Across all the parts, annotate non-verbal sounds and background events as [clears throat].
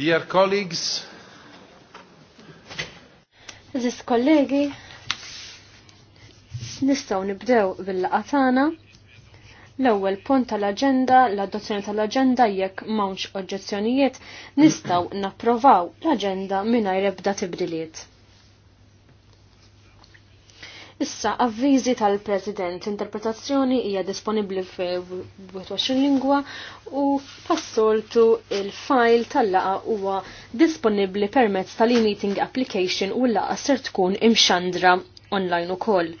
Dear colleagues, Aziz kollegi, nistaw nibdew bil-laqatana. L-ewwel punt tal-aġenda, l-adozzjoni tal-aġenda jekk m'hawnx oġġezzjonijiet, nistgħu napprovaw l-aġenda mingħajr ebda tibdiliet. Issa, avviżi tal-President, interpretazzjoni hija disponibbli f'21 lingwa u passoltu il-file tal-laqa huwa disponibbli permezz tal-e-meeting application u l-laqa ser tkun imxandra online ukoll.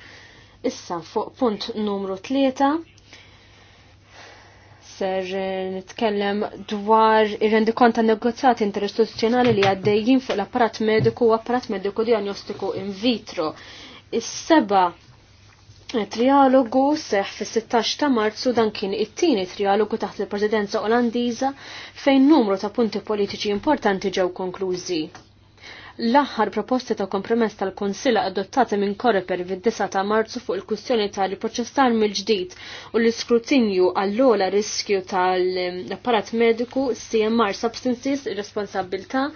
Issa, fuq punt numru 3, ser nitkellem dwar ir-rendi konta negozjati interistituzzjonali li għaddejjin fuq l-apparat mediku u apparat mediku diagnostiku in vitro. Is-seba trialogu seħ fis-16 ta' Marzu dan kien it-tieni trialogu taħt il-Presidenza Olandiża fejn numru ta' punti politiċi importanti ġew konklużi l-aħħar proposti ta' kompromess tal-Konsilla adottati minn Koreper fid-9 ta' Marzu fuq il-kwistjoni tal riproċessar mill-ġdid u l-iskrutinju għall-ola riskju tal-apparat mediku CMR Substances ir-responsabilta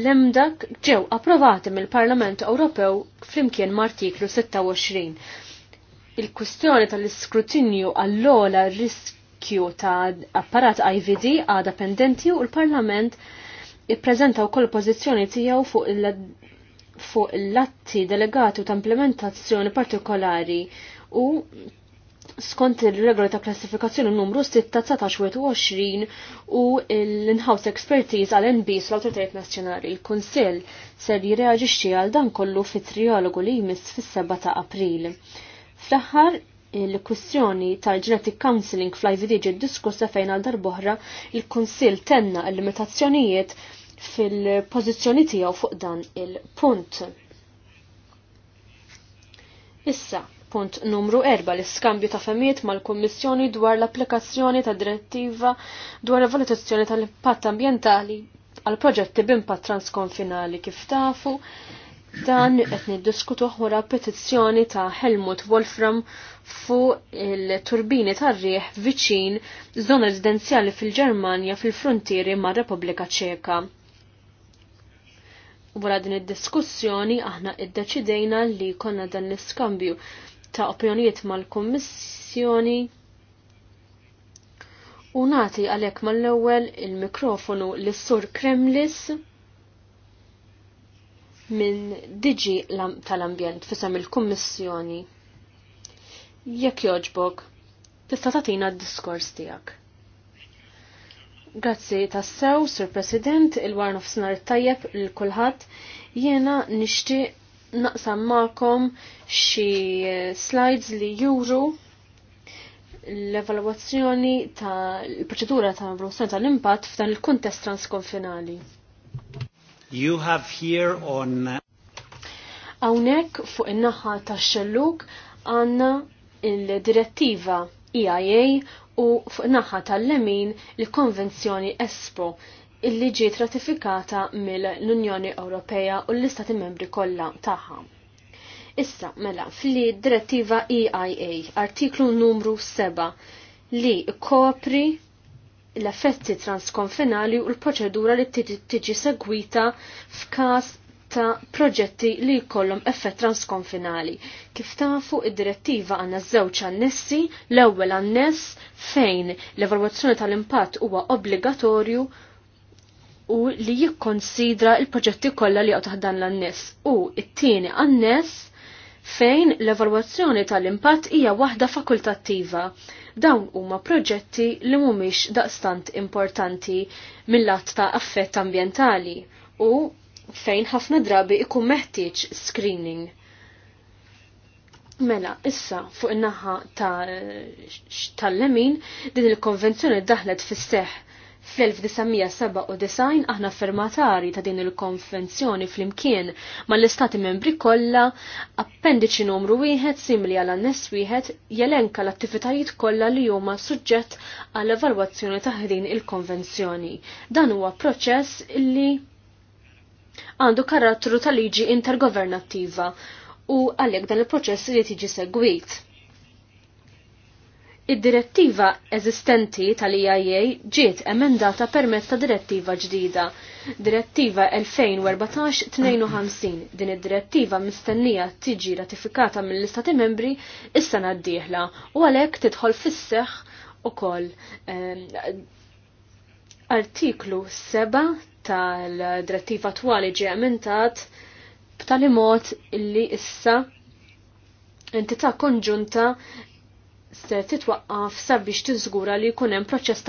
l-emdak ġew approvati mill-Parlament Ewropew flimkien mal-artiklu 26. Il-kwistjoni tal-iskrutinju għall-ola riskju ta' apparat IVD għada pendenti u l-Parlament ippreżenta wkoll pożizzjoni tiegħu fuq il fuq l-atti delegati ta' implementazzjoni partikolari u skont il-regola ta' klassifikazzjoni numru 6-19-20 u l-in-house expertise għal NBs l-autoritajiet Nazzjonali Il-Kunsill ser jireagġixxi għal dan kollu fit triologu li jmiss fis-7 ta' April. Fl-aħħar il-kwistjoni tal-genetic counseling fl-IVD ġid diskussa fejn għal darboħra il-Kunsill tenna l-limitazzjonijiet il fil-pozizjoni tiegħu fuq dan il-punt. Issa, punt numru 4 l-iskambju ta' femijiet mal-Kummissjoni dwar l-applikazzjoni ta' direttiva dwar valutazzjoni tal-impatt ambientali għal proġetti b'impatt transkonfinali kif tafu dan qed niddiskutu ħura petizzjoni ta' Helmut Wolfram fuq il-turbini tar-rieħ viċin żona residenzjali fil-Ġermanja fil-frontieri mar-Repubblika Ċeka wara din id-diskussjoni aħna iddeċidejna li konna dan l-iskambju ta' opinjonijiet mal-Kummissjoni u nati għalek mal-ewwel il-mikrofonu lis-Sur Kremlis minn Diġi tal-Ambjent fisem il-Kummissjoni. Jekk joġbok, tista' tagħtina d-diskors tiegħek. Grazzi tassew, Sir President, il-warn of snar tajjeb l-kulħat. Jena nishti naqsam ma'kom xi eh, slides li juru l-evalwazzjoni ta' l-proċedura ta' evaluazzjoni tal-impatt f'dan il-kuntest transkonfinali. You have here on uh, Hawnhekk fuq in-naħa tax-xelluk għandna il-direttiva EIA u fuq naħa tal-lemin il-Konvenzjoni Espo illi ġiet ratifikata mill-Unjoni Ewropea u l-Istati Membri kollha tagħha. Issa, mela, fli direttiva EIA, artiklu numru 7, li kopri l-effetti transkonfinali u l-proċedura li tiġi segwita f'każ ta' proġetti li jkollhom effett transkonfinali. Kif tafu id-direttiva għandna żewġ annessi, l-ewwel anness fejn l-evalwazzjoni tal-impatt huwa obbligatorju u li jikkonsidra il-proġetti kollha li taħt dan l-anness. U it-tieni anness fejn l-evalwazzjoni tal-impatt hija waħda fakultattiva. Dawn huma proġetti li mhumiex daqstant importanti mill-att ta' affett ambjentali u fejn ħafna drabi ikun meħtieġ screening. Mela, issa fuq in-naħa tal-lemin din il-konvenzjoni daħlet fis-seħ fl-1997 aħna fermatari ta' din il-konvenzjoni fl-imkien ma l-istati membri kollha appendiċi numru wieħed simili għal annes wieħed jelenka l-attivitajiet kollha li huma suġġett għall evalwazzjoni ta' din il-konvenzjoni. Dan huwa proċess illi għandu karattru ta' liġi intergovernattiva u għalhekk dan il-proċess li tiġi segwit. Id-direttiva eżistenti tal-IIA ġiet emendata permezz ta' direttiva ġdida, direttiva 2014-52. Din id-direttiva mistennija tiġi ratifikata mill-Istati membri is-sena d-dieħla u għalhekk tidħol fis-seħħ ukoll eh, Artiklu 7 tal-drattiva twali ġie ementat b'tali mod li issa entità konġunta se titwaqqaf sabiex tiżgura li jkun hemm proċess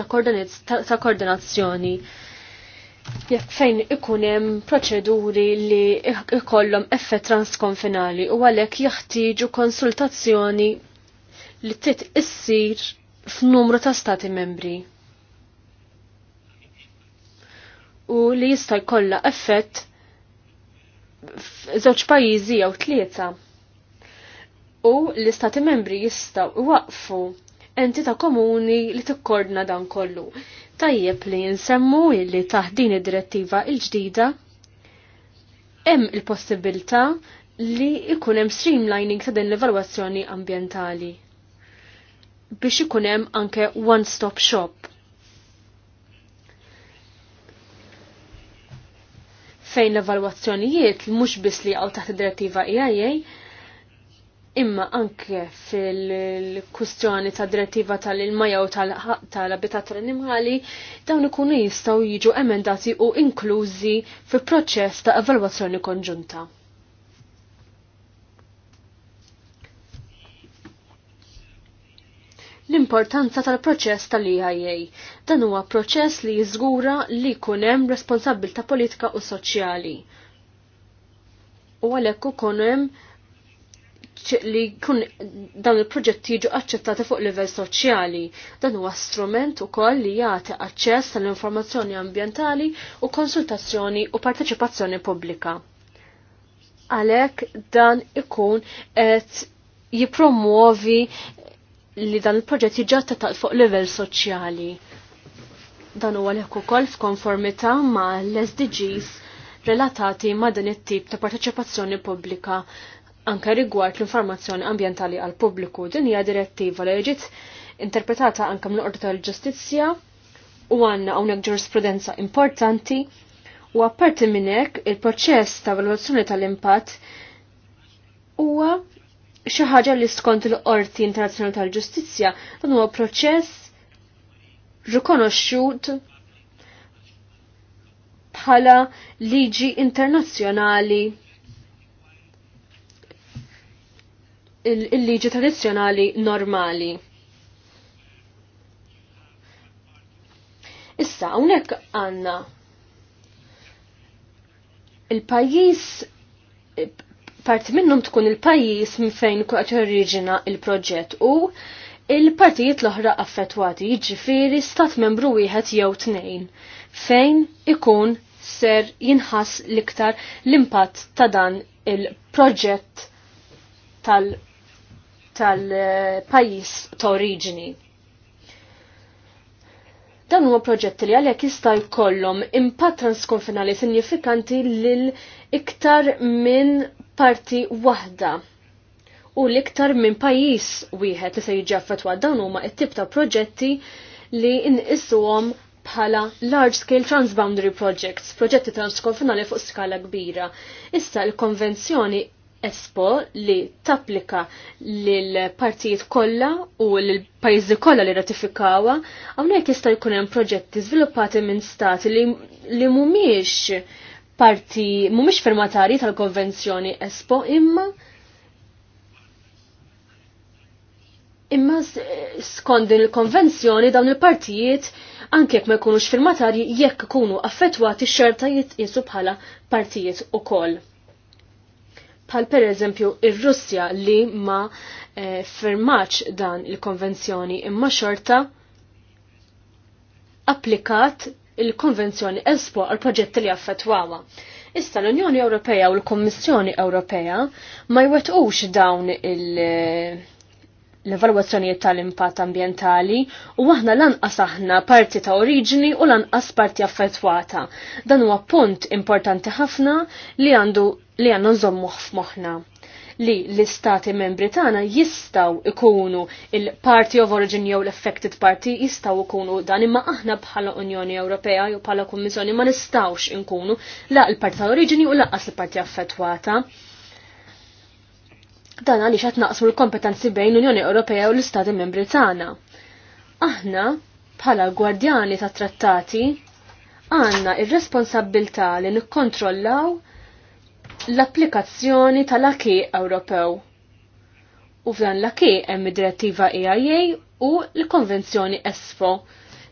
ta' koordinazzjoni. Jekk fejn ikun hemm proċeduri li ikollhom effett transkonfinali u għalhekk jaħtieġu konsultazzjoni li tit issir f'numru ta' stati membri. u li jista' jkollha effett f'żewġ pajjiżi jew tlieta. U l-istati membri jistgħu waqfu entita' komuni li tikkordna dan kollu. Tajjeb li jinsemmu li taħdin id-direttiva il-ġdida hemm il-possibilità li ikun hemm streamlining ta' din l-evalwazzjoni ambjentali biex ikun hemm anke one-stop shop fejn l-evalwazzjonijiet mhux biss li għaw taħt id-direttiva EIA imma anke fil-kustjoni ta' direttiva tal-ilmaja u tal-abitat tal-animali dawn ikunu jistgħu jiġu emendati u inklużi fil proċess ta' evalwazzjoni konġunta. l-importanza tal-proċess tal-IIA. Dan huwa proċess li jiżgura li jkun hemm responsabilta politika u soċjali. U għalhekk ukoll hemm li kun dan il-proġett jiġu aċċettati fuq livell soċjali. Dan huwa strument ukoll li jagħti aċċess tal-informazzjoni ambjentali u konsultazzjoni u parteċipazzjoni pubblika. Għalhekk dan ikun qed jipromuovi li dan il-proġett jiġġatta taq fuq livell soċjali. Dan huwa leħku ukoll f'konformità ma' l-SDGs relatati ma' din it-tip ta' parteċipazzjoni pubblika anke rigward l-informazzjoni ambjentali għal pubbliku. Din hija direttiva li ġiet interpretata anke mill-Qorti tal-Ġustizzja u għandna hawnhekk ġurisprudenza importanti u apparti minn hekk il-proċess ta' valutazzjoni tal-impatt huwa xi ħaġa li skont il-Qorti Internazzjonali tal-Ġustizzja dan huwa proċess rikonoxxut bħala liġi internazzjonali il-liġi tradizzjonali normali. Issa, unek għanna il-pajis parti minnum tkun il-pajis minn fejn kuqat oriġina il-proġett u il-partijiet l-oħra affettwati jiġifieri stat membru wieħed jew tnejn fejn ikun ser jinħass l-iktar l-impatt ta' dan il-proġett tal-pajis tal ta' oriġini. Dan huwa proġetti li għalhekk jista' jkollhom impatt transkonfinali sinifikanti lil iktar minn parti waħda u l-iktar minn pajjiż wieħed li se jiġi affettwat dawn huma t-tip ta' proġetti li nqisuhom bħala large scale transboundary projects, proġetti transkonfinali fuq skala kbira. Issa l-konvenzjoni Espo li tapplika lil partijiet kollha u lil pajjiżi kollha li ratifikawa, hawnhekk jista' jkun hemm proġetti żviluppati minn stati li, li mhumiex parti mhumiex firmatari tal-konvenzjoni Espo imma imma skont din il-konvenzjoni dawn il-partijiet anke jekk ma jkunux firmatari jekk ikunu affettwati xerta jitqisu bħala partijiet ukoll. Bħal per eżempju ir-Russja li ma e, eh, firmax dan il-konvenzjoni imma xorta applikat il-Konvenzjoni Espo għal proġetti li affettwawa. Issa l-Unjoni Ewropea u l-Kommissjoni Ewropea ma jwetqux dawn il- l-evalwazzjonijiet tal-impatt ambientali u aħna lanqas aħna parti ta' oriġini u lanqas parti affettwata. Dan huwa punt importanti ħafna li għandu li għandu nżommu f'moħħna li l-istati membri tagħna jistgħu ikunu il-Party of Origin jew l-Affected Party jistgħu ikunu dan imma aħna bħala Unjoni Ewropea jew bħala Kummissjoni ma nistgħux inkunu la l-Parti ta' Oriġini u laqas l-Parti affettwata. Dan għaliex qed naqsmu l-kompetenzi bejn Unjoni Ewropea u l-Istati membri tagħna. Aħna bħala gwardjani ta' trattati għandna ir-responsabbiltà li nikkontrollaw l-applikazzjoni tal-aki Ewropew. U f'dan l-aki hemm id-direttiva EIA u l-Konvenzjoni ESFO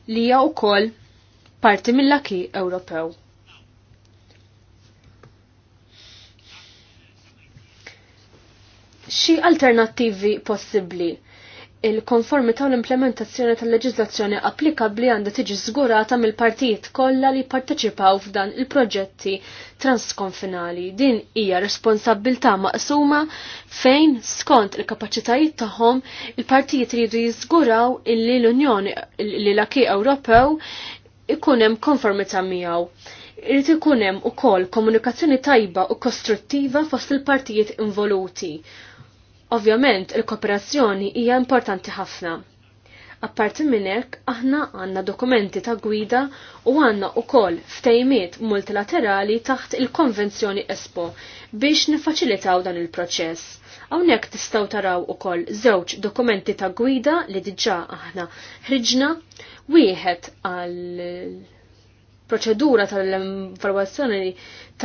li hija wkoll parti mill-aki Ewropew. Xi alternattivi possibbli? il-konformità u l-implementazzjoni tal-leġizlazzjoni applikabli għandha tiġi żgurata mill-partijiet kollha li jipparteċipaw f'dan il-proġetti transkonfinali. Din hija responsabilità maqsuma fejn skont il-kapaċitajiet tagħhom il-partijiet ridu jiżguraw illi l-Unjoni li l-Aki Ewropew ikun hemm konformità miegħu. Irid ikun hemm ukoll komunikazzjoni tajba u kostruttiva fost il-partijiet involuti Ovvjament, il-kooperazzjoni hija importanti ħafna. Apparti minn hekk, aħna għandna dokumenti ta' gwida u għandna wkoll ftejmiet multilaterali taħt il-Konvenzjoni Espo biex nifaċilitaw dan il-proċess. Hawnhekk tistgħu taraw ukoll żewġ dokumenti ta' gwida li diġà aħna ħriġna wieħed għal proċedura tal-evalwazzjoni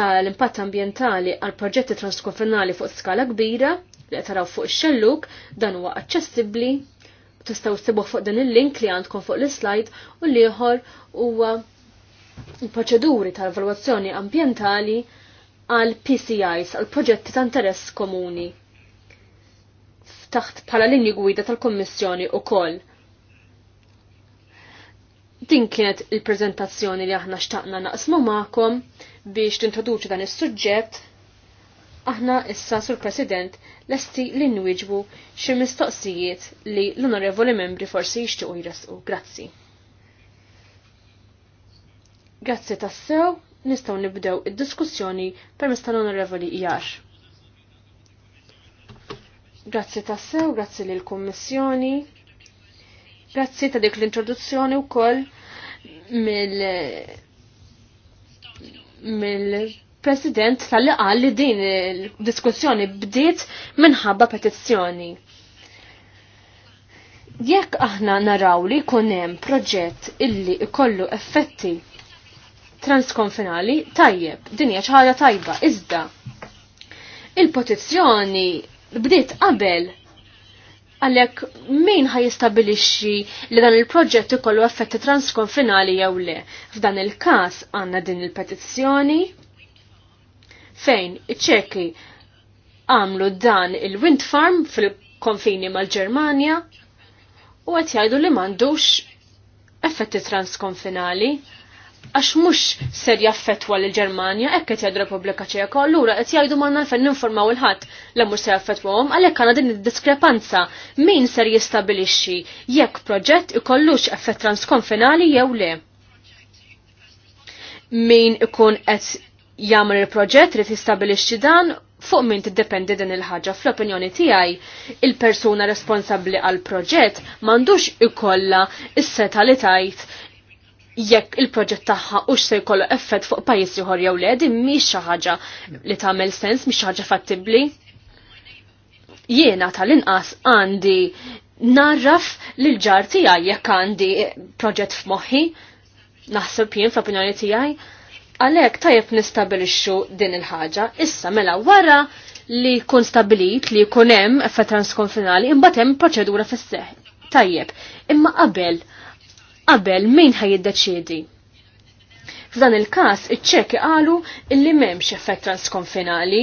tal-impatt ambjentali għal proġetti transkonfinali fuq skala kbira li qed taraw fuq ix-xelluk dan huwa aċċessibbli tistgħu tsibuh fuq dan il-link li għandkom fuq l-slide u l-ieħor huwa l-proċeduri tal evalwazzjoni ambjentali għal PCIs, għal proġetti ta' interess komuni taħt bħala linji gwida tal-Kommissjoni u koll. Din kienet il-prezentazzjoni li aħna xtaqna naqsmu ma'kom biex tintroduċi dan is-suġġett Aħna issa sur President lesti li nwiġbu xi mistoqsijiet li l-onorevoli membri forsi jixtiequ jirasqu. Grazzi. Grazzi tassew, nistgħu nibdew id-diskussjoni permezz tal-onorevoli Jar. Grazzi tassew, grazzi lill kummissjoni Grazzi ta' dik l-introduzzjoni wkoll mill mill president tal-li li din il-diskussjoni bdiet minħabba petizzjoni. Jekk aħna naraw li jkun hemm proġett illi ikollu effetti transkonfinali, tajjeb, din hija tajba, iżda il-petizzjoni bdiet qabel għalek min ħajistabilixxi li dan il-proġett ikollu effetti transkonfinali jew le. F'dan il-każ għandna din il-petizzjoni fejn iċ-ċeki għamlu dan il-wind farm fil-konfini mal-Ġermanja u għet jgħidu li mandux effetti transkonfinali għax mux ser jaffetwa l-Ġermanja, ekk qed jgħidu Repubblika Ċeka, allura qed jgħidu ma nalfen ninformaw il-ħadd li mhux ser għom, għalhekk għandha din id-diskrepanza min ser jistabilixxi jekk proġett ikollux effett transkonfinali jew le. Min ikun qed jagħmel il-proġett li tistabilixxi dan fuq min tiddependi din il-ħaġa. Fl-opinjoni tiegħi, il-persuna responsabbli għal proġett m'għandux ikollha is-seta li tajt jekk il-proġett tagħha u se jkollu effett fuq pajjiż ieħor jew le, din mhix xi ħaġa li tagħmel sens, mhix xi ħaġa fattibbli. Jiena tal-inqas għandi narraf l ġar tiegħi jekk għandi proġett f'moħħi, naħseb jien fl-opinjoni tiegħi Għalek tajjeb nistabilixxu din il-ħaġa, issa mela wara li kun stabilit li kunem hemm fa transkonfinali imbagħad hemm proċedura fis-seħ. Tajjeb, imma qabel qabel min ħajjiddeċiedi? F'dan il-każ iċ qalu illi m'hemmx effett transkonfinali,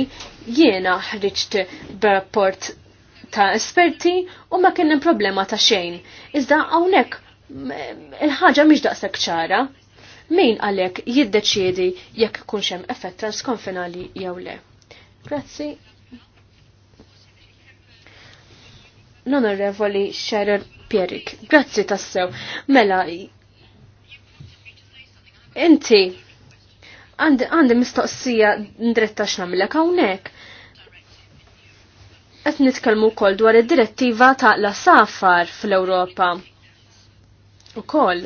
jiena ħriġt b'rapport ta' esperti u ma kien hemm problema ta' xejn. Iżda hawnhekk il-ħaġa mhix daqshekk ċara, min għalek jiddeċiedi jekk kunx hemm effett transkonfinali jew le. Grazzi. L-Onorevoli Sharon Pierik, grazzi tassew. Mela, inti għandi mistoqsija ndretta x'namlek hawnhekk. Qed nitkellmu wkoll dwar id-direttiva ta' la safar fl-Ewropa. Ukoll. koll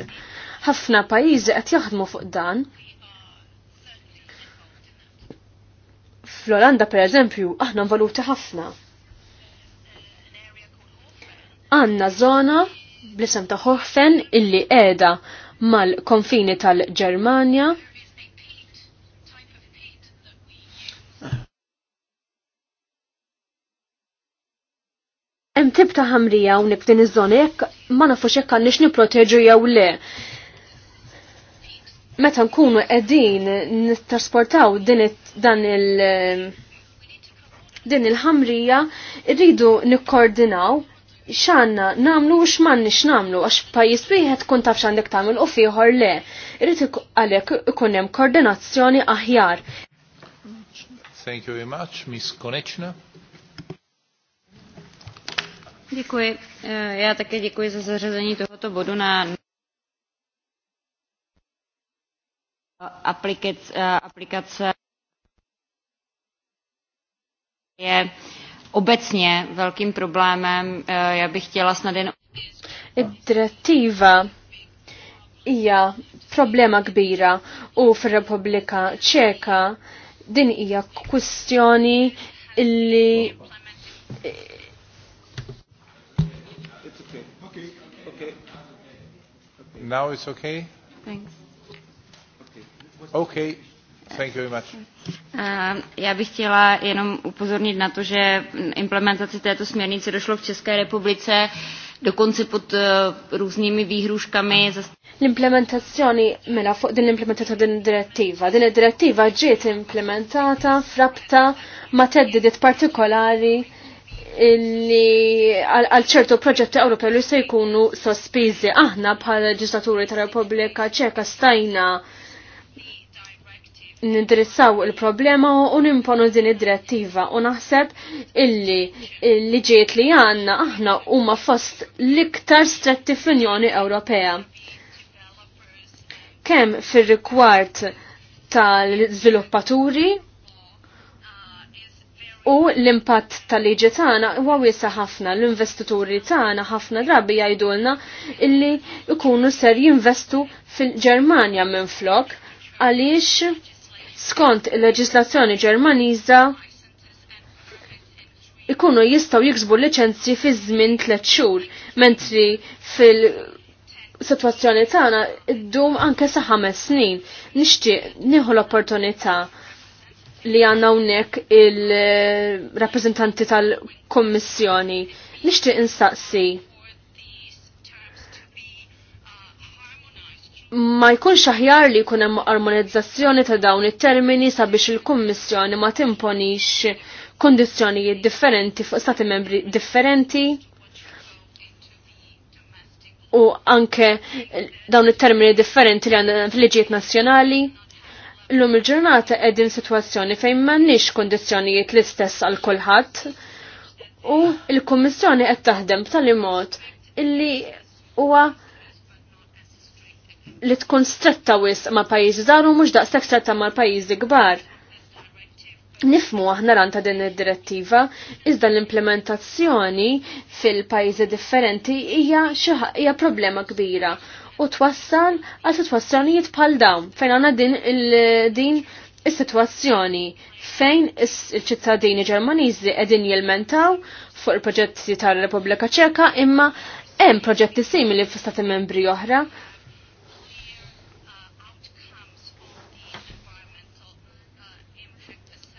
ħafna pajjiżi qed jaħdmu fuq dan. Fl-Olanda pereżempju aħna nvaluti ħafna. Għanna zona bl-isem ta' Hofen illi qiegħda mal-konfini tal-Ġermanja hemm tib ta' ħamrija hawnhekk din iż-żona jekk ma nafux jekk għandix nipproteġu jew le meta nkunu qegħdin nittrasportaw dan il- ehm, din il-ħamrija irridu nikkoordinaw x'għandna namlu u x'm'għandniex namlu għax pajjiż wieħed tkun taf x'għandek tagħmel u fieħor le. Irrid għalhekk ikun hemm koordinazzjoni aħjar. Thank you very much, Miss Konechna. Dikwe eh, Já také děkuji za zařazení tohoto bodu na aplikace je obecně velkým problémem. Eh, já bych chtěla snad jen... id ija problema kbira u f-Republika Ċeka din ija kustjoni illi Now it's okay? Thanks. Okay. Thank you very much. Ehm, já bych chtěla jenom upozornit na to, že implementaci této směrnice došlo v České republice dokonce pod eh, různými výhruškami. L-implementazzjoni mela fuq din l-implementata din direttiva. Din direttiva ġiet implementata frabta ma teddidiet partikolari li għal ċertu proġetti Ewropew li se jkunu sospiżi. Aħna bħal leġislaturi ta' Repubblika Ċeka stajna nindirizzaw il-problema u nimponu din id-direttiva u naħseb illi l ġiet li għanna aħna huma fost l-iktar stretti fl-Unjoni Ewropea. Kemm fir rikward tal-żviluppaturi u l-impatt tal-liġi tagħna huwa wiesa ħafna l-investituri tagħna ħafna drabi jgħidulna illi ikunu ser jinvestu fil-Ġermanja minn flok għaliex skont il-leġislazzjoni Ġermaniża ikunu jistaw jiksbu licenzi fi żmien tliet xhur, mentri fil situazzjoni tagħna iddum anke sa ħames snin. Nixtieq nieħu l-opportunità li għandna hawnhekk il-rappreżentanti tal-Kommissjoni. Nixtieq instaqsi ma jkunx aħjar li jkun hemm armonizzazzjoni ta' dawn it-termini sabiex il-Kummissjoni ma timponix kondizzjonijiet differenti fuq stati membri differenti u anke dawn it-termini differenti li għandna fil-liġijiet nazzjonali. L-lum il-ġurnata qegħdin sitwazzjoni fejn m'għandniex kondizzjonijiet l-istess għal kulħadd u l-Kummissjoni qed taħdem b'tali mod illi huwa li tkun stretta wis ma' pajjiżi żgħar u mhux daqshekk stretta ma' pajjiżi kbar. Nifmu aħna ran ta' din id-direttiva, iżda l-implementazzjoni fil-pajjiżi differenti hija hija problema kbira u twassal għal sitwazzjonijiet bħal dawn fejn għandna din din is-sitwazzjoni fejn il-ċittadini Ġermaniżi qegħdin jilmentaw fuq il-proġetti tar repubblika Ċeka imma hemm proġetti simili f'stati membri oħra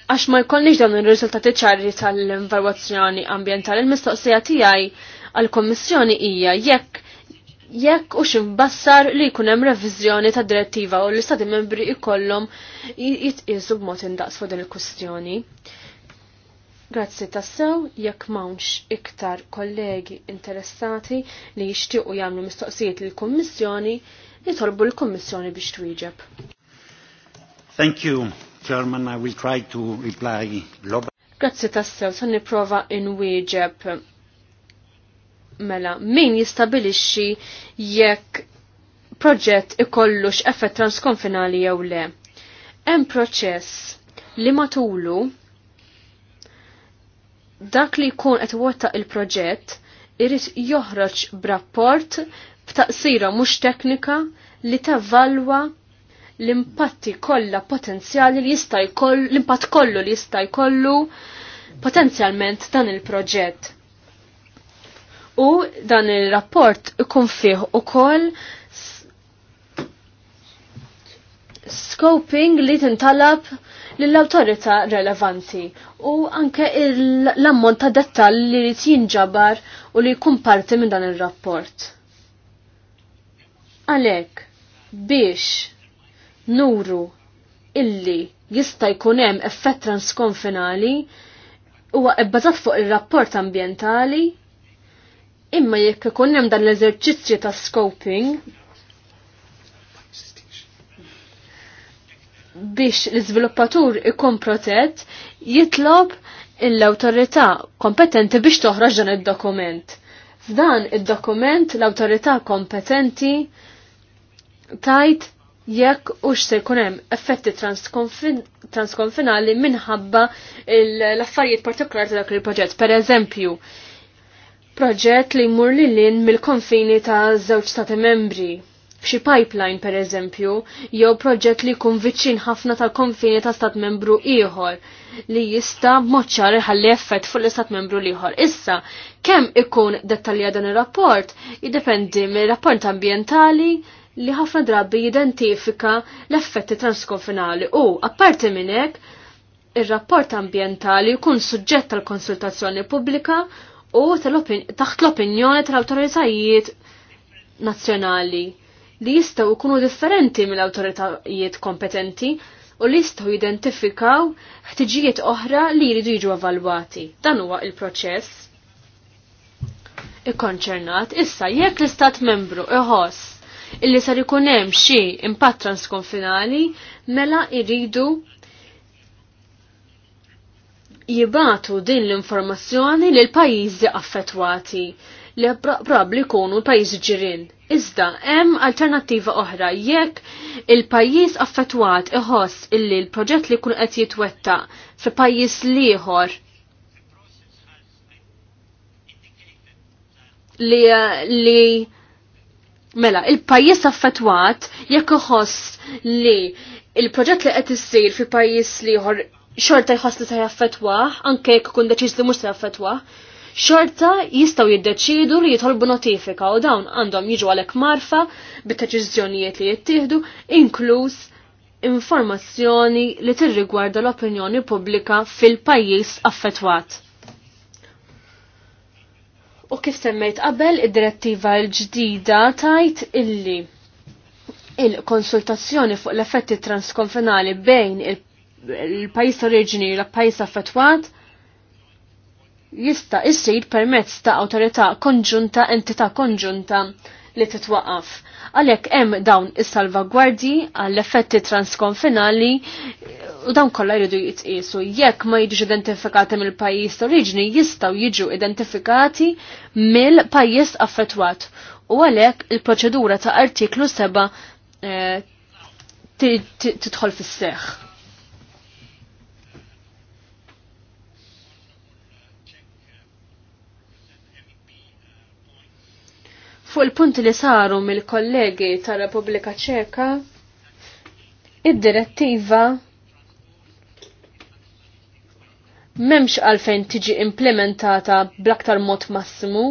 għax ma jkollniex dawn ir-riżultati ċarri tal-evalwazzjoni ambjentali, il-mistoqsija tiegħi għall-Kommissjoni hija jekk jekk u ximbassar li jkun hemm reviżjoni ta' direttiva u l-istati membri jkollhom jitqisu b'mod indaqs fuq din il-kwistjoni. Grazzi tassew jekk mawnx iktar kollegi interessati li jixtiequ jagħmlu mistoqsijiet lill-Kummissjoni, jitolbu l-Kummissjoni biex twieġeb. Thank you. Chairman, I will try to reply globally. Grazzi tassew, sa niprofa wieġeb. mela. Min jistabilixxi jekk proġett ikollux effett transkonfinali jew le. Hemm proċess li matulu dak li jkun qed iwettaq il-proġett irid joħroġ b'rapport b'taqsira mhux teknika li tavalwa l-impatti kollha potenzjali li jista' jkollu l-impatt kollu li jista' jkollu potenzjalment dan il-proġett. U dan il-rapport ikun fih ukoll scoping li tintalab lill-autorità relevanti u anke l-ammont ta' dettall li li jinġabar u li jkun parti minn dan il-rapport. Għalhekk biex nuru illi jista' jkun hemm effett transkonfinali huwa bbażat fuq ir-rapport ambjentali imma jekk ikun hemm dan l-eżerċizzju ta' scoping biex l-iżviluppatur ikun protett jitlob l-awtorità kompetenti biex toħroġ dan id-dokument. F'dan id-dokument l-awtorità kompetenti tajt jekk ux se jkun hemm effetti transkonfinali minħabba l-affarijiet partikolari ta' dak il-proġett. Per eżempju, proġett li jmur li lin mill-konfini ta' żewġ stati membri. Xi pipeline per eżempju, jew proġett li jkun viċin ħafna tal-konfini ta' stat membru ieħor li jista' b'mod ċar effett fuq l-istat membru ieħor. Issa, kemm ikun dettalja dan ir-rapport jiddependi mir-rapport ambjentali li ħafna drabi jidentifika l-effetti transkonfinali u, apparti minn hekk, ir-rapport ambientali jkun suġġett tal konsultazzjoni pubblika u taħt l-opinjoni tal-awtoritajiet nazzjonali li jistgħu jkunu differenti mill-awtoritajiet kompetenti u li jistgħu jidentifikaw ħtiġijiet oħra li jridu jiġu evalwati. Dan huwa il-proċess ikkonċernat issa jekk l-istat membru iħoss illi sar ikun hemm xi impatt transkonfinali mela jridu jibatu din l-informazzjoni lil pajjiżi affettwati li probabli jkunu l-pajjiżi ġirin. Iżda, hemm alternattiva oħra jekk il-pajjiż affettwat iħoss illi l-proġett li kun qed jitwetta fi pajjiż lieħor li li Mela, il-pajis affettwat jekk iħoss li il-proġett li qed issir fi pajjiż liħor xorta jħoss li se jaffettwah, anke jekk ikun deċiż li mhux se jaffettwah, xorta jistgħu jiddeċidu li jitolbu notifika u dawn għandhom jiġu għalhekk marfa bit-deċiżjonijiet li jittieħdu, inkluż informazzjoni li tirrigwarda l-opinjoni pubblika fil-pajjiż affettwat. U kif semmejt qabel id-direttiva l-ġdida tajt illi il-konsultazzjoni fuq l-effetti transkonfinali bejn il-pajis oriġini u l-pajis affettwat jista' issir permezz ta' awtorità konġunta, entità konġunta li titwaqaf. Għalhekk hemm dawn is-salvagwardji għall-effetti transkonfinali u dawn kollha jridu jitqiesu jekk ma jiġux identifikati mill-pajjiż ta' oriġni jistgħu jiġu identifikati mill-pajjiż affettwat. U għalhekk il-proċedura ta' artiklu 7 eh, tidħol fis-seħħ. Fuq il-punti li saru mill-kollegi tal-Repubblika Ċeka, id-direttiva memx għalfejn tiġi implementata bl-aktar mod massimu,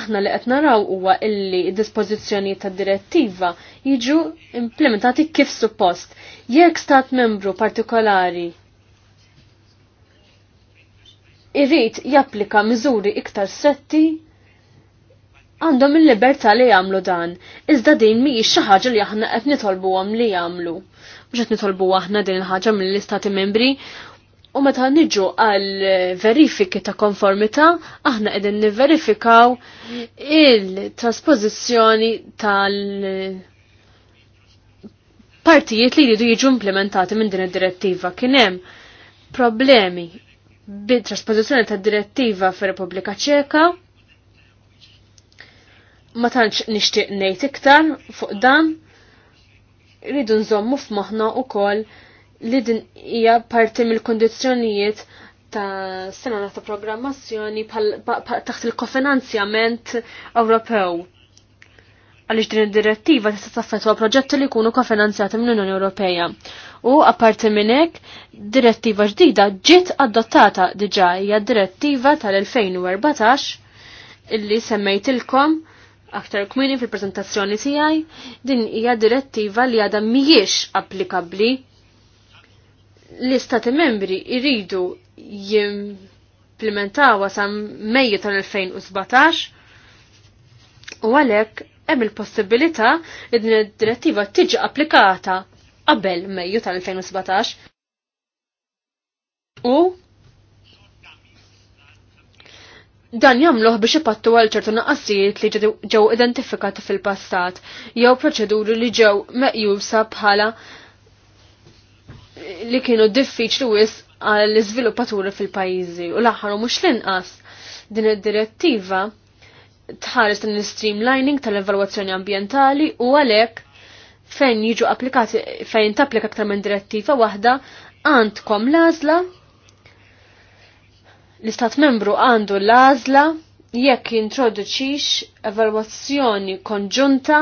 aħna li qed naraw huwa illi d-dispożizzjonijiet tad-direttiva jiġu implementati kif suppost. Jekk stat membru partikolari irrid japplika miżuri iktar setti għandhom il-libertà li jagħmlu dan, iżda din mhijiex xi ħaġa li aħna qed nitolbuhom li jagħmlu. Mhux qed nitolbu aħna din il-ħaġa mill-istati membri u meta niġu għal verifiki ta' konformità aħna qegħdin nivverifikaw il-traspożizzjoni tal partijiet li jridu jiġu implementati minn din id-direttiva kien hemm problemi bit-traspożizzjoni tad direttiva fir-Repubblika Ċeka ma tantx nixtieq ngħid iktar fuq dan rridu nżommu f'moħħna wkoll li din hija parti mill kundizzjonijiet ta' sena ta' programmazzjoni taħt il-kofinanzjament Ewropew. Għaliex din id-direttiva tista' taffetwa proġetti li jkunu kofinanzjati mill-Unjoni Ewropea. U apparti minn hekk, direttiva ġdida ġiet adottata diġà hija direttiva tal-2014 illi semmejtilkom aktar kmini fil-prezentazzjoni tiegħi din hija direttiva li għadha mhijiex applikabbli l-istati membri iridu jimplementawa sa Mejju tal-2017 u għalhekk hemm il-possibilità li din id-direttiva tiġi applikata qabel Mejju tal-2017 u Dan jagħmluh biex ipattu għal ċertu naqqasijiet li ġew identifikati fil-passat jew proċeduri li ġew meqjusa bħala li kienu diffiċli wis għal iżviluppaturi fil-pajjiżi u l-aħħar mhux l-inqas din id-direttiva tħares din streamlining tal-evalwazzjoni ambjentali u għalhekk fejn jiġu applikati fejn tapplika aktar minn direttiva waħda għandkom l-għażla L-Istat membru għandu l-għażla jekk jintroduċix evalwazzjoni konġunta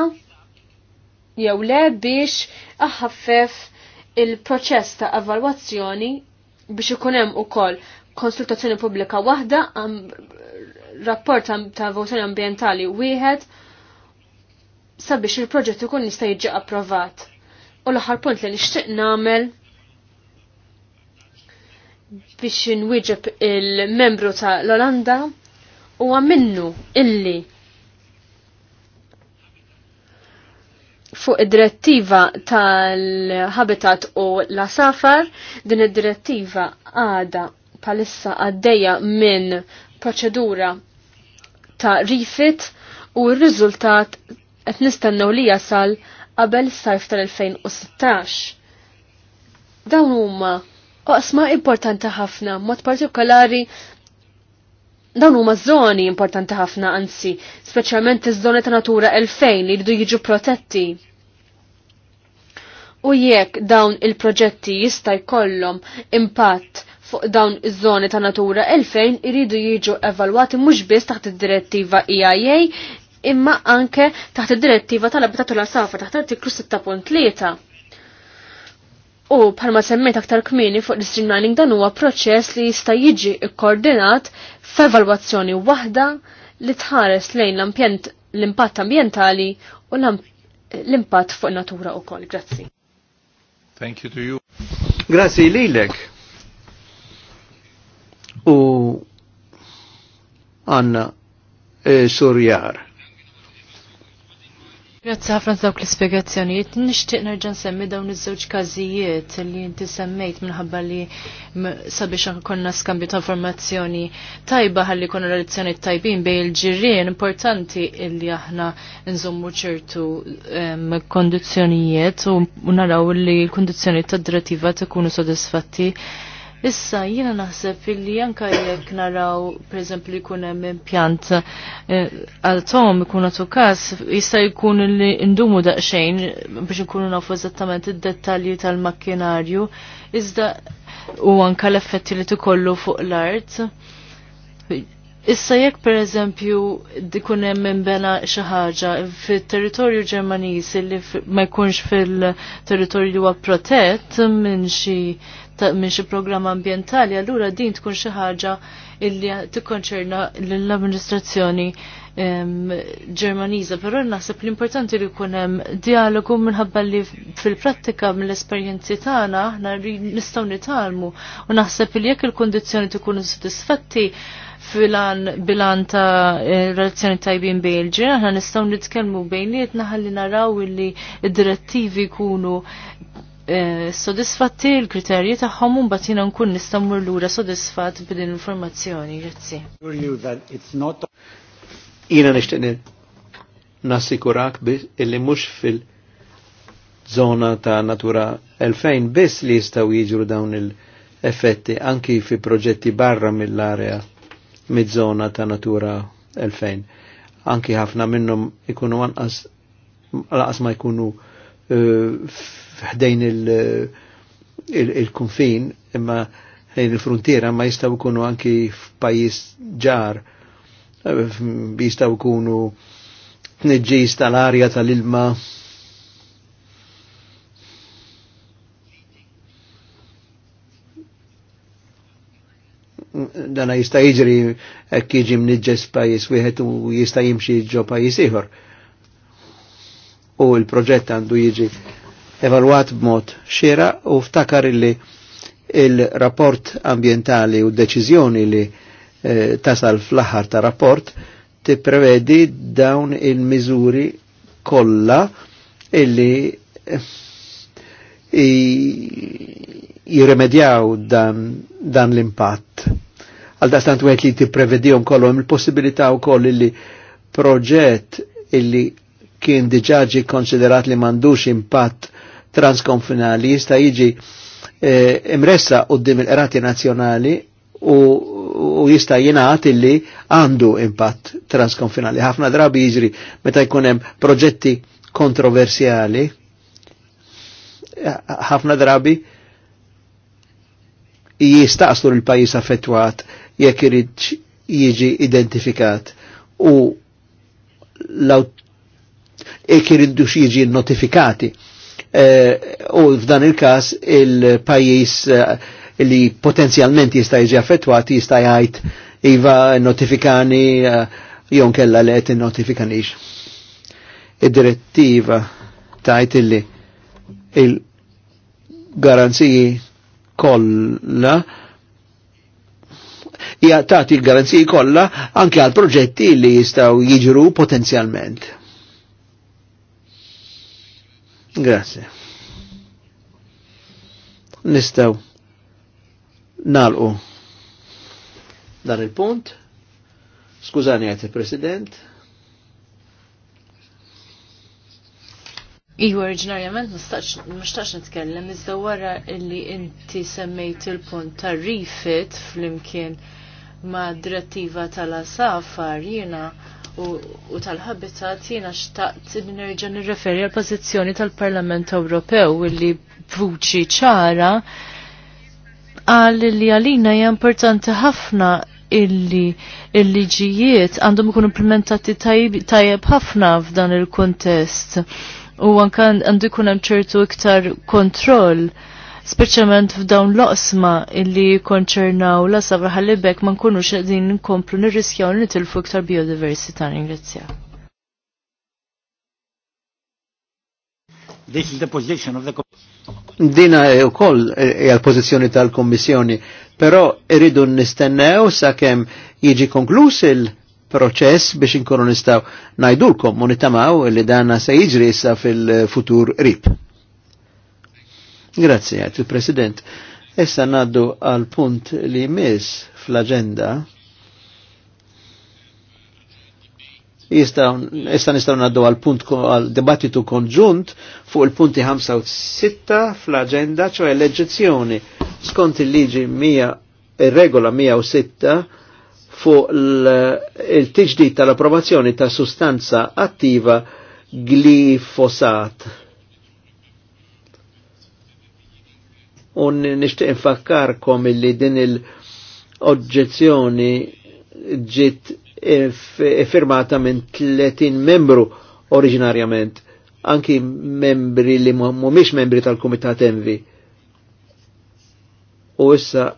jew le biex aħaffef il-proċess ta' evalwazzjoni biex ikun hemm ukoll konsultazzjoni pubblika waħda, rapport ta' votazzjoni ambientali wieħed sabiex il-proġett ikun jista' jiġi approvat. U l-aħħar punt li nixtieq nagħmel biex jinwieġeb il-membru ta' l-Olanda u għamminnu illi fuq id-direttiva tal-Habitat u la Safar, din id-direttiva għada palissa għaddeja minn proċedura ta' rifit u r-riżultat qed nistennew li jasal qabel sajf tal-2016. Dawn huma oqsma importanti ħafna, mod partikolari dawn huma żoni importanti ħafna anzi, speċjalment iż-żoni ta' natura 2000 li jridu jiġu protetti. U jekk dawn il-proġetti jista' jkollhom impatt fuq dawn iż-żoni ta' natura 2000 iridu jiġu evalwati mhux biss taħt id-direttiva EIA imma anke taħt id-direttiva tal-abitatu l-asafar taħt artiklu 6.3. U bħalma semmejt aktar kmini fuq l-streamlining dan huwa proċess li jista' jiġi kkoordinat f'evalwazzjoni waħda li tħares lejn l-ambjent l-impatt ambjentali u l-impatt fuq natura wkoll. Grazzi. Thank you to you. Grazzi lilek. U Anna e, eh, Surjar. Grazzi ħafna dawk l-ispjegazzjonijiet. Nixtieq nerġa' nsemmi dawn iż-żewġ każijiet li inti semmejt minħabba li sabiex konna skambju ta' informazzjoni tajba ħalli jkunu relazzjonijiet tajbin bejn il-ġirien importanti illi aħna nżommu ċertu kondizzjonijiet u naraw li l-kondizzjonijiet tad drattiva tkunu sodisfatti. Issa jiena naħseb fil-li anke jekk naraw pereżempju li jkun hemm impjant eh, għal tom ikun għatu każ jista' jkun li ndumu daqsxejn biex inkunu nafu eżattament id-dettalji tal-makkinarju iżda u anke l-effetti li tikollu fuq l-art. Issa jekk per eżempju dikun hemm inbena xi ħaġa fit-territorju Ġermaniż li ma jkunx fil-territorju huwa protett minn xi minn xi programm ambjentali, allura din tkun xi ħaġa illi tikkonċerna l-amministrazzjoni Ġermaniża, però naħseb l-importanti li jkun hemm dialogu minħabba li fil-prattika mill-esperjenzi tagħna aħna nistgħu nitalmu u naħseb li jekk il-kondizzjoni tkun sodisfatti filan bilan ta' relazzjoni tajbin bejn il-ġir, aħna nistgħu nitkellmu bejnietna ħalli naraw illi id-direttivi jkunu Eh, sodisfatti l-kriterji tagħhom u mbagħad jiena nkun nista' mmur lura sodisfatt b'din jazzi. informazzjoni Grazzi. Jiena kurak nassikurak illi mhux fil-żona ta' natura 2000 biss li jistgħu jiġru dawn il-effetti anki fi proġetti barra mill-area mid-żona ta' natura 2000. Anki ħafna minnhom ikunu anqas laqas ma jkunu uh, ħdejn il-konfin imma ħdejn il-frontiera ma jistaw ikunu anki f'pajjiż ġar jistaw t-neġġis tal-arja tal-ilma dana jista jiġri ekk jiġi mniġġes pajis wieħed u jista jimxi ġo pajis ieħor. U l-proġett għandu jiġi evalwat b'mod xira u ftakar illi il-rapport ambientali u deċiżjoni li eh, tasal fl-aħħar ta' rapport tipprevedi dawn il-miżuri kollha illi eh, jirremedjaw dan, dan l-impatt. Għal dastant u li tipprevedihom kollhom il-possibilità wkoll illi proġett illi kien diġaġi konsiderat li mandux impatt transkonfinali jista' jiġi eh, imressa qudiem il-qrati nazzjonali u, u jista' jingħad illi għandu impatt transkonfinali. Ħafna drabi jiġri meta jkun hemm proġetti kontroversjali ħafna drabi jistaqslu l-pajis affettwat jekk irid jiġi identifikat u law jekk iridux jiġi notifikati Eh, u f'dan il-każ il-pajjiż eh, li potenzjalment jista' jiġi affettwat jista' jgħid iva notifikani eh, jon kella li qed notifikanix. Id-direttiva tajt illi il-garanziji kollha hija tagħti l-garanziji kollha anke għal proġetti li jistgħu jiġru potenzjalment. Grazie. Nistaw nalqu dan il-punt. Skużani għajt il-President. Iwa oriġinarjament mustax nitkellem, iżda wara illi inti semmejt il-punt ta' rifit fl-imkien ma' direttiva tal-asafar jiena u tal-habitat jiena xtaqt nerġa' nirreferi għal pożizzjoni tal-Parlament Ewropew illi vuċi ċara għal li għalina hija importanti ħafna illi il-liġijiet għandhom ikun implementati tajjeb ħafna f'dan il-kontest u għandu jkun hemm ċertu iktar kontroll speċjalment f'dawn l-oqsma illi konċernaw la sabra ħallibek ma nkunux qegħdin nkomplu nirriskjaw li nitilfu iktar biodiversità ringrazzja. This Dina eh, u koll eh, eh, għal-pozizjoni tal-Kommissjoni, però rridu nistennew sakemm jiġi konklus il- proċess biex inkunu nistaw ngħidulkom u nitamaw li dana se jiġri issa fil-futur rib. Grazie, għajt il-President. Essa naddu għal punt li jmiss fl-agenda. Issa nistaw naddu għal punt għal debattitu konġunt fuq il-punti 56 fl-agenda, ċoħe l-eġezzjoni skont il-liġi il-regola 106 fuq il-tiġdid tal-approvazzjoni ta' sustanza attiva glifosat un nishtiq infakkarkom illi din il-oġġezzjoni ġiet firmata minn 30 membru oriġinarjament, anki membri li mhumiex membri tal-Kumitat Envi. U issa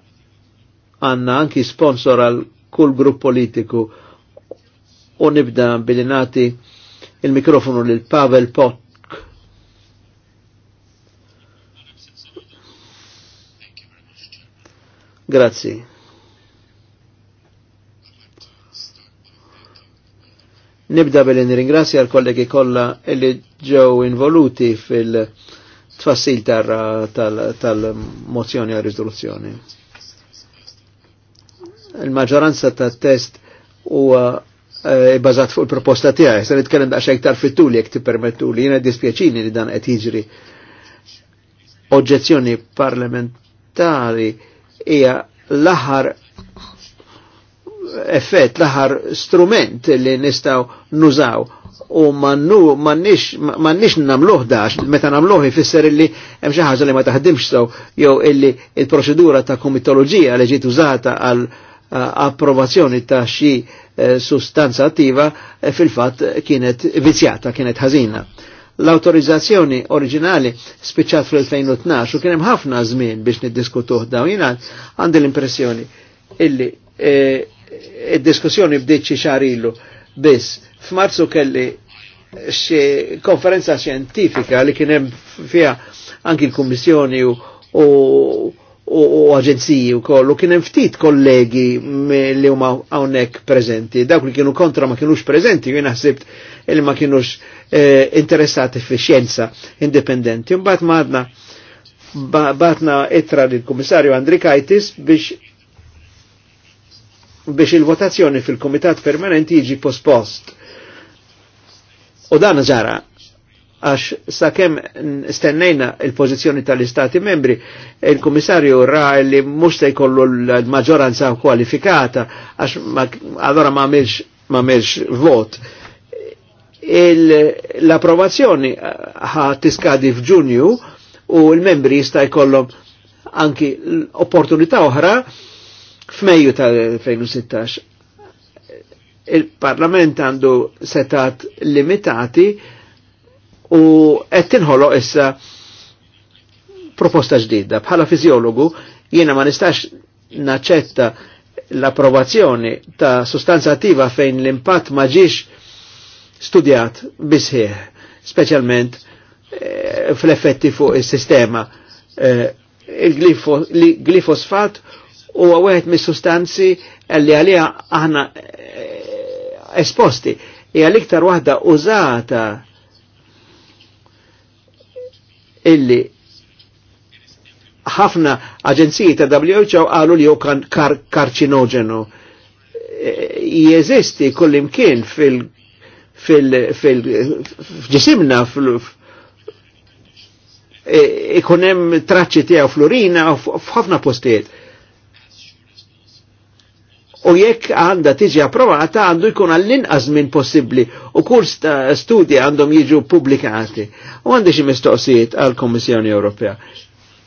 għanna anki sponsor għal kull grupp politiku u nibda billi nati il-mikrofonu lil Pavel Pot Grazzi. Nibda billi nirringrazzja l-kollegi kollha illi ġew involuti fil-tfassil tal-mozzjoni għal Rizoluzzjoni. Il-maġġoranza tat-test huwa eh, bazat fuq il-proposta tiegħi, se nitkellem daqsxejn iktar fit-tuli jekk tippermettuli, jiena dispjaċini li dan qed jiġri oġġezzjoni parlamentari hija l-aħħar effett, l-aħħar strument li nistaw nużaw u mannu mannix mannix namluħ dax meta namluħ jfisser illi hemm xi ħaġa li ma taħdimx sew jew illi il-proċedura ta' komitoloġija li ġiet użata għal eh, approvazzjoni ta' xi eh, sustanza attiva eh, fil-fatt kienet vizjata, kienet ħażina l-autorizzazzjoni oriġinali spiċċat fl-2012 u kien hemm ħafna żmien biex niddiskutuh dawn. Jiena għandi l-impressjoni illi id-diskussjoni e, e, bdiet xi xahar ilu biss. F'Marzu kelli xi konferenza xjentifika li kien hemm fiha anki l-Kummissjoni u, u aġenziji u kollu kien hemm ftit kollegi li huma hawnhekk preżenti. Dawk li kienu kontra ma kienux preżenti, jien naħsibt li ma kienux eh, interessati fi xienza indipendenti. Mbagħad madna ba, batna ittra lill-Kummissarju Kajtis biex biex il-votazzjoni fil-Komitat Permanenti jiġi pospost. U dan ġara għax kem stennejna il pozizjoni tal-Istati membri, il-Komissarju ra li mhux se jkollu l-maġġoranza kwalifikata għax allora ma għadora ma għamilx vot L-approvazzjoni eh, ħa tiskadi f'Ġunju u l-membri jista' jkollhom anki l opportunità oħra f'Mejju tal-2016. Il-Parlament għandu setat limitati u qed tinħoloq issa proposta ġdida. Bħala fizjologu jiena ma nistax naċċetta l-approvazzjoni ta' sostanza attiva fejn l-impatt ma ġiex studjat bisħieħ, specialment eh, fl-effetti fuq il-sistema. Eh, Il-glifosfat u għawet mis sustanzi li għalija aħna eh, esposti. Hija għaliktar wahda waħda użata illi ħafna aġenziji ta' WHO għalu li ju karċinogenu. Eh, jeżisti kullimkien fil fil-ġisimna fil, e, ikunem traċċi tiegħu florina f'ħafna postijiet. U jekk għanda tiġi approvata għandu jkun għall-inqas minn possibbli u kull studji għandhom jiġu pubblikati. U għandi xi mistoqsijiet għall-Kommissjoni Ewropea.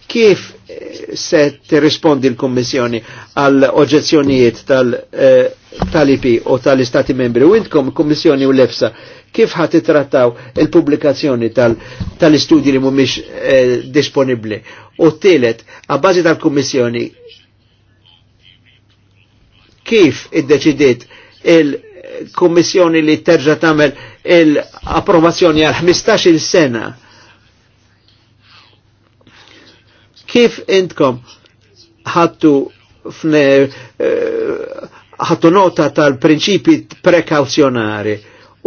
Kif eh, se tirrispondi l-Kommissjoni għall oġezzjonijiet tal- eh, tal u tal-Istati membri u intkom Kommissjoni u l-EFSA kif ħat trattaw il-publikazzjoni tal-istudji li mhumiex disponibli eh, disponibbli. U t-tielet, għabbażi tal-Kommissjoni, kif iddeċidiet il-Kommissjoni li terġa tagħmel il-approvazzjoni għal 15 il sena Kif intkom ħattu ħattu nota tal-prinċipi prekawzjonari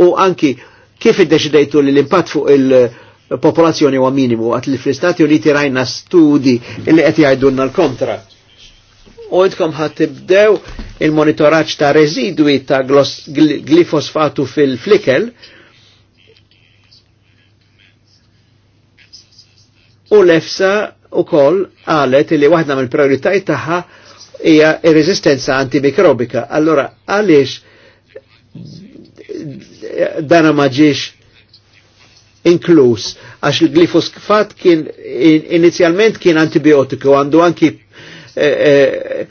u anki kif iddeċidejtu li l-impatt fuq il-popolazzjoni huwa minimu għat li fl-Istati Uniti rajna studi li qed jgħidulna l-kontra. U intkom ħatibdew il-monitoraġġ ta' residwi ta' glifosfatu fil-flikel u l-EFSA u koll għalet li waħda mill prioritajt tagħha hija ir-reżistenza antimikrobika. Allora għaliex dana maġiex ġiex inkluż għax il-glifosfat kien inizjalment kien antibiotiku għandu anki eh, eh,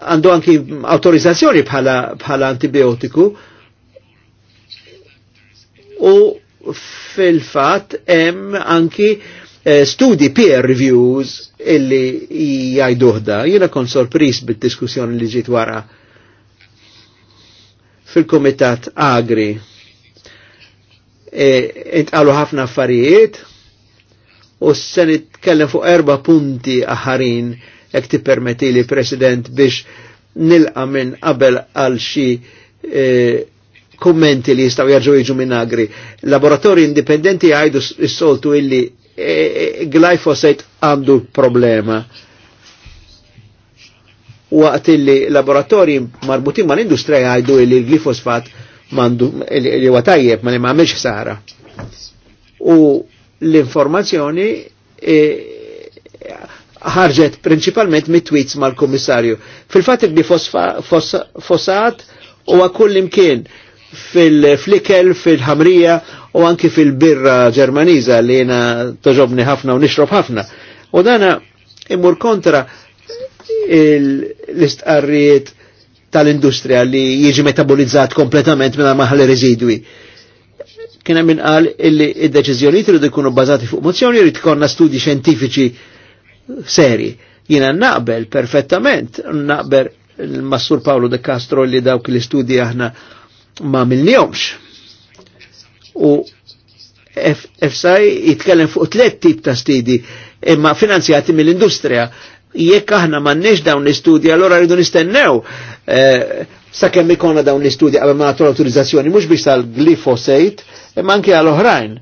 għandu eh, anki autorizzazzjoni bħala antibiotiku u fil-fat hemm anki eh, Eh, studi peer reviews illi jajduħda. jina kon sorpris bit-diskussjoni li ġiet wara fil-komitat agri. Eh, intqalu ħafna affarijiet u se nitkellem fuq erba punti aħarin jekk tippermetti li President biex nilqa minn qabel għal xi eh, kommenti li jistaw jarġu jiġu minn agri. Laboratori indipendenti għajdu s-soltu illi E, e, glyphosate għandu problema. Waqt li laboratorji marbutin ma l-industrija għajdu li l-glifosfat mandu li huwa tajjeb ma li ma sara. U l-informazzjoni e, ħarġet principalment mit-tweets mal-komissarju. Fil-fat il fosat huwa għakull imkien fil-flikel, fil-ħamrija u anki fil-birra ġermaniza li jena toġobni ħafna u nixrob ħafna. U dana imur kontra l-istqarriet tal-industrija li jiġi metabolizzat kompletament minna maħal residwi. Kena minn qal illi id-deċizjoni tridu jkunu bazati fuq mozzjoni jrid konna studi xjentifiċi seri. Jina naqbel perfettament, naqbel il-Massur Paolo De Castro li dawk l-istudji aħna ma minnjomx u FSI jitkellem fuq tliet tip ta' stidi imma finanzjati mill-industrija. Jekk aħna m'għandniex dawn l-istudji, allora rridu nistennew eh, sakemm ikonna dawn l-istudji qabel ma nagħtu l-awtorizzazzjoni mhux biex tal-glifosate, imma anke għal oħrajn.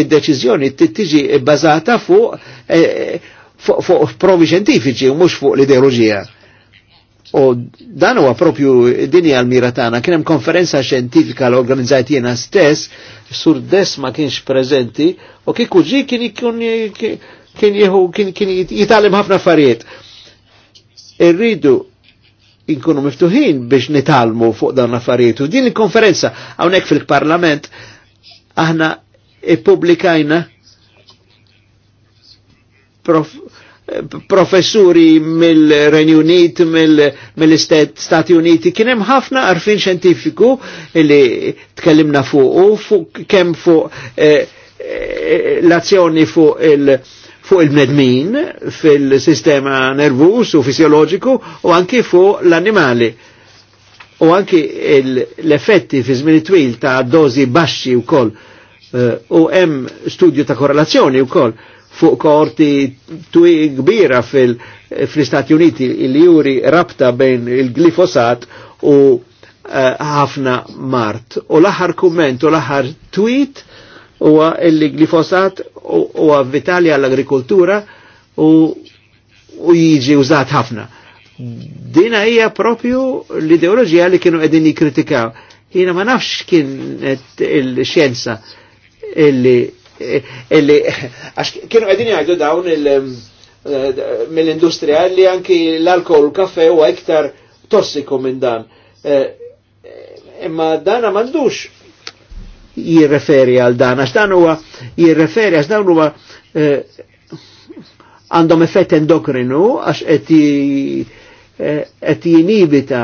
Id-deċiżjoni tiġi bbażata eh, fuq fuq provi xjentifiċi u mhux fuq l-ideoloġija. U dan huwa propju dinja għal-mira tagħna kien hemm konferenza xjentifika l organizzajt jiena stess, sur des ma kienx preżenti u kieku ġi kien jieħu kien jitgħallem ħafna affarijiet. Irridu inkunu miftuħin biex nitalmu fuq dawn l-affarijiet u din il-konferenza hawnhekk fil-Parlament aħna ippubblikajna professuri mill-Renju Unit, mill-Stati Uniti, kien hemm ħafna arfin xentifiku li tkellimna fuq fuq kemm fuq eh, eh, l-azzjoni fuq il- fuq il-medmin fil-sistema nervus u fisiologiku u anki fuq l-animali u anki l-effetti fi żmien twil ta' dozi baxxi wkoll eh, u hemm studju ta' korrelazzjoni wkoll fuq korti twi kbira fl-Istati Uniti li juri rabta bejn il-glifosat u eh, ħafna mart. U l-aħħar kumment u l-aħħar tweet huwa illi glifosat huwa vitali għall agrikultura u, u jiġi użat ħafna. Dina hija propju l-ideoloġija li kienu qegħdin jikkritikaw. Jiena ma nafx kien il-xjenza illi Eh, illi għax kienu għedin jgħidu dawn eh, mill-industrija li anki l-alkohol u kaffe huwa iktar tossiku minn dan. Eh, imma dan m'għandux jirreferi għal dan, għax dan huwa jirreferi għax dan huwa għandhom effett endokrinu għax qed jinibita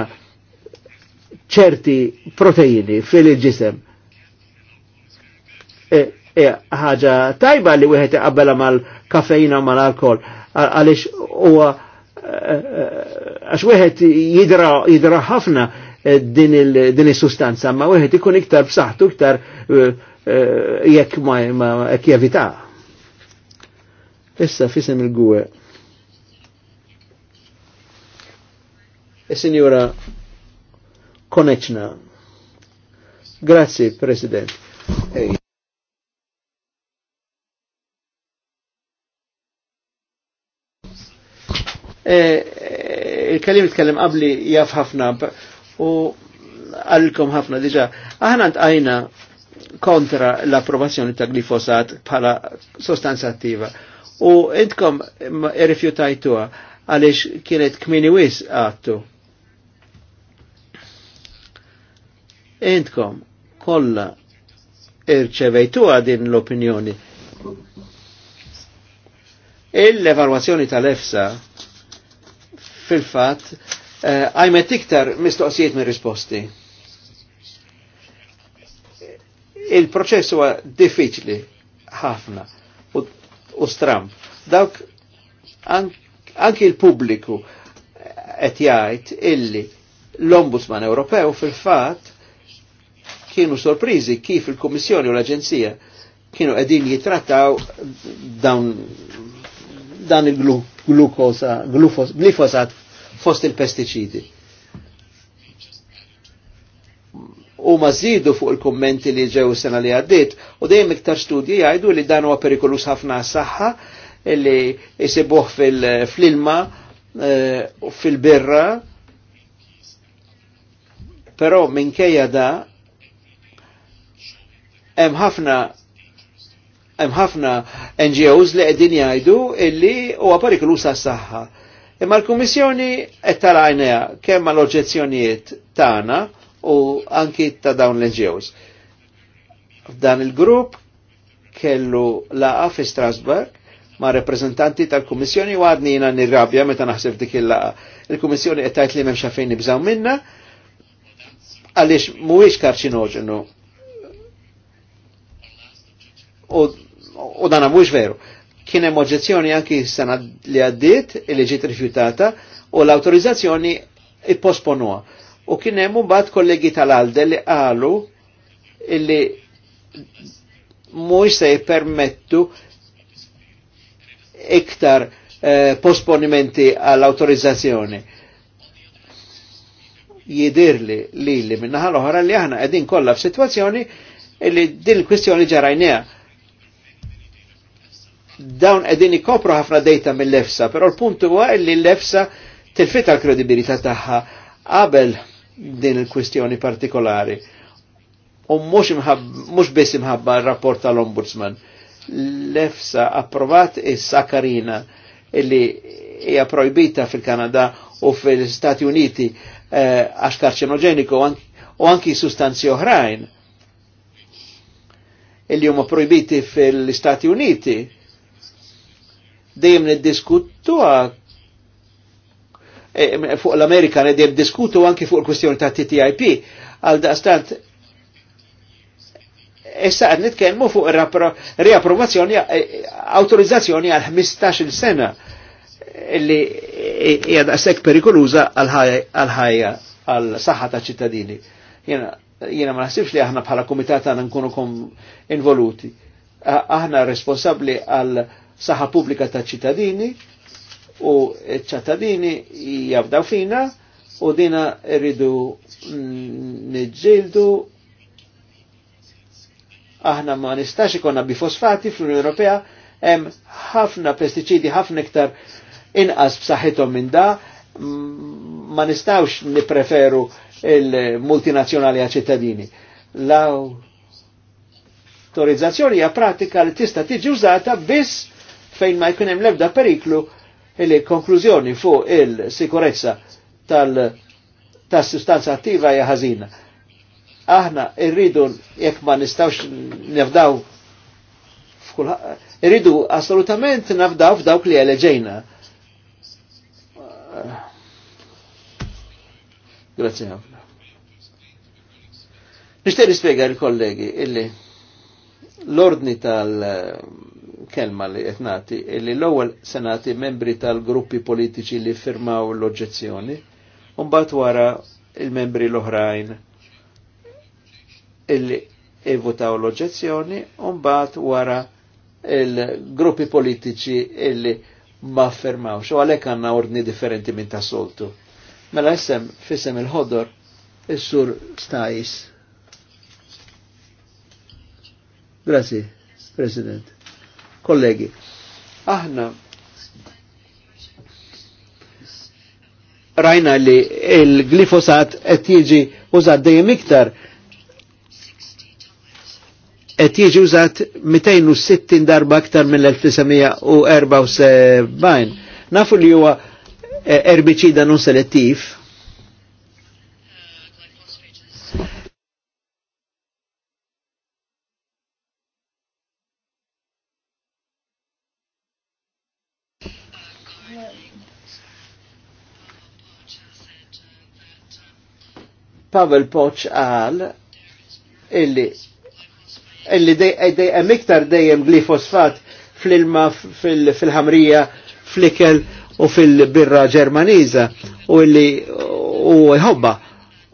ċerti proteini fil-ġisem. E, ħaġa tajba li wieħed iqabbela mal-kafeina u mal-alkohol għaliex huwa e, e, għax wieħed jidra jidra ħafna din is-sustanza, ma wieħed ikun iktar b'saħħtu iktar jekk ma jekk jevita. Issa fisem il-gwe. Is-Sinjura Koneċna. Grazzi, President. Hey. Eh, eh, il-kelim il qabli jaf ħafna u għalkom ħafna diġa. Aħna għajna kontra l-approvazzjoni ta' glifosat bħala sostanza attiva. U intkom rifjutajtuha għaliex kienet kmini wis għattu. Intkom kolla irċevejtuha din l-opinjoni. Il-evalwazzjoni tal-EFSA fil-fat eh, għajmet iktar mistoqsijiet minn risposti. Il-proċess huwa diffiċli ħafna u, stram. Dawk anki l il-pubbliku qed jgħid illi l-Ombudsman Ewropew fil-fatt kienu sorpriżi kif il-Kummissjoni u l-Aġenzija kienu qegħdin jitrattaw dawn dan il glu glukosa, glufos, glifosat fost il-pesticidi. U ma zidu fuq il-kommenti li ġew sena li għaddit, u dejjem iktar studji jgħidu li dan huwa perikolus ħafna saħħa li jisibuh fil-ilma, eh, fil-birra, però minkejja da hemm ħafna hemm ħafna NGOs li qegħdin jgħidu illi huwa perikolus għas-saħħa. Imma l-Kummissjoni qed tara għajnejha kemm mal oġġezzjonijiet tagħna u anki ta' dawn l-NGOs. F'dan il-grupp kellu laqa fi Strasburg ma' reprezentanti tal-Kummissjoni u għadni jina nirrabja meta naħseb dik il-laqa. Il-Kummissjoni qed tgħid li m'hemm xafejn nibżgħu minna għaliex mhuwiex karċinoġenu. U u dana mhux veru. Kien hemm oġġezzjoni anki sena li għaddiet li ġiet rifjutata u l-autorizzazzjoni ipposponuha. U kien hemm mbagħad kollegi tal-Alde li qalu li mhux se jippermettu iktar eh, posponimenti għall-autorizzazzjoni jidirli li li minnaħal oħra li aħna qegħdin kollha f'sitwazzjoni li din kwistjoni ġarajnija dawn qegħdin ikopru ħafna dejta mill-lefsa, però l puntu huwa li l-lefsa tilfita l-kredibilità tagħha qabel din il-kwistjoni partikolari. U mhux biss imħabba r-rapport tal-Ombudsman. L-EFSA approvat is-sakarina illi hija projbita fil-Kanada u fil-Stati Uniti eh, għax karċenogeniku u anki sustanzi oħrajn illi huma projbiti fil-Stati Uniti dejjem niddiskutuha e, fuq l-Amerika dejjem diskutu anki fuq il-kwestjoni ta' TTIP għal daqstant issa qed nitkellmu fuq riapprovazzjoni e, e, autorizzazzjoni għal 15-il sena illi hija daqshekk perikoluża għal ħajja għal saħħa ta' ċittadini. Jiena ma naħsibx li aħna bħala komitata għandna nkunu involuti. Aħna responsabbli għal saħa pubblika ta' ċittadini u ċittadini jabdaw fina u dina rridu nġildu aħna ma nistax ikonna bifosfati fl-Unjoni Ewropea hemm ħafna pestiċidi ħafna iktar inqas b'saħħithom minn da ma nistawx nipreferu il-multinazzjonali għal ċittadini. L-autorizzazzjoni hija pratika li tista' tiġi użata biss fejn ma jkun hemm l-ebda periklu li konklużjoni fuq il-sikurezza tal-sustanza attiva hija ħażina. Aħna rridu jekk ma nistawx nefdaw irridu assolutament nafdaw f'dawk li eleġejna. Grazie ħafna. Nishtiri nispjega l-kollegi illi l-ordni tal- kelma li etnati, li l-ewwel senati membri tal-gruppi politiċi li firmaw l-oġġezzjoni, mbagħad wara il-membri l-oħrajn illi evutaw l-oġġezzjoni, mbagħad wara il-gruppi politiċi illi ma firmaw, u għalhekk għandna ordni differenti minn ta' soltu. Mela jessem fisem il-ħodor is-sur stajis. Grazie, President kollegi. Aħna rajna li il-glifosat qed jiġi użat dejjem iktar qed jiġi użat 260 darba aktar mill-1974. Nafu li huwa e, erbiċida non selettiv Pavel Poċ għal illi illi dejjem iktar dejjem glifosfat fl-ilma fil-ħamrija fl-ikel u fil-birra ġermaniza u illi u jħobba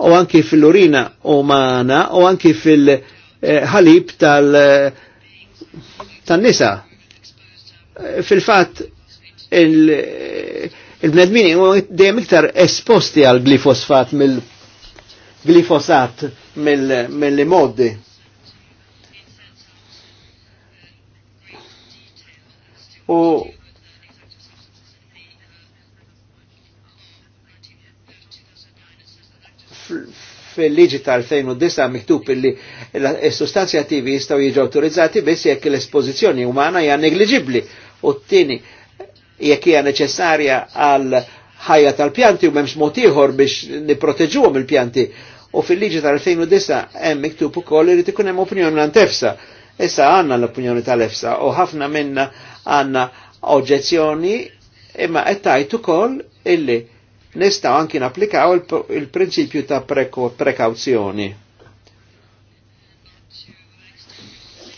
u anki fil-urina umana u anki fil-ħalib tal tan-nisa fil-fat il-bnedmini il dejjem iktar esposti għal glifosfat mill glifosat mill-modi. Mill u fil-liġi tal-2009 miktub li s-sustanzi attivi jistaw jiġu autorizzati biss jekk l-esposizjoni umana hija negliġibbli u t tini jekk hija neċessarja għal ħajja tal-pjanti u memx motiħor biex niproteġuhom il-pjanti u fil-liġi tal-2009 hemm miktub ukoll irid ikun hemm opinjoni tal-EFSA. Issa għandna l-opinjoni tal-EFSA u ħafna minna għandna oġġezzjoni imma qed tajtu ukoll illi nistgħu anki napplikaw il-prinċipju ta' prekawzjoni.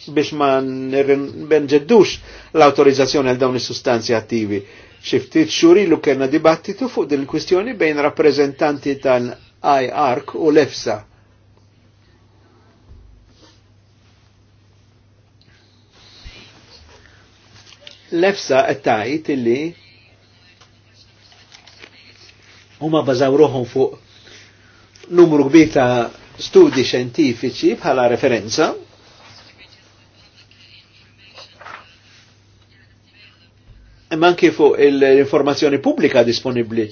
biex ma nġeddux l-autorizzazzjoni għal dawn is-sustanzi attivi. Xi ftit xuri lu kena dibattitu fuq din il-kwistjoni bejn rappreżentanti tal ark u lefsa. Lefsa l għettajt illi huma bażaw ruħhom fuq numru kbir ta' studi xentifiċi bħala referenza. Imma anke fuq l-informazzjoni pubblika disponibli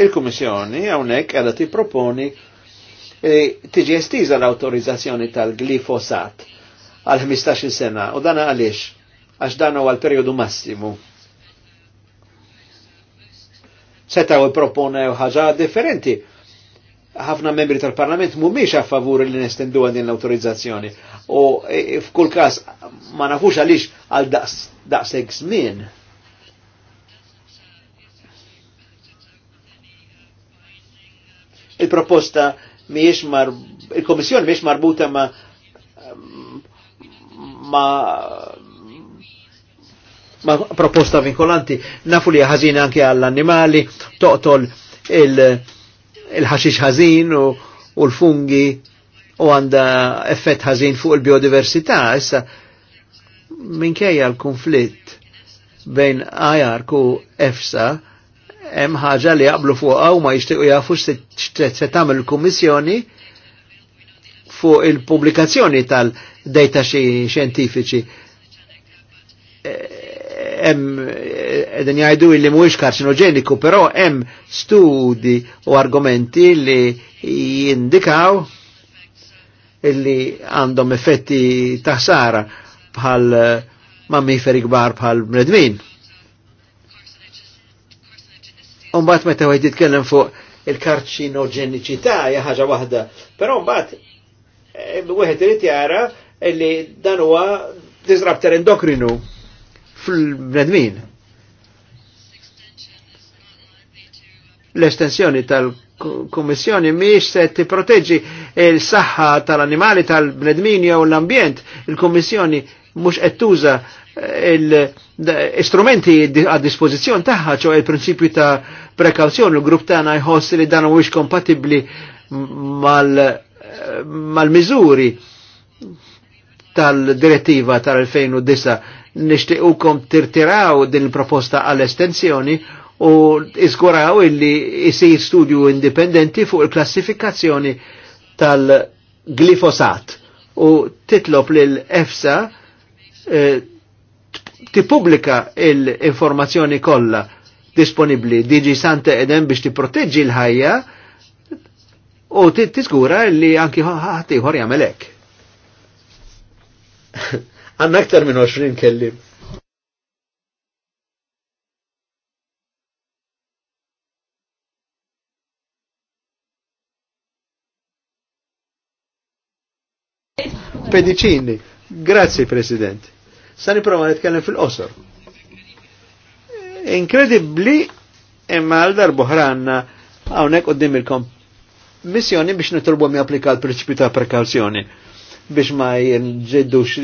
Il-Kummissjoni hawnhekk qiegħda tipproponi e, tiġi estiża l-awtorizzazzjoni tal-glifosat għal 15 sena u dan għaliex għax dan huwa l-perjodu massimu. Setaw ipproponew ħaġa differenti. Ħafna membri tal-Parlament mhumiex a favur li nestendu din l-awtorizzazzjoni u e, f'kull każ ma nafux għaliex għal daqs daqshekk żmien. il-proposta miex mar il-Komissjoni miex marbuta ma ma ma proposta vinkolanti nafu li ħażin anke għall-annimali toqtol il-ħaxix ħażin u, u l-fungi u għanda effett ħażin fuq il-biodiversità issa minkejja l-konflitt bejn ajark u EFSA hemm ħaġa li jaqblu fuqha u ma jixtiequ jafu se tagħmel il-Kummissjoni fuq il-pubblikazzjoni tal-data xjentifiċi. E, hemm qegħdin jgħidu li mhuwiex karċinoġeniku, però hemm studi u argumenti li jindikaw illi għandhom effetti taħsara bħal mammiferi kbar bħal bnedmin Umbat meta għajt jitkellem fuq il-karċinoġeniċità hija ħaġa waħda, però mbagħad eh, wieħed irid jara li dan huwa disruptor endokrinu fl bnedmin L-estensjoni tal-Kummissjoni miex se tipproteġġi il-saħħa tal-animali tal-bnedmin jew l-ambjent. Il-Kummissjoni mhux qed tuża l-istrumenti għad dispozizjon tagħha ċo il-prinċipju ta' prekawzjoni l-grupp tagħna jħossi li dan mhuwiex kompatibbli mal-miżuri tal-direttiva tal-2009 nixtiequkom tirtiraw din il-proposta għall-estensjoni u izguraw illi jisir studju indipendenti fuq il-klassifikazzjoni tal-glifosat u titlob l EFSA eh, Ti pubblika l-informazzjoni kollha disponibli Diġi Santa Eden biex tipproteġġi l-ħajja u ti tiskura li anki ħati ieħor jamelek. hekk. [laughs] Għandna aktar minn 20 kelli. Pedicini. Grazie Presidente. Sa niprofa nitkellem fil-qosor. Inkredibbli imma għal ħranna hawnhekk qudiem ilkom missjoni biex nitolbu japplika l-prinċipju ta' prekawzjoni biex ma jinġiddux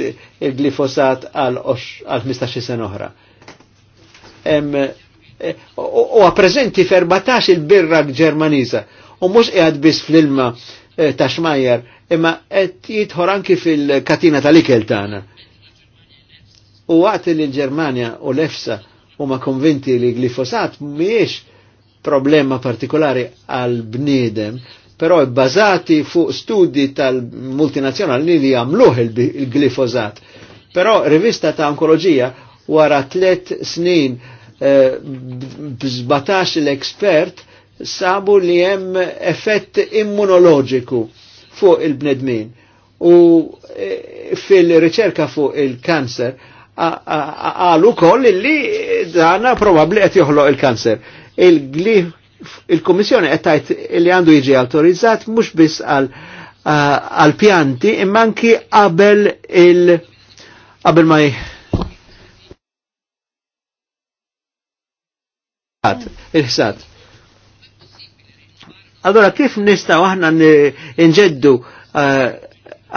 il-glifosat għal 15 sena oħra. E, u għaprezenti f-14 il-birra ġermaniza u mux qiegħed biss fl-ilma e, ta' xmajjar imma qed jitħor anki fil-katina tal-ikel tagħna. U għati li l-Germania u l-EFSA huma konvinti li glifosat miex problema partikolari għal bniedem, però bbażati fuq studi tal-multinazzjonali li għamluħ il-glifosat. Però rivista ta' onkoloġija wara tlet snin eh, b'żbatax l-ekspert sabu li hemm effett immunoloġiku fuq il-bnedmin. U eh, fil-riċerka fuq il-kanser, għalu koll illi dana probabli qed joħloq il-kanser. Il-Kommissjoni qed tgħid li għandu jiġi autorizzat mhux biss eh, għal pjanti imma anki qabel il qabel ma il-ħsat. Allora kif nistgħu aħna nġeddu eh,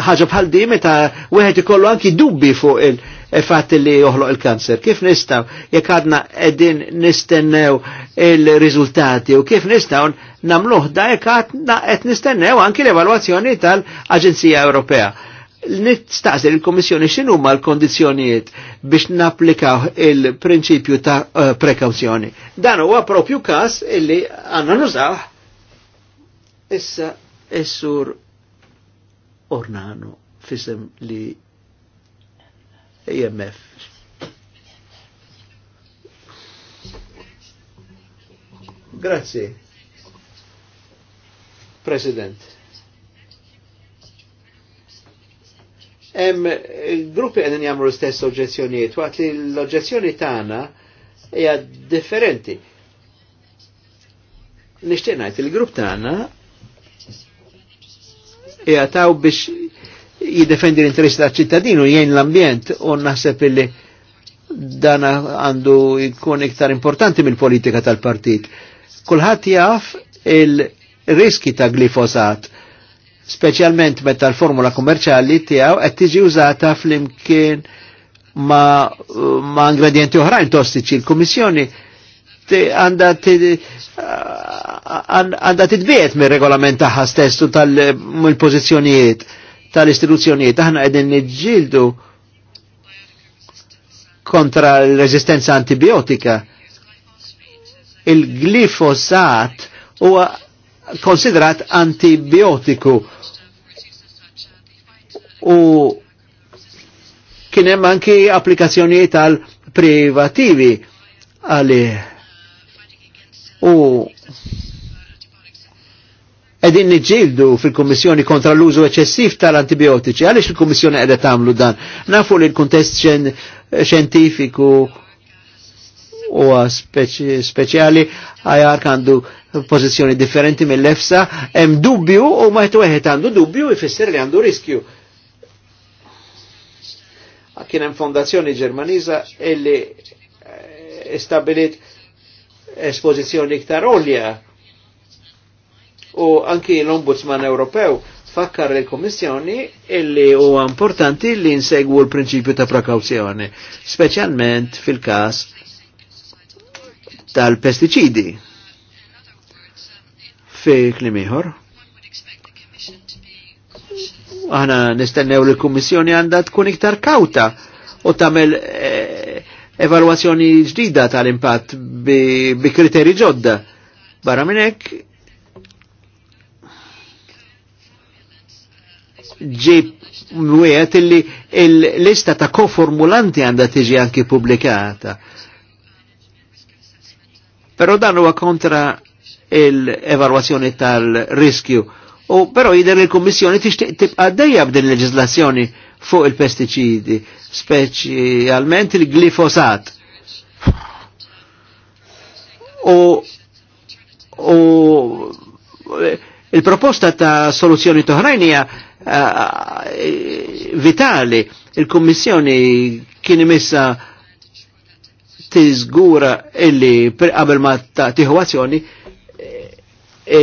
ħaġa bħal di meta wieħed ikollu anki dubbi fuq il- e fatti li joħloq il-kanser. Kif nistaw, jek għadna edin nistennew il-rizultati u kif nistaw namluħ da jek għadna et nistennew anki l-evaluazzjoni tal-Aġenzija Ewropea. Nistaqsir il-Komissjoni xinu ma l-kondizjonijiet biex naplikaw il-prinċipju ta' uh, prekawzjoni. Dan huwa propju kas illi għanna nużaw issa essur ornano fisem li IMF. E Grazie. President. Em, il-gruppi għedin jamru l-istess oġezzjoniet, għat li l-oġezzjoni tagħna hija differenti. Nishtiqnajt, il-grupp tagħna hija taw biex jidefendi l-interess ta' ċittadinu jgħin l-ambjent u naħseb illi dan għandu jkun iktar importanti mill-politika tal-partit. Kulħadd jaf il-riski ta' glifosat, speċjalment meta l-formula kummerċali tiegħu qed tiġi użata flimkien ma, ma ingredienti oħrajn tossiċi. Il-Kummissjoni għandha titbiet mir-regolament tagħha stess tal-pożizzjonijiet. Uh, tal-istituzzjonijiet. Aħna qegħdin niġġieldu kontra l-reżistenza antibiotika. Il-glifosat huwa konsidrat antibiotiku u hemm anki applikazzjonijiet għal privativi għalih. U edin niġildu fil-Kommissjoni kontra l-użu eċessiv tal-antibiotiċi. Għalix il-Kommissjoni għedha tamlu dan? Nafu li l-kontest xentifiku u speċjali għajar għandu pozizjoni differenti mill-EFSA, hemm dubju u ma għedha għandu dubju ifisser li għandu riskju. Kien hemm fondazzjoni Ġermaniża illi eh, stabilit espożizzjoni iktar olja u anki l-Ombudsman Ewropew tfakkar il-Komissjoni illi huwa importanti li nsegwu l-prinċipju ta' prekawzjoni, speċjalment fil-każ tal-pestiċidi fi klimiħor. Aħna nistennew li l-Kummissjoni għandha tkun iktar kawta u tagħmel eh, evalwazzjoni ġdida tal-impatt bi, kriteri ġodda. Barra minn ġib mwiet illi l lista ta' koformulanti għanda tiġi anki publikata. Pero dan huwa kontra l evaluazzjoni tal-riskju. U pero jider il-Kommissjoni tixtieq tibqa' dejja b'din leġislazzjoni fuq il-pestiċidi, speċjalment il-glifosat. U, u il-proposta ta' soluzzjoni toħrajnija Eh, vitali. Il-Kommissjoni kien imissa tiżgura illi qabel ma tieħu azzjoni eh,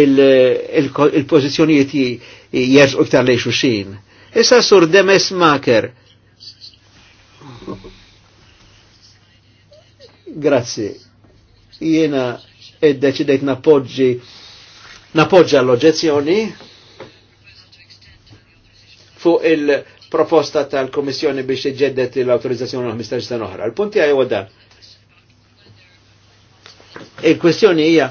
il-pożizzjonijiet jerżqu iktar lejn xulxin. Issa sur Demes Maker. Grazzi. Jiena id-deċidejt napoġġi napoġġa l-oġezzjoni fuq il-proposta tal-Komissjoni biex iġeddet l-autorizzazzjoni 15 sena oħra. Il-punti għaj dan. Il-kwestjoni hija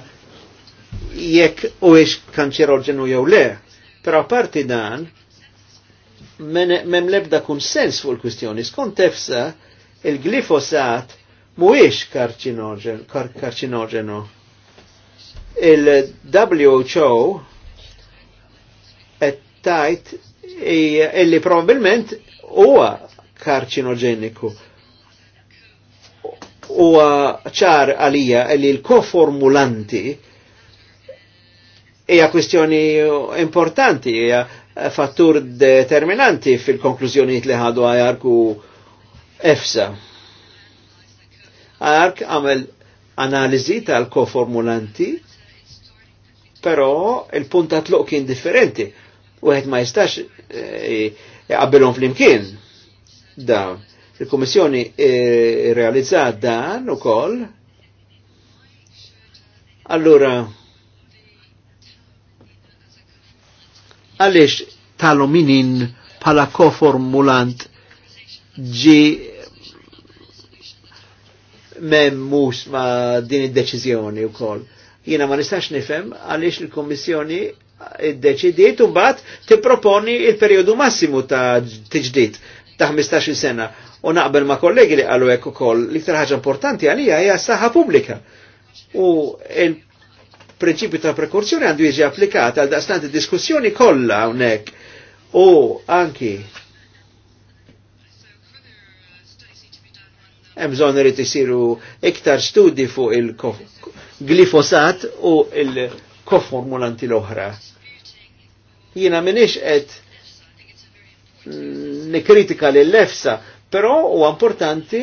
jekk u ix kanċerogenu jew le, pero parti dan mem lebda kun sens fuq il-kwestjoni. Skont tefsa il-glifosat mhuwiex karċinogenu. Il-WHO qed tajt illi probabilment huwa karċinoġeniku. Huwa ċar għalija li l-koformulanti hija kwestjoni importanti, hija fattur determinanti fil konklużjoni li ħadu għajark u EFSA. Għajark għamel analizi tal-koformulanti, pero il-punta tluq kien differenti u għed ma jistax eh, għabbelon e, fl-imkien da Il-Kommissjoni e, eh, realizzat dan u koll. Allura, għalix tal-ominin pala koformulant ġi memmus ma din id-deċizjoni u koll. Jina ma nistax nifem għalix il-Kommissjoni id-deċidiet u bat t-proponi il-periodu massimu ta' t tiġdid ta' 15 sena. U naqbel ma' kollegi li għallu ekku koll, liktar ħaġa importanti għalija hija saħħa publika U il-prinċipju ta' prekursjoni għandu jieġi applikat għal daqstant diskussjoni kollha hawnhekk. U anki hemm bżonn irid isiru iktar studi fuq il-glifosat u il-, -glifosat, u il koformulanti l-oħra. Jiena minix qed nikritika li l-lefsa, però u importanti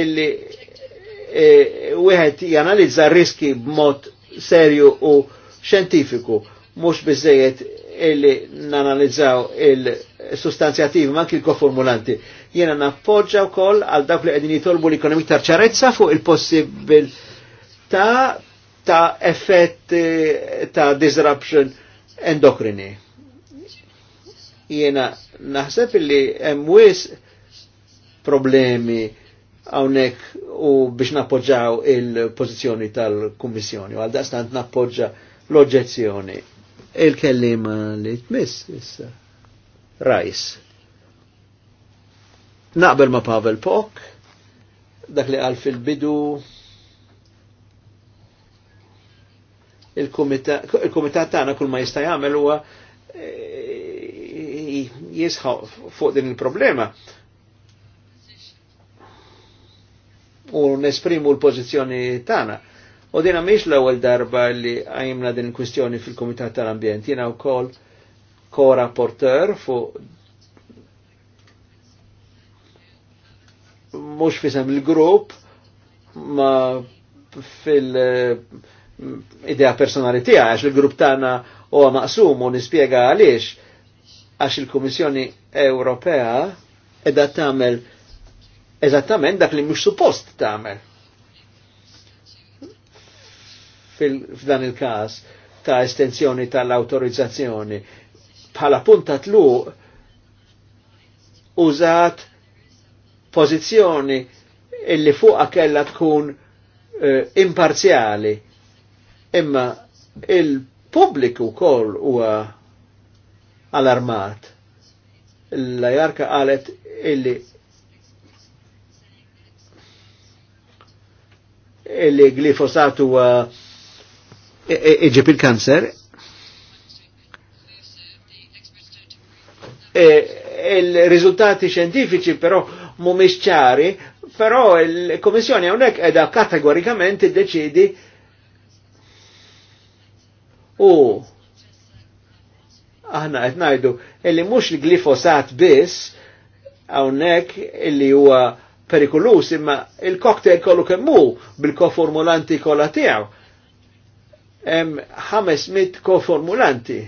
illi e, wieħed janalizza riski b'mod serju u xjentifiku, mhux biżejjed illi nanalizzaw il-sustanzjativi ma anki il-koformulanti. Jena nappoġġa wkoll għal dawk li qegħdin jitolbu l-ekonomik tar ċarezza fuq il ta' ta' effett eh, ta' disruption endokrini. Jena naħseb li hemm problemi għawnek u biex nappoġġaw il-pozizjoni tal-Kummissjoni, għal daqstant nappoġġa l-oġġezzjoni. Il-kellim li tmiss issa. Rajs. Naqbel ma Pavel Pok, dak li għal fil-bidu il-komitat tagħna kull ma jista' jagħmel huwa e, jisħaw fuq din il-problema. U nesprimu l-pożizzjoni tagħna. U dina miex l-ewwel darba li għajmna din kwistjoni fil-Kumitat tal-Ambjent. Jiena wkoll ko-rapporter fuq mhux fisem il-grupp ma fil- uh, idea personali tija, għax il-grupp tagħna huwa maqsum u nispjega għaliex għax il komissjoni Ewropea qiegħda tagħmel eżattament dak li mhux suppost tagħmel. F'dan il kas ta' estensjoni tal-autorizzazzjoni bħala punta tlu użat pozizjoni illi fuqa kella tkun uh, imparzjali Imma il-pubbliku kol huwa alarmat. L-jarka għalet illi illi glifosat huwa iġib il-kanser. E, il rizultati xjentifiċi però mhumiex ċari, però il-Komissjoni hawnhekk edha kategorikament iddeċidi deċidi U aħna qed ngħidu illi mhux il-glifosat biss hawnhekk illi huwa perikulus imma il-cocktail kollu kemmu bil-koformulanti kolla tiegħu. Hemm 500 koformulanti.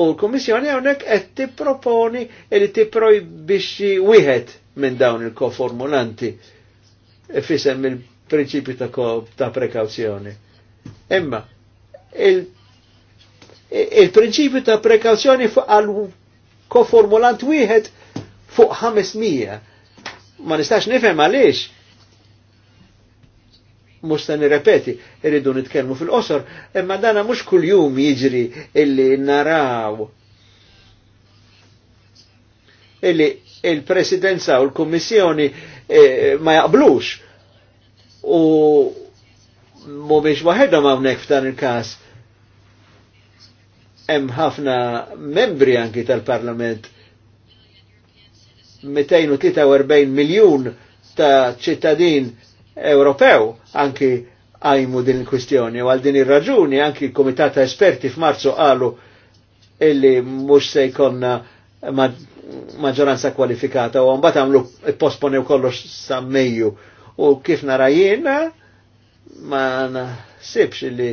U l-Kummissjoni hawnhekk qed tipproponi li tipprojbixxi wieħed minn dawn il-koformulanti fisem il-prinċipju ta', ta prekawzjoni. Imma il-prinċipju il ta' prekawzjoni għal koformulant wieħed fuq 500. Ma nistax nifhem għaliex. Mux ta' nirrepeti, irridu nitkellmu fil-qosor, imma dana mhux kuljum jiġri illi naraw illi il-presidenza u l-kommissjoni eh, ma jaqblux u mumiex waħedhom hawnhekk f'dan il-każ. Hemm ħafna membri anki tal-Parlament 243 miljun ta' ċittadin Ewropew anki għajmu din il-kwistjoni u għal din ir-raġuni anki l-Komitat ta' Esperti f'Marzu qalu illi mhux se jkollna maġġoranza kwalifikata u mbagħad għamlu posponew kollox sa' Mejju u kif narajjina ma naħsibx illi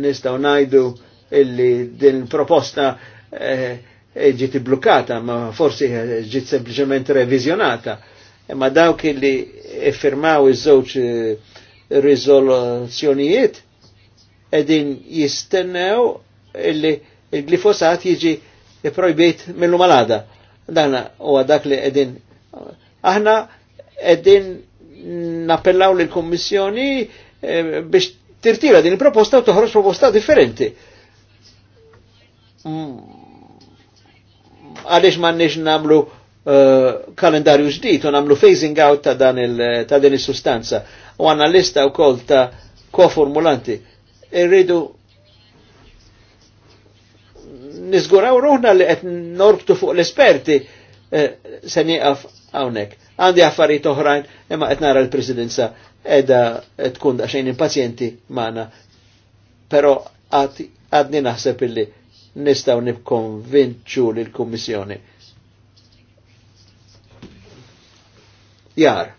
nistaw najdu illi din proposta ġiet eh, e blokkata, ma forsi ġiet sempliċement revizjonata. E ma dawk illi iffirmaw iż-żewġ eh, rizoluzzjonijiet edin jistennew illi il-glifosat jiġi projbit mill-lumalada. Dana u għadak li edin. Aħna edin napellaw l kommissjoni eh, biex tirtira din il-proposta u toħroġ proposta differenti. Mm. Għaliex m'għandniex nagħmlu Uh, eh, kalendarju ġdid u namlu phasing out ta' dan il, ta' din sustanza u għanna lista u kol ta' koformulanti. Irridu nizguraw ruħna li qed norbtu fuq l-esperti uh, se nieqaf hawnhekk għandi affarijiet oħrajn, imma qed nara l-presidenza edha tkun daqsxejn impazjenti magħna. Però għadni naħseb illi nistgħu nikkonvinċu lill-Kummissjoni. Jar.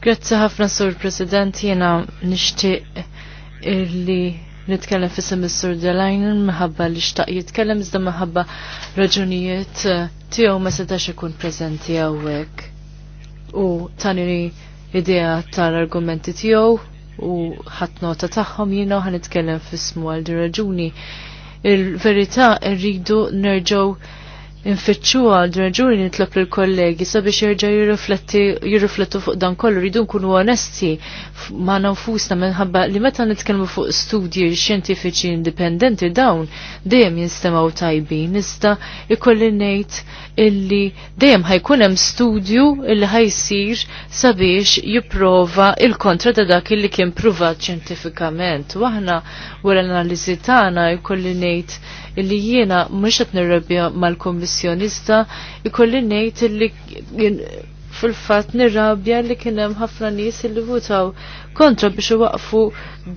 Grazzi ħafna sur President, jena nixtieq illi nitkellem fi semissur Delajnen minħabba li xtaq jitkellem iżda minħabba raġunijiet eh, tiegħu ma setax ikun preżenti hawnhekk. U tani idea tal-argumenti tiegħu u ħadd nota tagħhom jiena ħanitkellem fi smu għal di raġuni. Il-verità rridu nerġgħu infittxu għal raġuni nitlob lill kollegi sabiex jerġa' jirriflettu fuq dan kollu rridu nkunu onesti ma' nfusna minħabba li meta nitkellmu fuq studji xjentifiċi indipendenti dawn dejjem jinstemaw tajbin Nista' ikolli ngħid illi dejjem ħajkun hemm studju illi ħajsir sabiex jipprova il-kontra ta' dak illi kien pruvat xjentifikament. Waħna wara l-analiżi tagħna jkolli ngħid illi jiena mhux qed nirrabja mal kommissjonista iżda ikolli ngħid illi fil-fatt nirrabja li kien hemm ħafna nies illi votaw kontra biex iwaqfu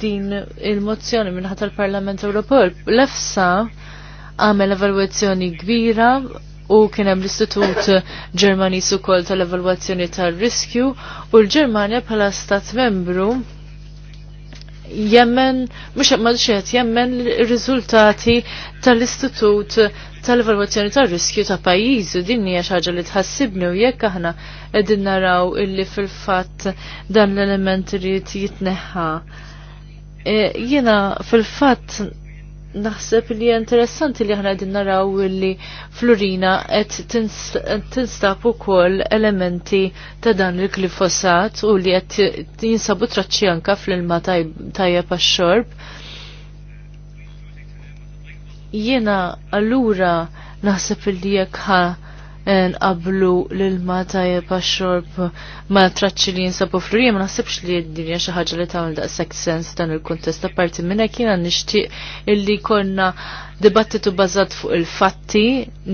din il-mozzjoni minħata l-Parlament Ewropew. L-EFSA għamel evalwazzjoni kbira u kien hemm l-Istitut Ġermani ukoll tal-evalwazzjoni tar-riskju u l-Ġermanja bħala stat membru jemmen, mux maġġet jemmen il-rizultati tal-istitut tal-evalwazzjoni tal-riskju ta' pajizu, din hija xi ħaġa li tħassibni u jekk aħna qegħdin naraw illi fil-fatt dan l-element irid jitneħħa. E, jiena fil-fatt naħseb li interessanti li ħna din naraw li Florina qed tinstab ukoll elementi ta' dan il-glifosat u li qed jinsabu traċċi anka fl-ilma tajjeb għax-xorb. Jiena allura naħseb li jekk nqablu l-ilma tajjeb għax-xorb ma traċċi li jinsabu frurija ma naħsibx li d-dinja xi ħaġa li tagħmel sex sens dan il-kuntest apparti minn hekk jiena nixtieq illi konna dibattitu bażat fuq il-fatti,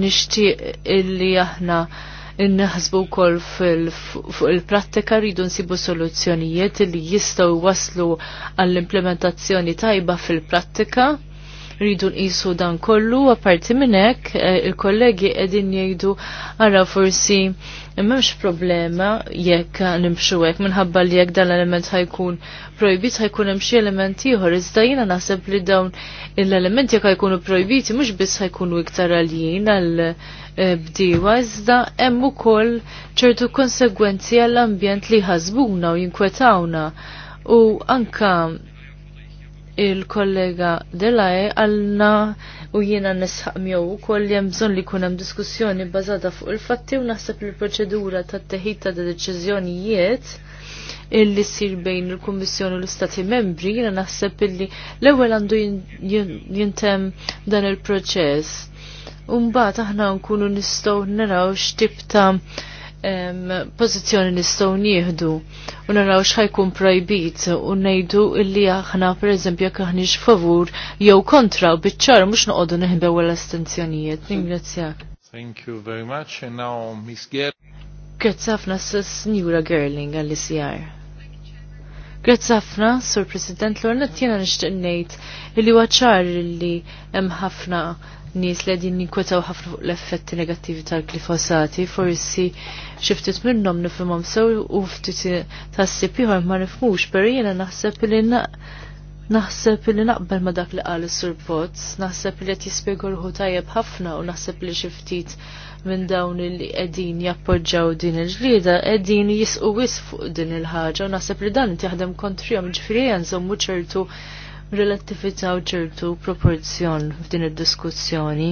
nixtieq illi aħna innaħsbu kol fuq il-prattika rridu nsibu soluzzjonijiet li jistgħu waslu għall-implementazzjoni tajba fil-prattika rridu nqisu dan kollu, apparti minn hekk eh, il-kollegi qegħdin jgħidu ara forsi m'hemmx problema jekk nimxu hekk minħabba li jekk dan l-element ħajkun projbit ħajkun hemm xi element ieħor, iżda jiena naħseb li dawn l-elementi jekk ħajkunu projbiti mhux biss ħajkunu iktar għaljin għal eh, bdiewa iżda hemm ukoll ċertu konsegwenzi għall-ambjent li ħasbuna u jinkwetawna. U anka il-kollega Delae għalna u jiena nisħaq miegħu wkoll hemm bżonn li jkun hemm diskussjoni bbażata fuq il-fatti u naħseb li l-proċedura tat-teħid ta' deċiżjonijiet illi sir bejn il-Kummissjoni u l-Istati Membri jiena naħseb illi l-ewwel għandu jintem dan il-proċess. Umbagħad aħna nkunu nistgħu naraw x'tib ta' pozizjoni nistgħu nieħdu u naraw x'ħajkun projbit u ngħidu illi aħna eżempju jekk aħniex favur jew kontra u biċ mux mhux noqogħdu neħbew l-astenzjonijiet. Ningrazzjak. Thank you very much and now Miss Gerling. Grazzi ħafna Njura Gerling għall-ICR. Grazzi ħafna, Sur President Lorna, jiena nixtieq ngħid illi huwa ċar illi hemm ħafna nis li għedin ninkwetaw ħafna fuq l-effetti negattivi tal-glifosati, forsi xiftit minnom nifimom sew u ftit tassib jħor ma nifmux, per jena naħseb li Naħseb li naqbel ma dak li qal is-surpot, naħseb li qed jispjegu ruħu tajjeb ħafna u naħseb li xi ftit minn dawn li qegħdin jappoġġaw din il-ġlieda qegħdin jisqu wisq fuq din il-ħaġa u naħseb li dan jaħdem kontrihom ġifieri nżommu ċertu relattività u ċertu proporzjon f'din id-diskussjoni.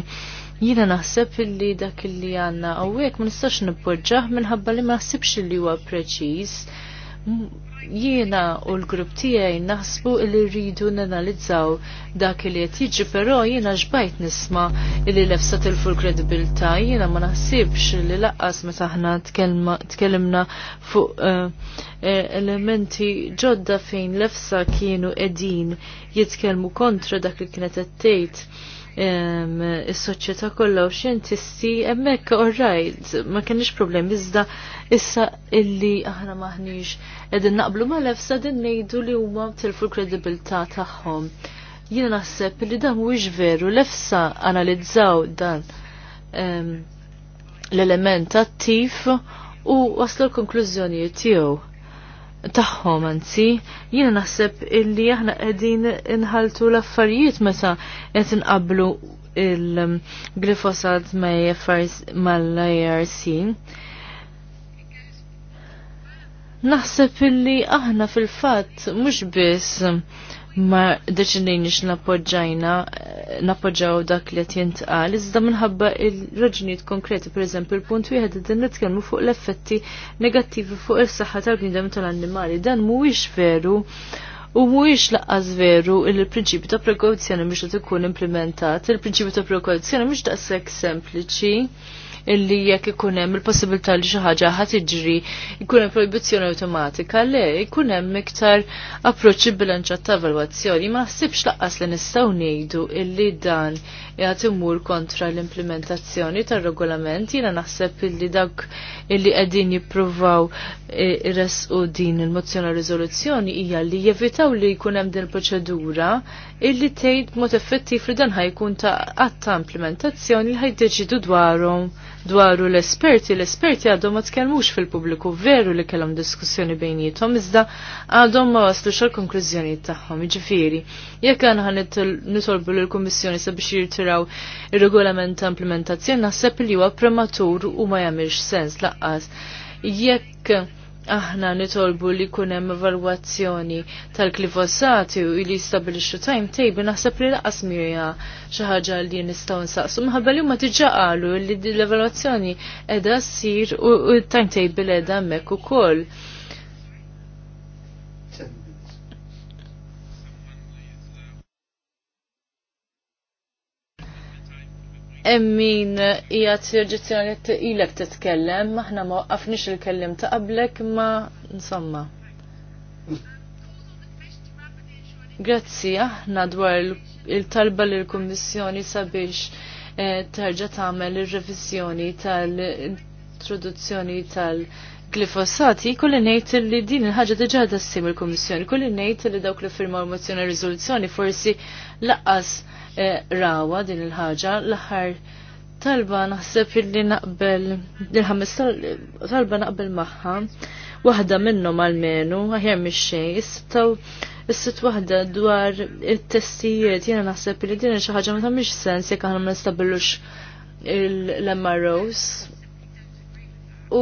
Jina naħseb illi dak illi għanna għawek ma nistax nippoġġaħ minħabba li ma naħsibx illi huwa preċiż jiena u l-grupp tiegħi naħsbu li rridu nanalizzaw dak li qed jiġi però jiena xbajt nisma' li lefsat tilfu l-kredibilità jiena ma naħsibx li laqqas meta aħna tkellimna fuq eh, eh, elementi ġodda fejn lefsa kienu qegħdin jitkellmu kontra dak li kienet qed is-soċjetà kollha u xjentisti hemmhekk all right ma kienx problem iżda issa illi aħna maħniġ edin naqblu mal lefsa din nejdu li huma tilfu l kredibilta tagħhom. Jiena naħseb li dan mhuwiex veru lefsa analizzaw dan l-element attiv u waslu l-konklużjonijiet tiegħu taħħom anzi, jiena naħseb illi aħna qegħdin inħaltu l-affarijiet meta qed inqablu il-glifosat ma' mal-IRC. Naħseb illi aħna fil-fatt mhux biss ma deċinejniex nappoġġajna eh, nappoġġaw dak li qed jintqal, iżda minħabba il-raġunijiet konkreti, pereżempju il-punt wieħed din nitkellmu fuq l-effetti negattivi fuq is-saħħa tal-bniedem tal-annimali. Dan mhuwiex veru u mhuwiex laqqas veru il prinċipju ta' prekawzjoni mhux qed ikun implementat. Il-prinċipju ta' prekawzjoni mhux daqshekk sempliċi illi jekk ikun hemm il-possibilità li xi ħaġa ħadd tiġri jkun hemm proibizzjoni awtomatika, le jkun hemm iktar approċċi bilanċat ta' evalwazzjoni. Ma naħsibx laqqas li nistgħu ngħidu illi dan jgħati imur kontra l-implementazzjoni tal-regolament, jina naħseb illi dak illi għedin res resqu din il-mozzjoni rizoluzzjoni hija li jevitaw li jkun hemm din il-proċedura illi tgħid mod effettiv li dan ħajkun ta' għatta implementazzjoni li ħajdeċidu dwarhom dwaru l-esperti, l-esperti għadhom ma tkellmux fil-pubbliku veru li kellhom diskussjoni bejnietom iżda għadhom ma waslux għal konklużjoni tagħhom. Ġifieri, jekk għandna ħan nitolbu lill-Kummissjoni sabiex jirtiraw ir-regolament ta' implementazzjoni naħseb li huwa prematur u ma jagħmilx sens laqqas. Jekk aħna nitolbu li kunem evalwazzjoni tal klifosati u li jistabilixxu timetable naħseb li laqas mirja xi ħaġa li nistgħu nsaqsu minħabba li huma diġà qalu li l-evalwazzjoni qiegħda ssir u t-timetable qiegħda hemmhekk ukoll. emmin ijat jirġizjoni li ilek titkellem, maħna ma għafnix il-kellim ta' qablek ma insomma. Grazzi aħna dwar il-talba l kummissjoni sabiex eh, terġa' tagħmel ir revizjoni tal-introduzzjoni tal-, glifosati, kulli nejt li din il-ħagġa diġà tassim il-Komissjoni, kulli nejt li dawk li firmaw mozzjoni riżoluzzjoni forsi laqqas Eh, rawa din il-ħaġa l-aħħar talba naħseb illi naqbel il-ħames talba naqbel magħha waħda minnhom għalmenu aħjar mix-xejn istaw is waħda dwar it-testijiet jiena naħseb li din xi ħaġa ma tagħmilx sens jekk aħna ma nistabilux l-MROs u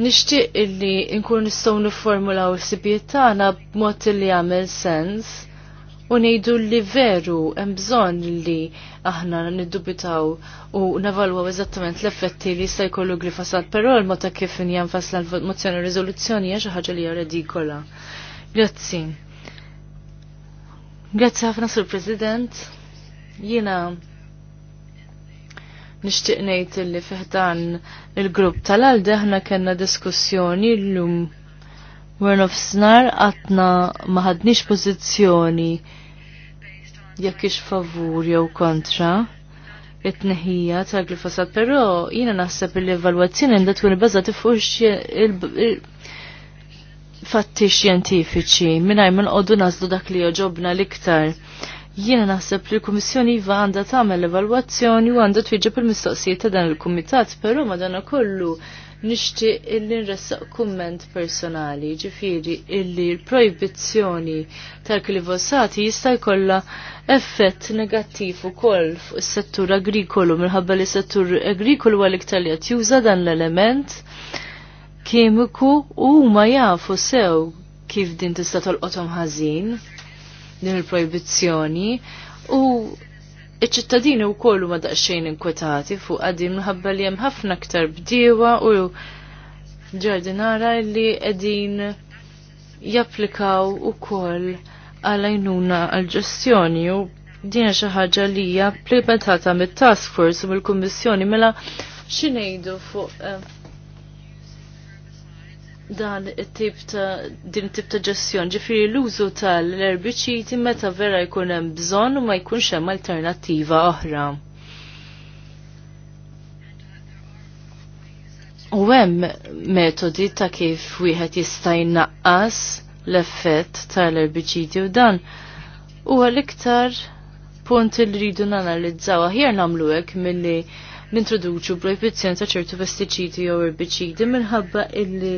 Nixtieq illi nkun nistgħu u s-sibiet tagħna b'mod li għamil sens u ngħidu li veru hemm bżonn li aħna niddubitaw u navalwaw eżattament l-effetti li jista' jkollu glifosat, però l-mod ta' kif fasla l-mozzjoni riżoluzzjoni hija xi ħaġa li hija redikola. Grazzi. Grazzi ħafna sur President. Jiena nixtieq ngħid li fiħdan il-grupp tal-għalde aħna kellna diskussjoni llum wara nofsinhar għatna ma ħadniex pożizzjoni jekk ix favur jew kontra it-tneħija ta' glifosat, però jiena naħseb l-evalwazzjoni għandha tkun ibbażata fuq fatti xjentifiċi mingħajr ma nqogħdu nazdu dak li joġobna l-iktar. Jiena naħseb li l-Kummissjoni iva għandha tagħmel evalwazzjoni u għandha twieġeb il mistoqsija ta' dan il-Kumitat, però madankollu nixtieq illi nressaq kumment personali, ġifieri illi l-projbizzjoni tal-glifosati jista' jkollha effett negattiv ukoll fuq is-settur agrikolu minħabba li s-settur agrikolu għal iktar li qed juża dan l-element kimiku u ma jafu sew kif din tista' tolqothom ħażin din il-projbizzjoni u iċ-ċittadini u kollu ma daqxejn inkwetati fuq għadim minħabba li hemm ħafna aktar bdiewa u ġardinara li qegħdin japplikaw ukoll għal-għajnuna għal-ġestjoni u dina xi ħaġa li hija mit-task force u mill-kummissjoni mela x'ngħidu fuq eh, dan it-tip ta' din tip ta' ġestjon. Ġifiri l-użu tal-erbiċiti meta vera jkun hemm bżonn u ma jkunx hemm alternattiva oħra. U hemm metodi ta' kif wieħed jista' jnaqqas l-effett tal-erbiċiti u dan huwa l-iktar punt li rridu nanalizzaw aħjar nagħmlu hekk milli nintroduċu proibizzjoni ta' ċertu pestiċidi jew erbiċidi minħabba illi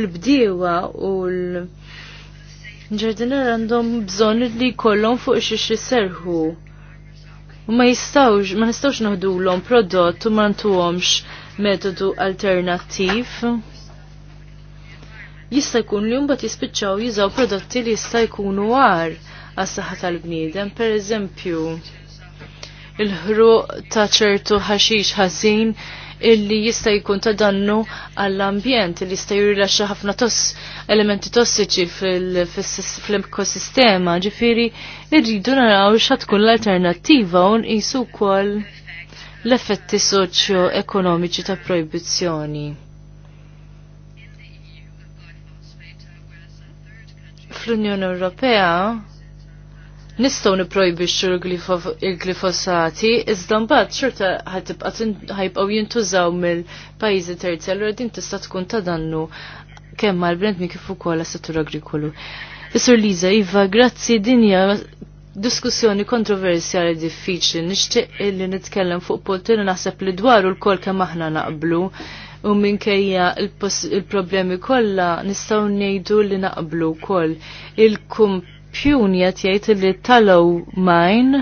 l-bdiewa u l-ġardiner għandhom bżonn li jkollhom fuq xiex jisserħu. U ma jistawx, ma nistawx naħdulhom prodott u ma ntuhomx metodu alternattiv. Jista' jkun li mbagħad jispiċċaw jużaw prodotti li jista' jkunu għar għas-saħħa tal-bniedem, per eżempju il ħru ta' ċertu ħaxix ħażin illi jista' jkun ta' dannu għall-ambjent, li jista' jirilaxxa ħafna toss elementi tossiċi fl-ekosistema, ġifiri irridu naraw xa tkun l-alternattiva u nqisu wkoll l-effetti soċjo-ekonomiċi ta' proibizzjoni. Fl-Unjoni Ewropea nistgħu nipprojbixxu l-glifosati iżda mbagħad xorta ħajbqgħu jintużaw mill-pajjiżi terzi allura din tista' tkun ta' dannu kemm mal mi kif ukoll għas-settur agrikolu. Isur Liza, Iva, grazzi dinja diskussjoni kontroversjali diffiċli, nixtieq li nitkellem fuq punti li naħseb li dwaru l-kol kemm aħna naqblu u minkejja il-problemi kollha nistgħu ngħidu li naqblu wkoll il-kump Pjun jgħat jgħid li tallow mine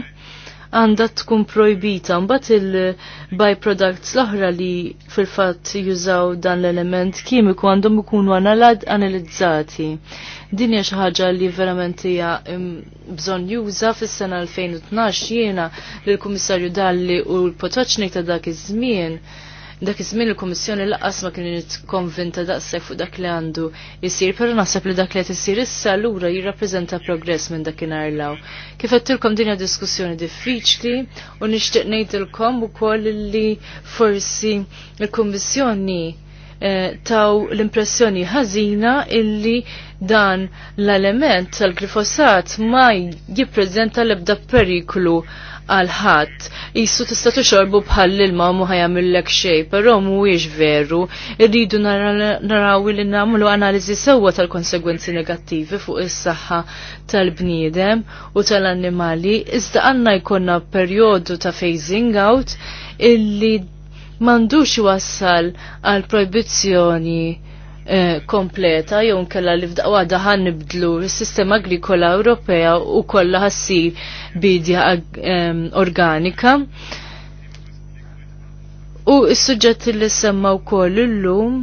għandha tkun projbita mbagħad il-byproducts l-oħra li fil-fatt jużaw dan l-element kimiku għandhom ikunu analizzati. Din hija xi ħaġa li verament hija bżonn juża fis-sena 2012 jiena lill-Kummissarju Dalli u l-Potoċnik ta' dak iż-żmien dak iż-żmien il-Kummissjoni laqas ma kien konvinta daqshekk fuq dak li għandu jsir, però naħseb li dak li qed isir issa lura jirrappreżenta progress minn dakinhar law. Kif qedtilkom din hija diskussjoni diffiċli u nixtieq ngħidilkom ukoll li forsi il-Kummissjoni Eh, taw l-impressjoni ħażina illi dan l-element tal-glifosat ma jippreżenta l-ebda periklu għal ħadd. Issu tista' xorbu bħal ilma mu ħajamillek xej, però mhuwiex veru. Irridu naraw li nagħmlu analiżi sewwa tal-konsegwenzi negattivi fuq is-saħħa tal-bniedem u tal-annimali, iżda għandna jkollna perjodu ta' phasing out illi mandux wassal għal proibizzjoni eh, kompleta jew kella li f'daqwada ħan nibdlu s-sistema agrikola Ewropea u kollha ħassir bidja ehm, organika. U s-suġġett li semma wkoll illum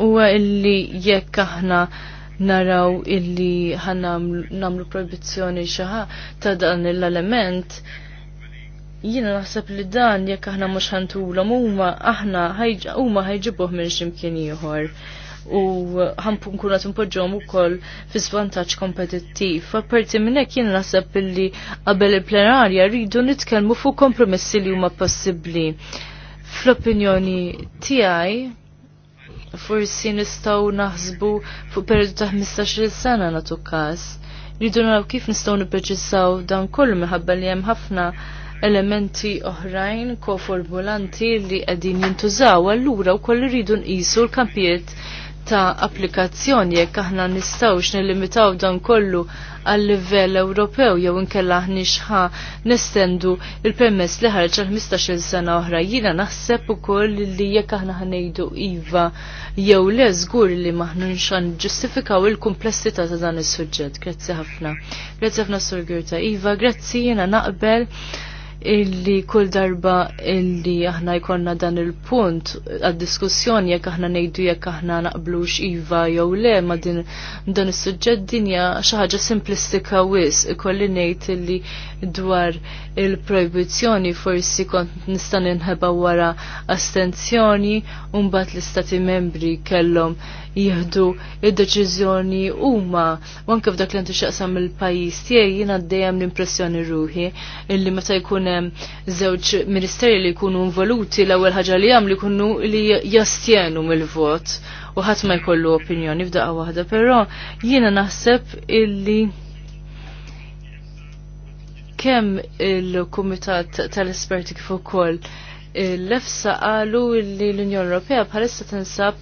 huwa illi jekk aħna naraw illi ħanamlu proibizzjoni xi ta' dan l-element Jiena naħseb li dan jekk aħna mhux ħantulhom huma aħna huma ħajġibuh minn x'imkien ieħor u ħampun kuna timpoġġom u koll fi svantaċ kompetittiv. Apparti minnek jien nasab li qabel il-plenarja rridu nitkellmu fuq kompromessi li huma possibbli. Fl-opinjoni tiegħi forsi nistgħu naħsbu fuq periodu ta' 15-il sena nagħtu każ. Rridu naraw kif nistgħu nippreċissaw dan kollu minħabba li hemm ħafna elementi oħrajn koformulanti li qegħdin jintużaw allura wkoll iridu nqisu l-kampijiet ta' applikazzjoni jekk aħna nistgħux nilimitaw dan kollu għal livell Ewropew jew inkella ħnixħa nestendu il-permess li ħarġ għal 15-il sena oħra. Jiena naħseb ukoll li jekk aħna ħnejdu iva jew le żgur li maħnunx ġustifikaw il-kumplessità ta' dan is-suġġett. Grazzi ħafna. Grazzi ħafna Sur Girta Iva, grazzi jiena naqbel illi kull darba illi aħna jkollna dan il-punt għad-diskussjoni jekk aħna ngħidu jekk aħna naqblux iva jew le ma din dan is-suġġett dinja xi ħaġa simplistika wis ikolli ngħid illi dwar il-proibizjoni forsi kont nistan inħeba wara astenzjoni unbat l-istati membri kellom jihdu id-deċizjoni huma u anke f'dak antu xaqsam il-pajjiż tiegħi d dejjem l-impressjoni ruħi illi meta jkun hemm żewġ ministeri li jkunu involuti l-ewwel ħaġa li jagħmlu jkunu li jastjenu mill-vot u ħadd ma jkollu opinjoni f'daqqa waħda, però jiena naħseb illi kemm il-Kumitat tal-Esperti kif ukoll l-EFSA qalu li l-Unjoni Ewropea bħalissa tinsab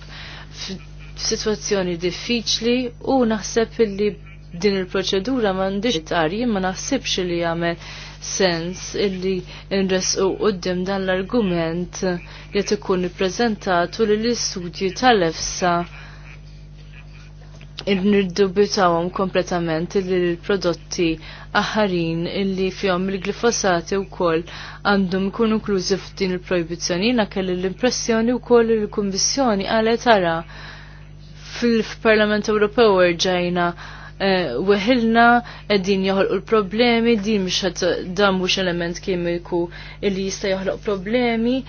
f'sitwazzjoni diffiċli u naħseb li din il-proċedura m'għandix tari ma naħsibx li jagħmel sens illi nresqu qoddim dan l-argument li tkun ippreżentatu li l-istudju tal-EFSA irnirdubitawhom kompletament il prodotti aħarin illi fihom il-glifosati wkoll għandhom ikunu inklużi f'din il projbizjoni jiena kelli l-impressjoni wkoll li l-Kummissjoni qalet ara fil-Parlament Ewropew erġajna eh, weħilna din joħolqu l-problemi, din mhux dam mhux element kimiku li jista' joħloq problemi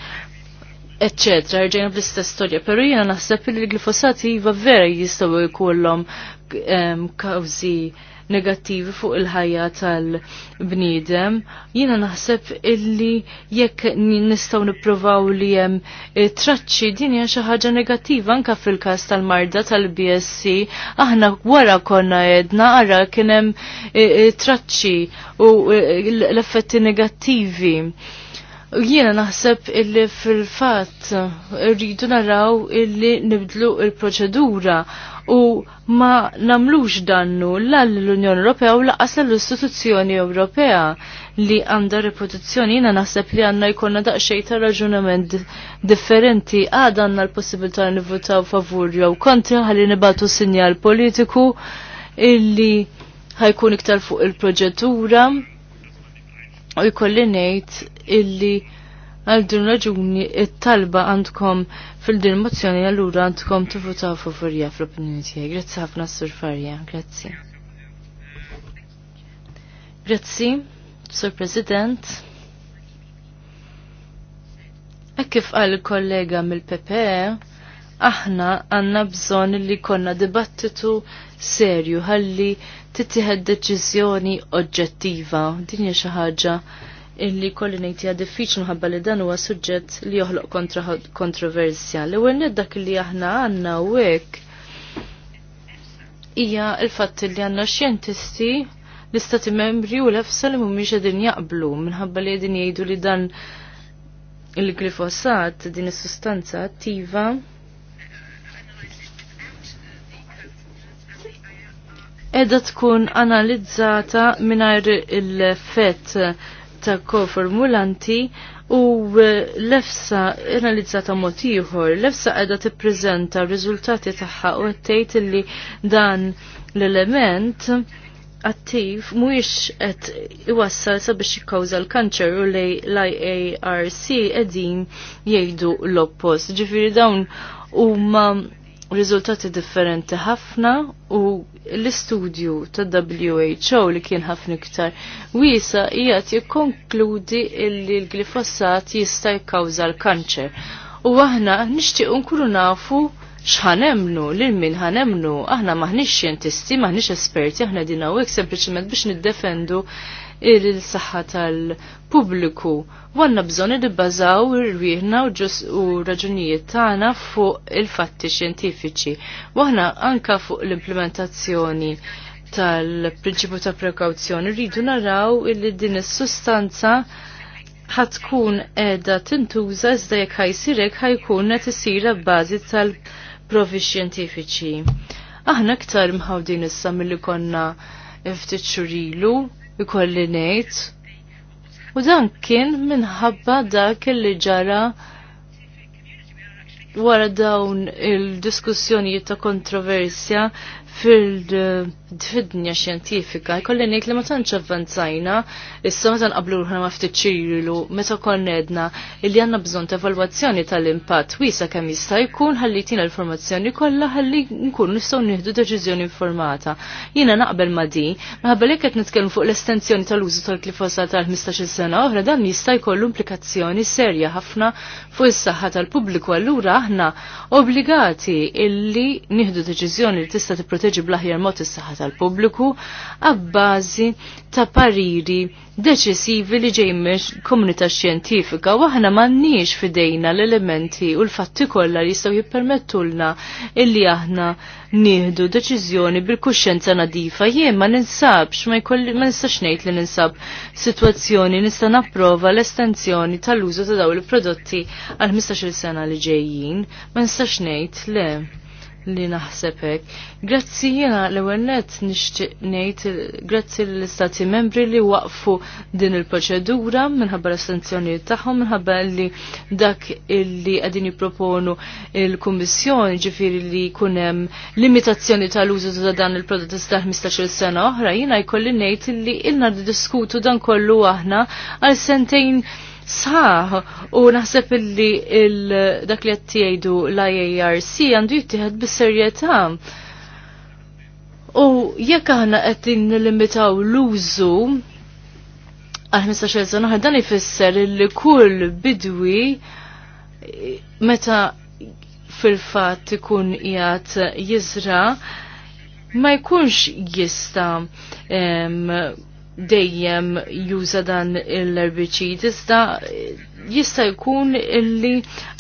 eccetera, rġajna bl-istess storja, pero jena naħseb li l glifosati jiva vera jistaw jkollhom ehm, kawzi negattivi fuq il-ħajja tal-bniedem. Jina naħseb illi jekk nistaw niprovaw li jem eh, traċċi din hija xi ħaġa negattiva anka fil-każ tal-marda tal-BSC. Aħna wara konna edna ara kien hemm eh, eh, traċċi u l-effetti negattivi jiena naħseb illi fil-fatt rridu naraw illi nibdlu il-proċedura u ma namlux dannu l l-Unjoni Ewropea u laqas l-Istituzzjoni Ewropea li għanda reputazzjoni jiena naħseb li għanna jkollna daqsxejn ta' raġunament differenti għad għandna l-possibilità nivvutaw favur jew kontra ħalli nibatu sinjal politiku illi ħajkun iktar fuq il-proġettura u jkolli ngħid illi għal din raġuni it-talba għandkom fil-din mozzjoni allura għandkom tifutaw furja fl-opinjoni tiegħi. Grazzi ħafna Sur Farja, grazzi. Grazzi, Sur President. Hekk kif qal kollega mill-PPE, aħna għandna bżonn li konna dibattitu serju ħalli tittieħed deċiżjoni oġġettiva. Din hija xi ħaġa illi kolli ngħid hija diffiċli minħabba li dan huwa suġġett li joħloq kontroversja. L-ewwel dak li aħna għandna hekk hija l-fatt li għandna xjentisti l-istati membri u l-efsa li mhumiex qegħdin jaqblu minħabba li qegħdin jgħidu li dan il-glifosat din is-sustanza attiva edha tkun analizzata minar il-fett ta' koformulanti u l analizzata motiħor. L-efsa edha t-prezenta rizultati taħħa u għattejt li dan l-element attiv mhuwiex qed iwassal sabiex jikkawża l-kanċer u lej l-IARC qegħdin jgħidu l-oppost. Ġifieri dawn huma riżultati differenti ħafna u l-istudju ta' WHO li kien ħafna iktar wiesa jgħat jikkonkludi li l-glifosat jista' jikkawża l-kanċer. U aħna nixtiequ nkunu nafu xħanemnu, lil min ħanemnu, aħna maħniex xjentisti, maħniex esperti, aħna dinaw hekk sempliċement biex niddefendu il saxħa tal publiku Għanna bżon nibbażaw rihna u raġunijiet tagħna fuq il-fatti xjentifiċi. Waħna anka fuq l-implementazzjoni tal-prinċipju ta' prekawzjoni rridu naraw li din is-sustanza ħatkun edha tintuża iżda jekk ħajsirek ħajkun qed isir bbażi tal-provi xjentifiċi. Aħna ktar mħawdin issa milli konna ftit xurilu ikolli ngħid. U dan kien minħabba dak li ġara wara dawn il-diskussjonijiet ta' kontroversja fil- fid xjentifika, jkolli ngħid li ma tantx avvanzajna, issa meta qablu ruħna ma ftit meta konnedna illi għandna bżonn ta' evalwazzjoni tal-impatt wisa kemm jista' jkun ħallitina l-informazzjoni kollha ħalli nkunu nistgħu nieħdu deċiżjoni informata. Jiena naqbel ma di, minħabba jekk qed nitkellmu fuq l-estensjoni tal-użu tal-glifosat tal-15-il sena oħra dan jista' jkollu implikazzjoni serja ħafna fuq is-saħħa tal-pubbliku allura aħna obbligati illi nieħdu deċiżjoni li tista' tipproteġi bl-aħjar mod is-saħħa tal-pubbliku għabbażi ta' pariri deċisivi li ġej komunità xjentifika u aħna m'għandniex fidejna l-elementi u l-fatti kollha li jistgħu jippermettulna illi aħna nieħdu deċiżjoni bil-kuxjenza nadifa jien ma ninsabx ma jkolli ma nistax ngħid li ninsab sitwazzjoni nista' napprova l-estensjoni tal-użu ta' dawn il-prodotti għal 15-il sena li ġejjin ma nistax ngħid le li naħsebek. Grazzi jiena l-ewwel nett nixtieq ngħid grazzi lill-istati membri li waqfu din il-proċedura minħabba l-estenzjonijiet tagħhom minħabba li dak illi qegħdin jipproponu il-Kummissjoni ġifieri li jkun hemm limitazzjoni tal-użu ta' dan il-prodott iżda 15-il sena oħra jiena jkolli ngħid li ilna diskutu dan kollu aħna għal sentejn Saħ u naħseb illi dak li qed l-IARC għandu jittieħed bis-serjetà. U jekk aħna qed nillimitaw l-użu għal 15 sena dan ifisser li kull bidwi meta fil-fatt ikun qiegħed jiżra' ma jkunx jista dejjem juża dan l-erbiċid, iżda jista' jkun illi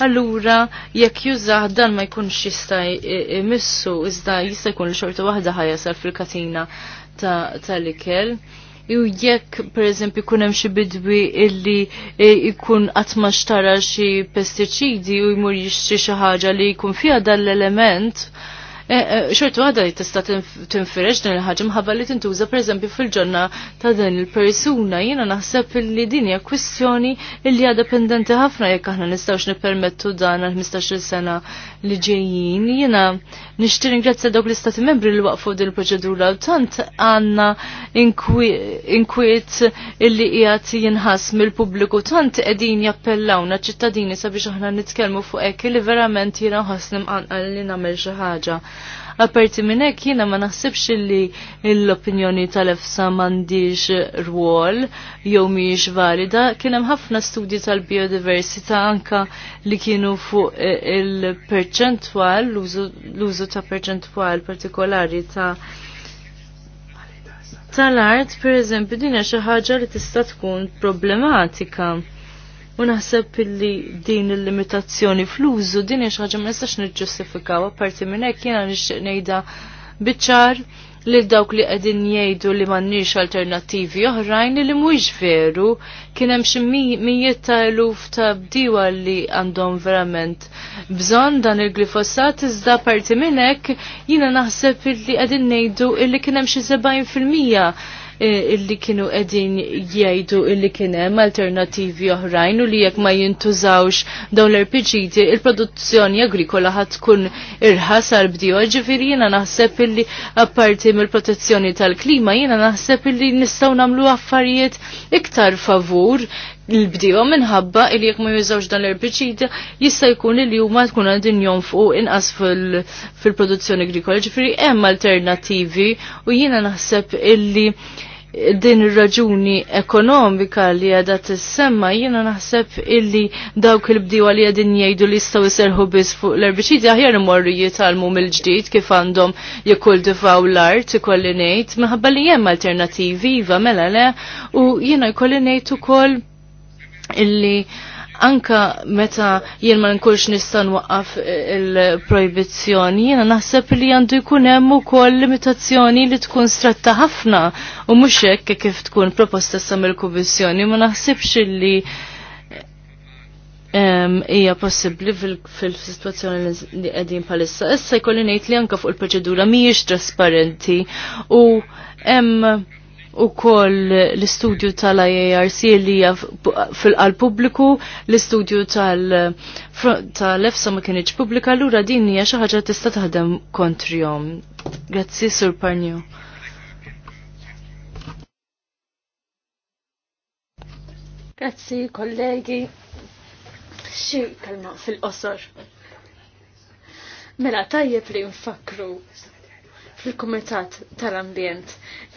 allura jekk jużah dan ma jkunx jista' jmissu, iżda jista' jkun li xorta waħda ħajasal fil-katina tal-ikel. U jekk per eżempju kun hemm xi bidwi illi e, jkun qatt ma xtara xi pestiċidi u jmur jixtri xi ħaġa li jkun fiha dan l-element, Eh, eh, xortu għada li tista tinfirex din il-ħagġa mħabba li tintuża eżempju fil-ġonna ta' din il-persuna. Jiena naħseb li din hija kwistjoni li hija dependenti ħafna jekk aħna nistgħux nippermettu dan għal 15-il sena li ġejjin. Jiena nixtieq ringrazzja dawk l-istati membri li waqfu din il-proċedura u tant għandna inkwiet illi qiegħed jinħass mill-pubbliku tant qegħdin jappellawna ċittadini sabiex aħna nitkellmu fuq hekk li verament jiena ħass nimqanqal li nagħmel xi ħaġa. Apparti minn hekk jiena ma naħsibx li l-opinjoni tal-efsa m'għandix rwol jew mhijiex valida. Kien hemm ħafna studji tal-biodiversità anka li kienu fuq eh, il-perċentwal, l-użu ta' perċentwal partikolari ta' tal-art, per eżempju, dinja xi ħaġa li tista' tkun problematika. U naħseb illi din il-limitazzjoni fl-użu din jiex ħagġa ħaġa ma nistax niġġustifikaw apparti minn hekk jiena nixtieq ngħidha biċ lil dawk li qegħdin jgħidu li m'għandniex alternattivi oħrajn li mhuwiex veru kien hemm xi mijiet ta' eluf ta' bdiewa li għandhom verament bżonn dan il-glifosat iżda parti minn hekk jiena naħseb illi qegħdin ngħidu illi kien hemm xi 70 fil-mija Eh, illi kienu edin jgħidu illi kienem alternativi oħrajn u li jekk ma jintużawx dawn l-RPG il-produzzjoni agrikola ħad tkun irħas għal bdiju ġifiri jena naħseb illi apparti mill-protezzjoni tal-klima jena naħseb illi nistaw namlu affarijiet iktar favur l-bdiwa minħabba il jekk ma jużawx dan l-erbiċida jista' jkun li huma tkun għandin fuq inqas fil-produzzjoni agrikola. Ġifieri hemm alternattivi u jiena naħseb illi din ir-raġuni ekonomika li għadha tissemma jiena naħseb illi dawk il-bdiewa li għadin jgħidu li jistgħu jserħu biss fuq l-erbiċidi aħjar imorru jitalmu mill-ġdid kif għandhom jikkultivaw l-art ikolli ngħid minħabba li hemm alternattivi iva mela le u jiena jkolli ngħid ukoll illi anka meta jien ma nkunx nista' nwaqqaf il-projbizzjoni, jiena naħseb li għandu jkun hemm ukoll limitazzjoni li tkun stretta ħafna u mhux hekk kif tkun proposta sa mill-Kummissjoni ma naħsibx li hija possibbli fil-situazzjoni li qegħdin bħalissa. Issa jkolli ngħid li anke fuq il-proċedura mhijiex trasparenti u hemm u koll l-istudju tal-IARC li għal qal publiku, l-istudju tal-EFSA ma kienieċ publika, l-ura din hija xi ħaġa tista' taħdem kontrihom. Grazzi Sur Parnio. Grazzi kollegi. Xie, kalma fil-qosor. Mela tajjeb li nfakru fil-Kumitat tal-Ambjent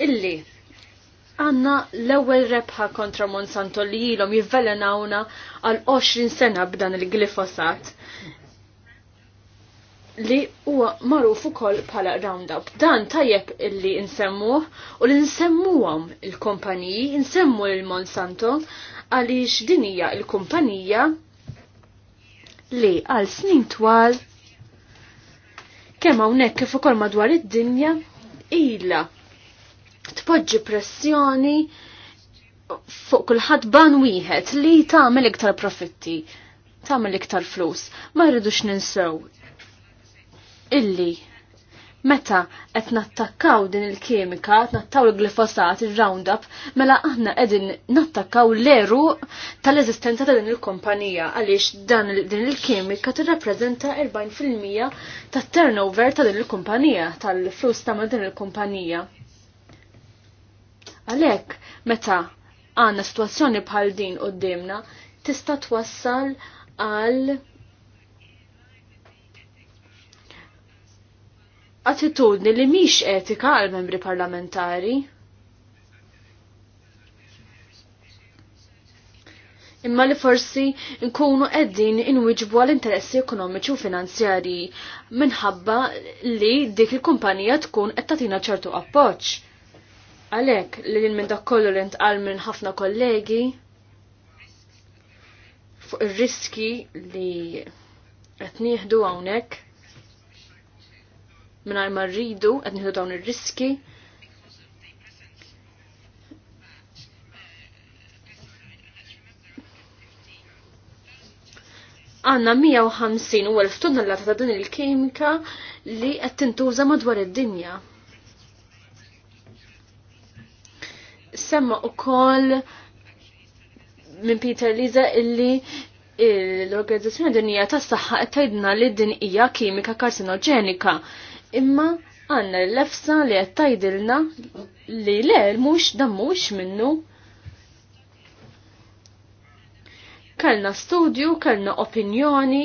illi għanna l-ewwel rebħa kontra Monsanto li ilhom jivvelenawna għal 20 sena b'dan il-glifosat li huwa magħruf ukoll bħala Roundup. Dan tajjeb illi nsemmuh u li nsemmuhom il-kumpaniji, nsemmu il Monsanto għaliex din hija l-kumpanija li għal snin twal kemm hawnhekk kif ukoll madwar id-dinja ilha tpoġġi pressjoni fuq kulħadd ban wieħed li tagħmel iktar profitti, tagħmel iktar flus. Ma rridux ninsew illi meta qed nattakkaw din il-kimika, nattaw il-glifosat, il-roundup, mela aħna qegħdin nattakkaw l-eru tal-eżistenza ta' din il-kumpanija għaliex dan din il-kimika tirrappreżenta 40% tat-turnover ta' din il-kumpanija, tal-flus ta' din il-kumpanija. Għalhekk meta għandna situazzjoni bħal din qudiemna tista' twassal għal attitudni li mhix etika għal membri parlamentari. imma li forsi nkunu qegħdin inwiġbu għal interessi ekonomiċi u finanzjarji minħabba li dik il-kumpanija tkun qed tagħtina ċertu appoġġ. Għalek li l minn dak kollu li ntqal minn ħafna kollegi fuq ir-riski li qed nieħdu hawnhekk mingħajr ma rridu qed nieħdu dawn ir-riski għanna 150 u 1000 lata ta' din il-kimika li qed tintuża madwar id-dinja. semma ukoll minn Peter Liza illi l-Organizzazzjoni Dinija tas-Saħħa qed tgħidna li din hija kimika karsinoġenika. Imma għandna l-lefsa li qed tgħidilna li le mhux dan mhux minnu. Kellna studju, kellna opinjoni,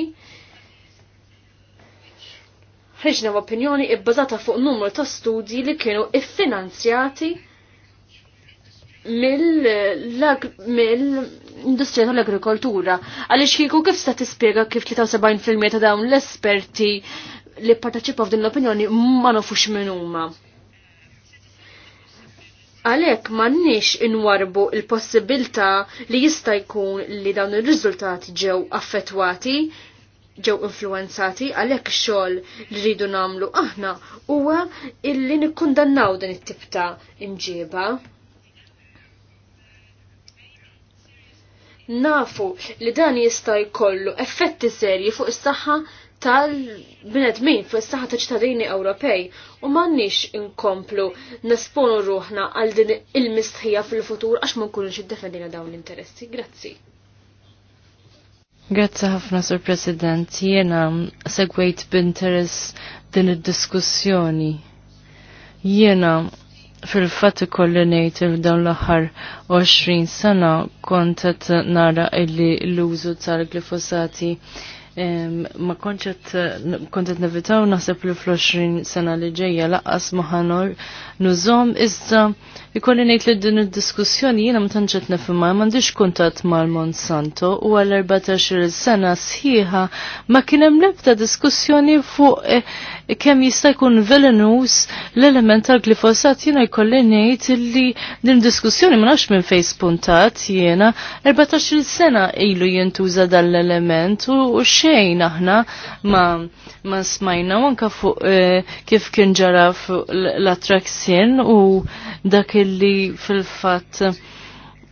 ħriġna opinjoni ibbażata fuq numru ta' studji li kienu iffinanzjati mill-industrija tal-agrikoltura. Għaliex kieku kif sta tispjega kif 73% ta' dawn l-esperti li parteċipaw f'din l-opinjoni ma nafux minn huma għalek mannix inwarbu il-possibilta li jista' jkun li dawn ir-riżultati ġew affettwati, ġew influenzati għalek xogħol li rridu namlu aħna huwa illi nikkundannaw din it tibta ta' imġiba. nafu li dan jista' jkollu effetti serji fuq is-saħħa tal-bnedmin fuq is-saħħa ta' ċittadini Ewropej u m'għandniex inkomplu nesponu ruħna għal din il-mistħija fil-futur għax ma nkunux iddefendina dawn l-interessi. Grazzi. Grazzi ħafna, Sur President. Jiena segwejt b'interess din id-diskussjoni. Jiena fil-fat ikolli ngħid f'dawn l-aħħar 20 sena kont qed nara illi l-użu tal-glifosati ma konċet kontet nevitaw naħseb li fl-20 sena li ġejja laqqas maħanor nużom iżda Ikolli ngħid li din id-diskussjoni jiena mtanġet nefimma nifhimha kuntat mal-Monsanto u għal 14 sena sħiħa ma kien hemm l-ebda diskussjoni fuq eh, kemm jista' jkun velenus l-element tal-glifosat jiena jkolli ngħid li din diskussjoni ma nafx minn fejn spuntat jiena 14-il sena ilu jintuża dan l-element u xejn aħna ma ma smajna anke fuq eh, kif kien ġara l-attraksjen u dak illi fil-fatt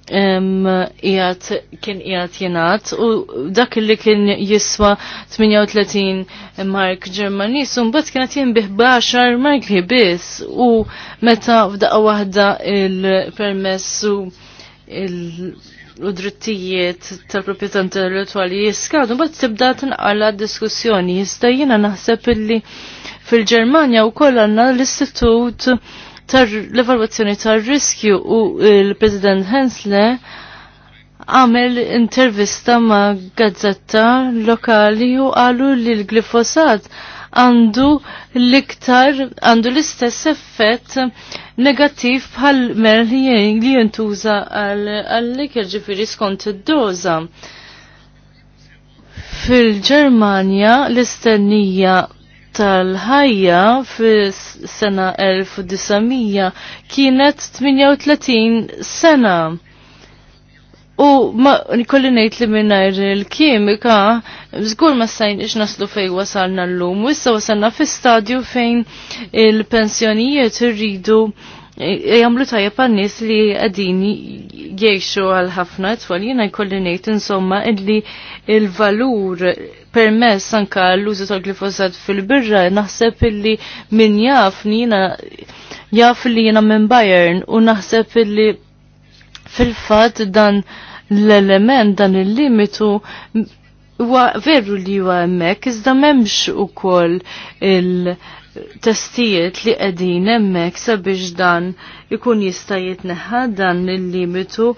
kien jgħat jenat u dak li kien jiswa 38 mark ġermani un bat kienet jgħat 10 mark li u meta f'daqqa wahda il-permess u il u drittijiet tal-proprjetà intellettwali jiskadu, mbagħad tibda tinqala diskussjoni. Jista' jiena naħseb illi fil-Ġermanja wkoll għandna l-Istitut l evalwazzjoni tar-riskju u il-President Hensle għamel intervista ma' gazzetta lokali u għalu li l-glifosat għandu l-iktar għandu l-istess effett negattiv bħal mer li jintuża għal liker ġifiri skont id-doza. Fil-Ġermanja l-istennija tal-ħajja fis-sena 1900 kienet 38 sena. U ma nikolli ngħid li mingħajr il-kimika żgur ma sajn ix naslu fejn wasalna llum, u issa wasalna fi stadju fejn il-pensjonijiet irridu il jamlu tajjeb għan-nies li qegħdin jgħixu għal ħafna tfal jiena jkolli ngħid insomma illi il-valur permess anka l-użu tal-glifosat fil-birra naħseb illi min jaf jiena jaf li jiena minn Bayern u naħseb illi fil-fatt dan l-element dan il-limitu huwa veru li huwa hemmhekk iżda m'hemmx ukoll il- testijiet li qegħdin hemmhekk sabiex dan ikun jista' jitneħħa dan il-limitu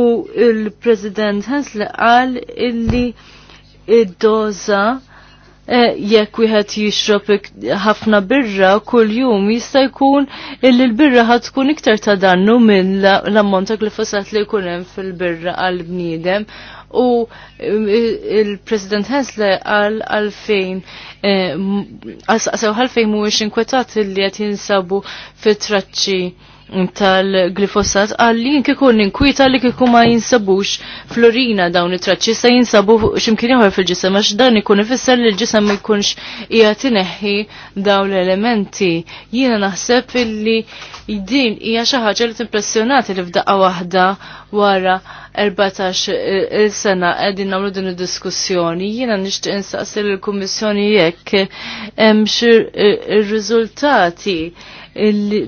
u il-President Hensle qal illi id-doża eh, jekk wieħed jixrob ħafna birra kull jum jista' jkun illi l-birra ħad tkun iktar ta' dannu mill l-ammont ta' glifosat li jkun hemm fil-birra għall bniedem u um, il-President Hensle għal għalfejn eh, għal għalfejn mhuwiex inkwetat li qed jinsabu fit-traċċi tal-glifosat għalli kikun ninkwita li kiku ma jinsabux florina dawn it-traċċi sa jinsabu ximkien ieħor fil-ġisem għax dan ikun ifisser li l-ġisem ma jkunx qiegħed dawn l-elementi. Jiena naħseb illi din hija xi ħaġa li timpressjonati li f'daqqa waħda wara 14 eh, sena qegħdin nagħmlu din id-diskussjoni. Jiena nixtieq insaqsi lill-Kummissjoni jekk hemm xi eh, riżultati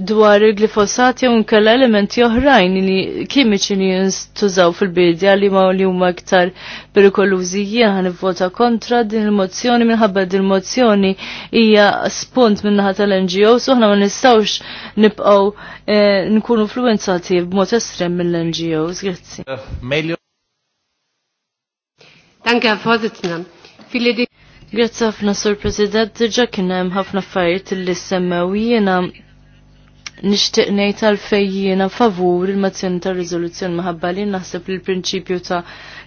dwar il-glifosat jew nkella elementi oħrajn li kimiċi li jintużaw fil-bidja li ma li huma iktar perikolużi jien vota kontra din il-mozzjoni minħabba din il-mozzjoni hija spunt minnaħa tal-NGOs u aħna ma nistgħux nibqgħu eh, nkunu influenzati b'mod estrem mill-NGOs. Grazzi. Danke, Herr Vorsitzender. Viele Grazzi ħafna, Sur President, diġa kien hemm ħafna affarijiet li semmew jiena nixtieq ngħid fejjina favur il mazzjoni ta' riżoluzzjoni maħabba li naħseb li l-prinċipju ta'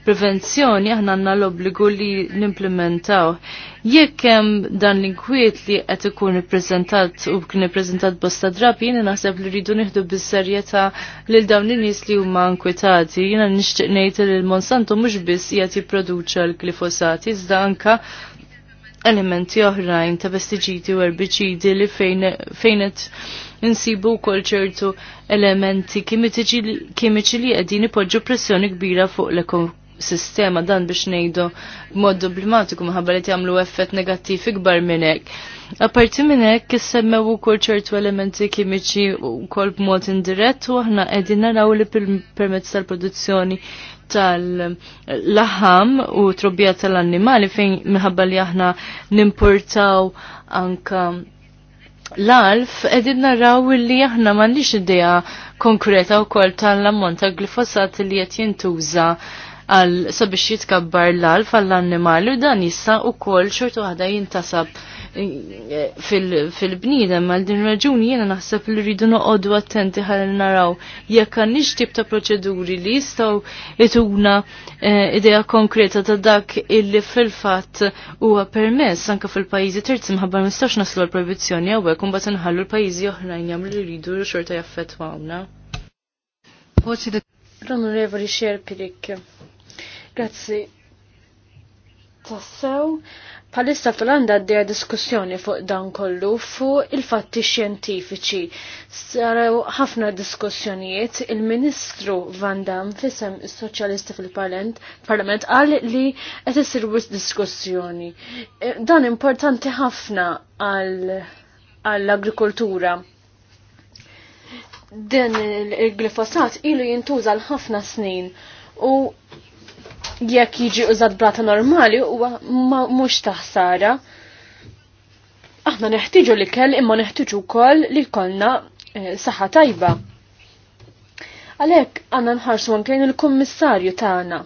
prevenzjoni aħna għandna l-obbligu li nimplementaw. Jekk hemm dan l-inkwiet li qed ikun ippreżentat u kien ippreżentat bosta drabi, jiena naħseb li rridu nieħdu bis-serjetà lil dawn in-nies li huma inkwetati. Jiena nixtieq ngħid li l-Monsanto mhux biss qiegħed jipproduċa l-glifosati iżda anka elementi oħrajn ta' pestiġiti u erbiċidi li fejn qed insibu wkoll ċertu elementi kimiċi li qegħdin ipoġġu pressjoni kbira fuq l ekosistema sistema dan biex nejdu mod diplomatiku maħabba li jagħmlu effett negattiv ikbar minn hekk. Apparti minn hekk u ukoll ċertu elementi kimiċi wkoll b'mod indirett u aħna qegħdin naraw li permezz tal-produzzjoni tal-laħam u trobbija tal-annimali fejn minħabba li aħna nimportaw anka l-alf edin naraw li aħna m'għandix idea konkreta wkoll tal-ammont ta' glifosat li qed jintuża għal sabiex jitkabbar l-alf għall annimali u dan u kol xortu waħda jintasab fil-bniedem għal din raġuni jiena naħseb li rridu noqogħdu attenti ħalli naraw jekk għandix tip ta' proċeduri li jistgħu ituna eh, idea konkreta ta' dak illi fil-fatt huwa permess anke fil-pajjiżi terzi mħabba nistax naslu l-proibizzjoni hawnhekk u mbagħad inħallu l-pajjiżi oħrajn jagħmlu li jridu xorta jaffettwawna. L-Onorevoli Xerpirik. Grazzi. Tassew, Palissa fil-għanda diskussjoni fuq dan kollu fuq il-fatti xjentifiċi. Saraw ħafna diskussjonijiet, il-Ministru Van Dam fisem il-Soċjalisti fil-Parlament għal li qed isir diskussjoni. E, dan importanti ħafna għall-agrikoltura. Din il-glifosat ilu jintuża l-ħafna snin u jekk jiġi użat brata normali huwa mhux taħsara. Aħna neħtiġu li kell imma neħtiġu wkoll li kollna e, saħħa tajba. Għalhekk għandna nħarsu anke il-kummissarju tagħna.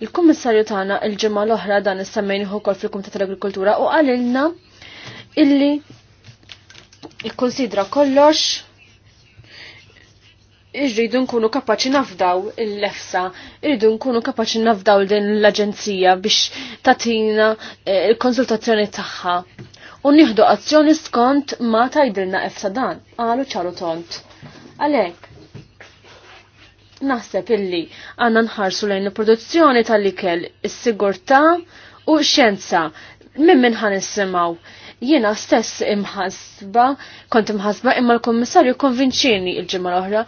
Il-kummissarju tagħna il-ġimgħa l-oħra dan is-semmejn ukoll fil-Kumitat tal-Agrikoltura u qalilna illi jikkonsidra kollox irridu nkunu kapaċi nafdaw il-lefsa, irridu nkunu kapaċi nafdaw din l-aġenzija biex tatina eh, il-konsultazzjoni tagħha. U nieħdu azzjoni skont ma tajdilna efsa dan, għalu ċaru tont. Għalek, naħseb illi għanna nħarsu lejn il-produzzjoni tal-ikel, is-sigurtà u xjenza. Min minn ħan nissimaw? jiena stess imħasba, kont imħasba imma l-kommissarju konvinċini il-ġimma l-oħra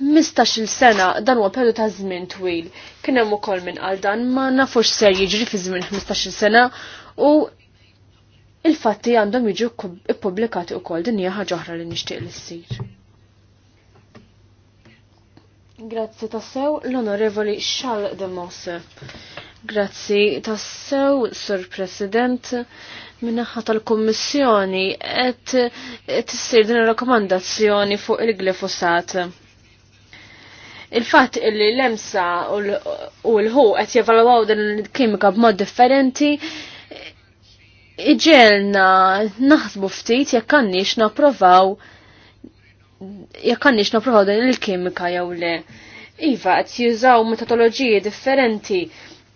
mistax il-sena dan huwa periodu ta' żmien twil. Kien hemm ukoll minn għal dan ma nafux ser jiġri fi żmien 15 sena u il-fatti għandhom jiġu ippubblikati wkoll din hija ħaġa oħra li nixtieq li ssir. Grazzi tassew l-Onorevoli Charles de Mosse. Grazzi tassew, Sur President minnaħħa tal-Kommissjoni qed tissir din ir rakkomandazzjoni fuq il-glifosat il-fatt li l-emsa u l-ħu qed jevalwaw din il-kimika b'mod differenti iġelna naħsbu ftit jekk għandniex napprovaw jekk għandniex il-kimika jew le. Iva qed jużaw metodoloġiji differenti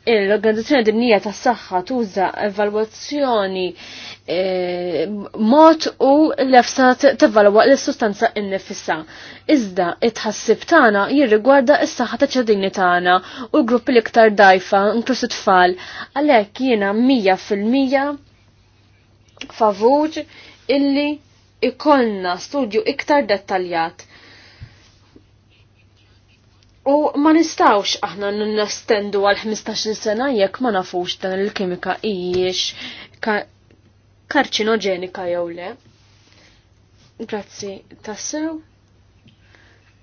l-Organizzazzjoni Dinjija tas-Saħħa tuża evalwazzjoni e, mod u l-efsa tevalwa l-sustanza innifissa. Iżda it-ħassib tagħna jirrigwarda s-saħħa ta' ċadini tagħna u l grupp l-iktar dajfa, inkluż it-tfal, għalhekk jiena 100 fil-mija illi ikollna studju iktar dettaljat U ma nistawx aħna n-nastendu għal 15 sena jekk ma nafux dan il-kimika ijiex karċinogenika jew le. Grazzi tassew.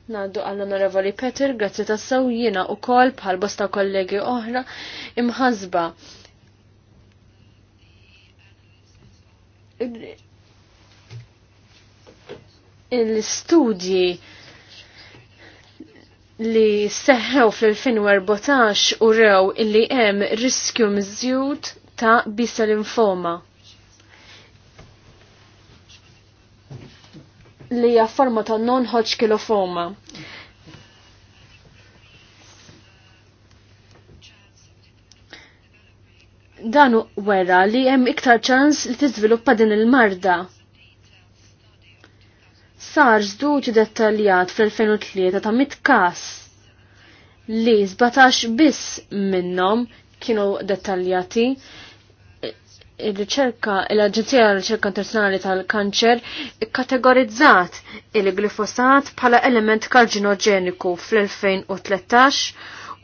Naddu għall onorevoli Peter, grazzi tassew jiena u kol bħal bosta kollegi oħra imħazba. Il-studji il studji li seħħew fl-2014 u rew illi hemm riskju mżjud ta' bisa Li hija forma ta' non-Hodgkin kilofoma. Dan wera li hemm iktar ċans li tiżviluppa din il-marda sar żduġ dettaljat fl-2003 ta' mit kas li 17 biss minnhom kienu dettaljati. Il-riċerka, l-Aġenzija għal riċerka Internazzjonali tal-Kanċer kategorizzat il-glifosat bħala element karġinogeniku fl-2013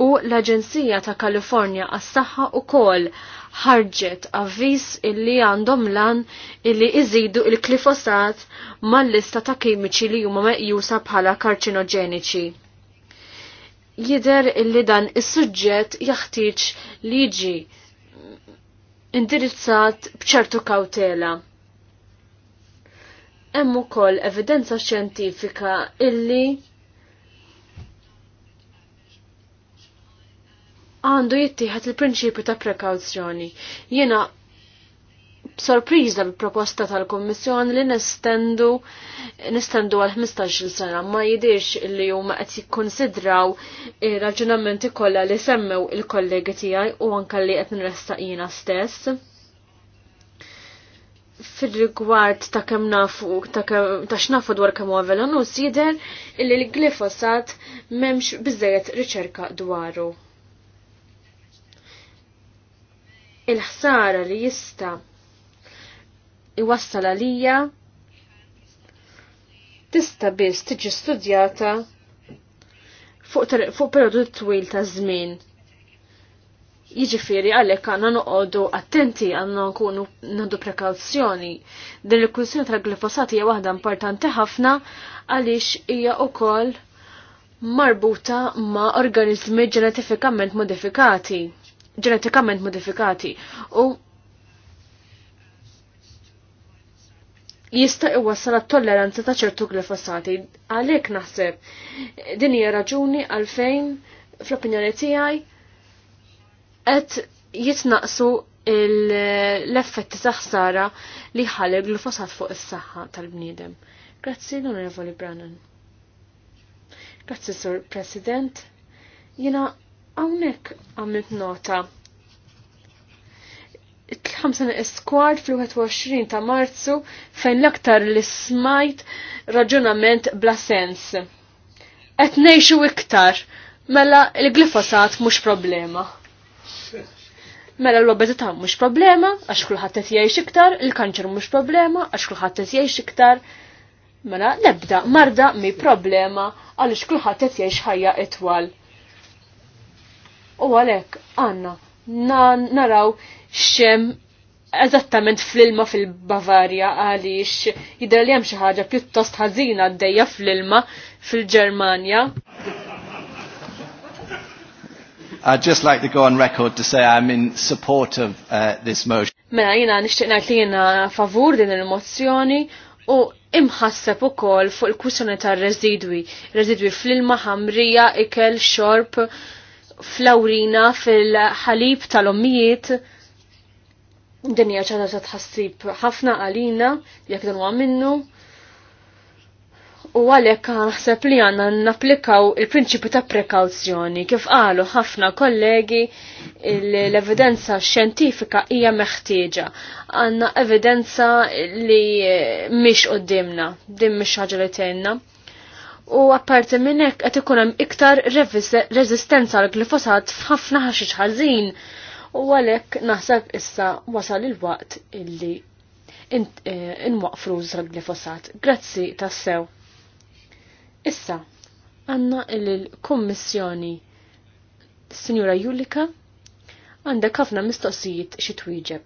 u l-Aġenzija ta' Kalifornja għas-Saħħa u kol ħarġet avviż illi għandhom lan illi iżidu il-klifosat mal-lista ta' kimiċi li huma meqjusa bħala karċinoġeniċi. Jider illi dan is-suġġett jaħtieġ li jiġi indirizzat bċertu kawtela. Hemm ukoll evidenza xjentifika illi għandu jittieħed il-prinċipju ta' prekawzjoni. Jiena sorpriża bil-proposta tal-Kommissjoni li nestendu nistendu għal 15 sena ma jidirx li huma qed jikkonsidraw ir-raġunamenti kollha li semmew il-kollegi tiegħi u anke li qed nrestaq jiena stess. Fil-rigward ta' kemm nafu ta' x'nafu dwar kemm huwa velanus jidher illi l-glifosat m'hemmx biżejjed riċerka dwaru. il-ħsara li jista iwassal għalija tista biss tiġi studjata fuq, fuq periodu twil ta' żmien. Jiġifieri għalhekk għandna noqogħdu attenti għandna nkunu nagħdu prekawzjoni. Din il-kwissjoni tal-glifosat hija waħda importanti ħafna għaliex hija wkoll marbuta ma' organizmi ġenetifikament modifikati ġenetikament modifikati u jista' iwassal għat-tolleranza ta' ċertu glifosati. Għalhekk naħseb din hija raġuni għalfejn fl-opinjoni tiegħi qed jitnaqsu l-effetti ta' ħsara li ħalli glifosat fuq is-saħħa tal-bniedem. Grazzi l-Onorevoli Brannan. Grazzi Sur President. Jina Hawnhekk għamilt nota. Il-ħamsa skwad fl-21 ta' Marzu fejn l-aktar li smajt raġunament bla sens. Qed ngħixu iktar, mela il glifosat mhux problema. Mela l obezita mhux problema, għax kulħadd qed jgħix iktar, il-kanċer mhux problema, għax kulħadd qed jgħix iktar. Mela l-ebda marda mi problema għaliex kulħadd qed jgħix ħajja itwal u għalek għanna naraw xem eżattament fl-ilma fil-Bavarja għaliex jidher li hemm xi ħaġa pjuttost ħażina għaddejja fl-ilma fil-Ġermanja. I'd just like to go on record to say I'm in support of uh, this motion. Mela jina nixtieq ngħid li jiena favur din il-mozzjoni u imħasseb ukoll fuq il-kwissjoni tar-residwi, residwi fl-ilma ħamrija, ikel, xorb flawrina fil-ħalib tal-ommijiet din hija ċara ta' tħassib ħafna għalina jekk dan huwa minnu. U għalhekk naħseb li għandna naplikaw il-prinċipi ta' prekawzjoni. Kif qalu ħafna kollegi l-evidenza xjentifika hija meħtieġa. Għandna evidenza li mhix qudiemna, din mish ħaġa li tgħinna u apparti minn hekk qed ikun hemm iktar reżistenza għal glifosat f'ħafna ħaxix ħażin u għalhekk naħseb issa wasal il-waqt illi eh, inwaqfru użra glifosat. Grazzi tassew. Issa, għanna il-Kommissjoni Sinjura Julika għandek ħafna mistoqsijiet xi twieġeb.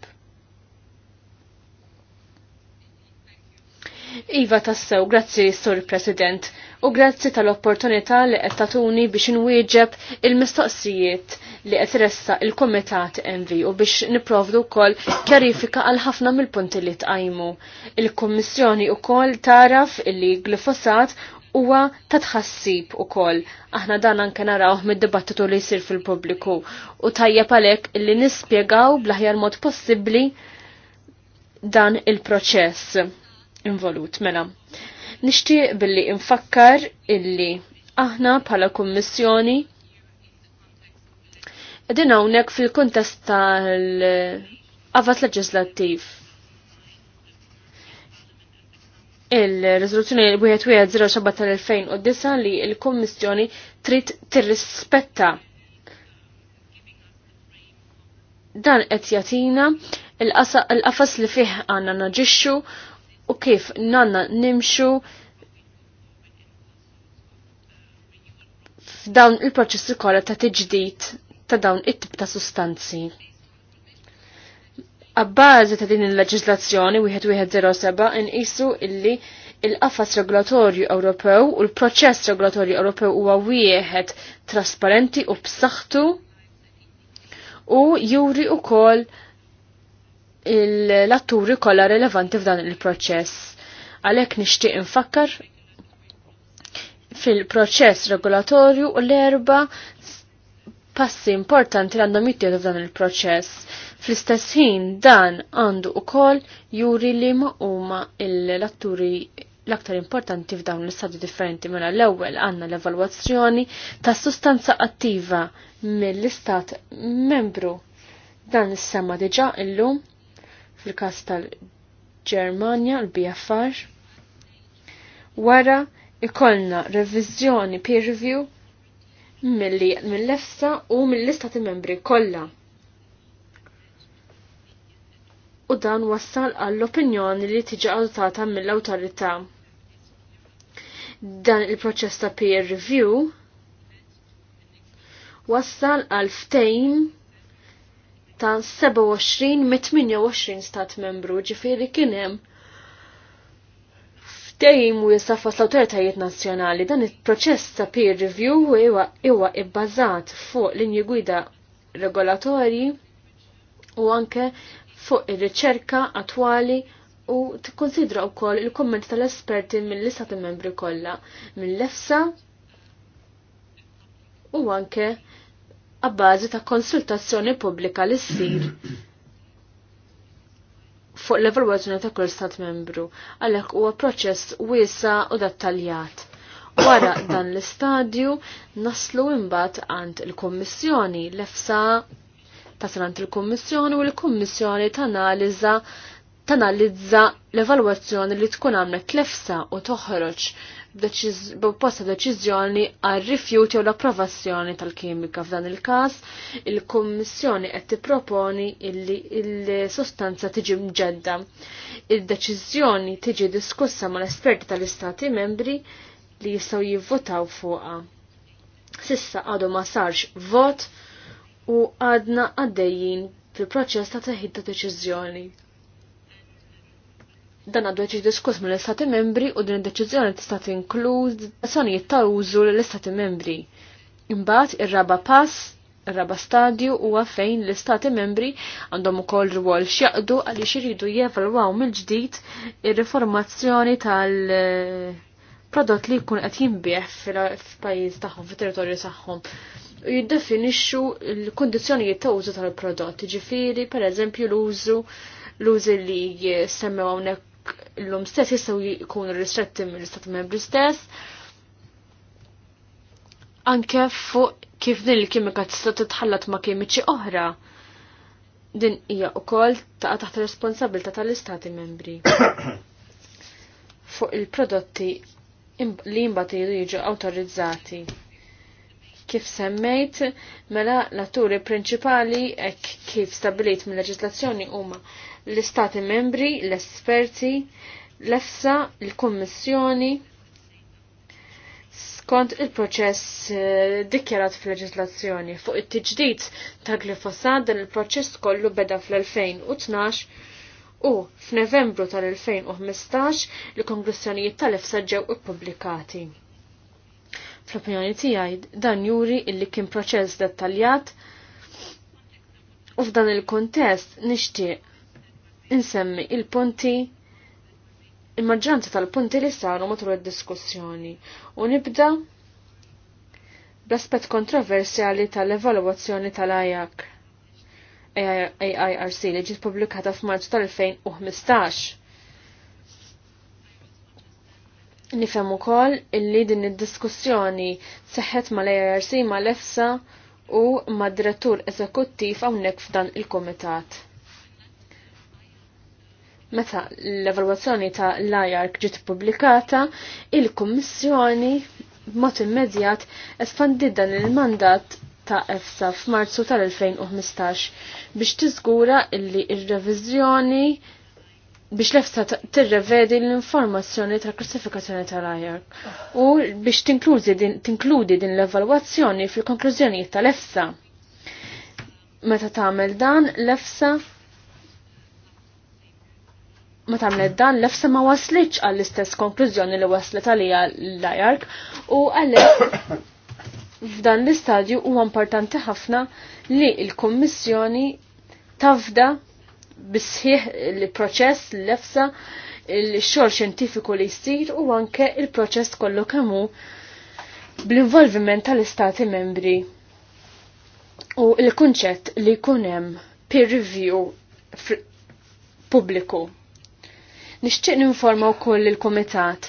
Iva tassew, grazzi Sur President u grazzi tal-opportunità li qed tagħtuni biex inwieġeb il-mistoqsijiet li qed ressa il-Kumitat MV u biex niprovdu wkoll kjarifika għal ħafna mill-punti li tqajmu. Il-Kummissjoni wkoll taraf illi glifosat huwa ta' tħassib ukoll. Aħna dan anke narawh mid-dibattitu li jsir fil-pubbliku u tajjeb għalhekk illi nispjegaw bl-aħjar mod possibbli dan il-proċess involut mela. Nixtieq billi infakkar illi aħna bħala kummissjoni edin hawnhekk fil-kuntest tal-qafas leġislattiv. Il-rezoluzzjoni 1107 tal-2009 li l-Kummissjoni trid tirrispetta dan qed jagħtina il-qafas li fih għandna naġixxu u kif nanna nimxu f'dawn il-proċessi kollha ta' tiġdid ta' dawn it-tip ta' sustanzi. Abbażi ta' din il-leġiżlazzjoni 1107 inqisu illi il-qafas regolatorju Ewropew u l-proċess regolatorju Ewropew huwa wieħed trasparenti u b'saħħtu u juri wkoll l-atturi kollha rilevanti f'dan il-proċess. Għalhekk nixtieq infakkar fil-proċess regolatorju u l-erba passi importanti li għandhom jittieħdu f'dan il-proċess. Fl-istess ħin dan għandu ukoll juri li ma huma l-atturi l-aktar importanti f'dawn l-istadju differenti mela l-ewwel għandna l-evalwazzjoni ta' sustanza attiva mill-istat membru. Dan is-sema diġà illum fil-kas tal-Germania, l-BFR. Wara ikollna revizjoni peer review mill-lefsa u mill-istati membri kollha. U dan wassal għall-opinjoni li tiġi adottata mill-awtorità. Dan il-proċess ta' peer review wassal għal ftejn ta' 27 mit 28 stat membru ġifiri kienem ftejim u jistafas l-autoritajiet nazjonali dan il-proċess ta' peer review huwa ibbażat fuq linji gwida regolatori u anke fuq ir-riċerka attwali u tikkonsidra wkoll il-komment tal-esperti mill-istati membri kollha mill-EFSA u anke għabbażi ta' konsultazzjoni pubblika li ssir fuq l-evalwazzjoni ta' kull stat membru, għalhekk huwa proċess wiesa u dettaljat. Wara dan l-istadju naslu imbagħad għand il-Kummissjoni l-EFSA tasal sanant il-Kummissjoni u l-Kummissjoni ta' ta tanalizza l-evalwazzjoni li tkun għamlet tlefsa u toħroġ b'posta deċiżjoni għal rifjuti u l-approvazzjoni tal-kimika f'dan il-każ, il-Kummissjoni qed tipproponi illi il-sostanza tiġi mġedda. Il-deċiżjoni tiġi diskussa mal-esperti tal-Istati membri li jistgħu jivvotaw fuqha. Sissa għadu ma sarx vot u għadna għaddejjin fil-proċess ta' teħid ta' deċiżjoni. Dan għadu ġi diskuss mill istati membri u din deċiżjoni tista' tinkludi azzjonijiet ta' użu l-Istati membri. Imbagħad ir-raba pass ir-raba stadju huwa fejn l-istati membri għandhom ukoll rwol x'jaqdu għaliex iridu jevalwaw mill-ġdid ir-riformazzjoni tal- prodott li jkun qed jinbieħ fil-pajjiż tagħhom, fit-territorju tagħhom. U jiddefinixxu l-kundizzjonijiet ta' użu tal-prodott, ġifieri pereżempju l-użu l-użi li semmew hawnhekk l-lum stess jistaw jkunu ristretti mill-istat membri stess. Anke fuq kif din il-kimika tista' titħallat ma' kimiċi oħra. Din hija wkoll taqa' taħt responsabilità tal-istati membri. [coughs] fuq il-prodotti li jimbat jidu jiġu awtorizzati. Kif semmejt, mela l-atturi prinċipali hekk kif stabilit mill-leġislazzjoni huma l-Istati membri, l-esperti, l-EFSA, l-Kommissjoni, skont il-proċess eh, dikjarat fil-leġislazzjoni fuq it-tiġdid ta' glifosat dan il-proċess kollu beda fl-2012 u f'Novembru tal-2015 il-konklussjonijiet tal-EFSA ġew ippubblikati. Fl-opinjoni tiegħi dan juri illi kien proċess dettaljat u f'dan il-kontest nixtieq insemmi il-punti il-maġġoranza tal-punti li saru matul id-diskussjoni u nibda l aspett kontroversjali tal-evalwazzjoni tal-ajak AIRC li ġiet pubblikata f'Marzu tal-2015. Nifhem ukoll illi din id-diskussjoni seħħet mal-AIRC mal-EFSA u mad-direttur eżekuttiv hawnhekk f'dan il-kumitat. Meta l-evalwazzjoni ta' l-IARC ġiet pubblikata, il-Kummissjoni b'mod immedjat espandid dan il-mandat ta' EFSA f'Marzu tal-2015 biex tiżgura illi ir-reviżjoni biex l-EFSA tirrevedi l-informazzjoni tal klassifikazzjoni tal-IARC u biex tinkludi din l-evalwazzjoni fil-konklużjonijiet tal-EFSA. Meta tagħmel dan, l-EFSA ma tamlet dan l-efsa ma waslitx għall-istess konklużjoni li waslet għalija l-ajark u għalli f'dan l-istadju huwa importanti ħafna li l-Kommissjoni tafda bisħieħ il-proċess l lefsa il-xor xjentifiku li jsir u anke il-proċess kollu kemmu bl-involviment tal-istati membri u il-kunċett li kunem peer review pubbliku Nixtieq ninforma wkoll il-Kumitat.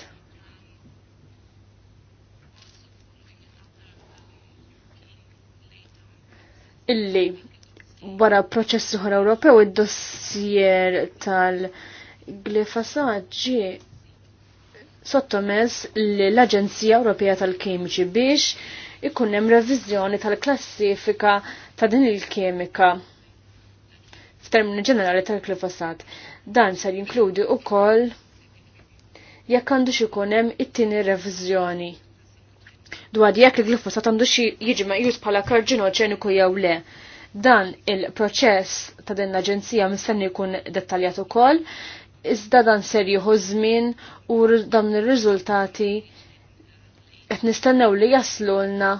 Illi wara proċess uħra Ewropew id-dossier tal glifasat ġi sottomess l-Aġenzija Ewropea tal-Kimiċi biex ikun hemm reviżjoni tal-klassifika ta' din il-kemika f'termini ġenerali tal glifasat Dan ser jinkludi ukoll jekk għandu ikun hemm it-tieni revizjoni. Dwar jekk il-glifosat għandu xi jiġi pala bħala karġinoġeniku jew le. Dan il-proċess ta' din l-Aġenzija mistenni jkun dettaljat ukoll, iżda dan ser jieħu żmien u dawn ir-riżultati qed nistennew li jaslulna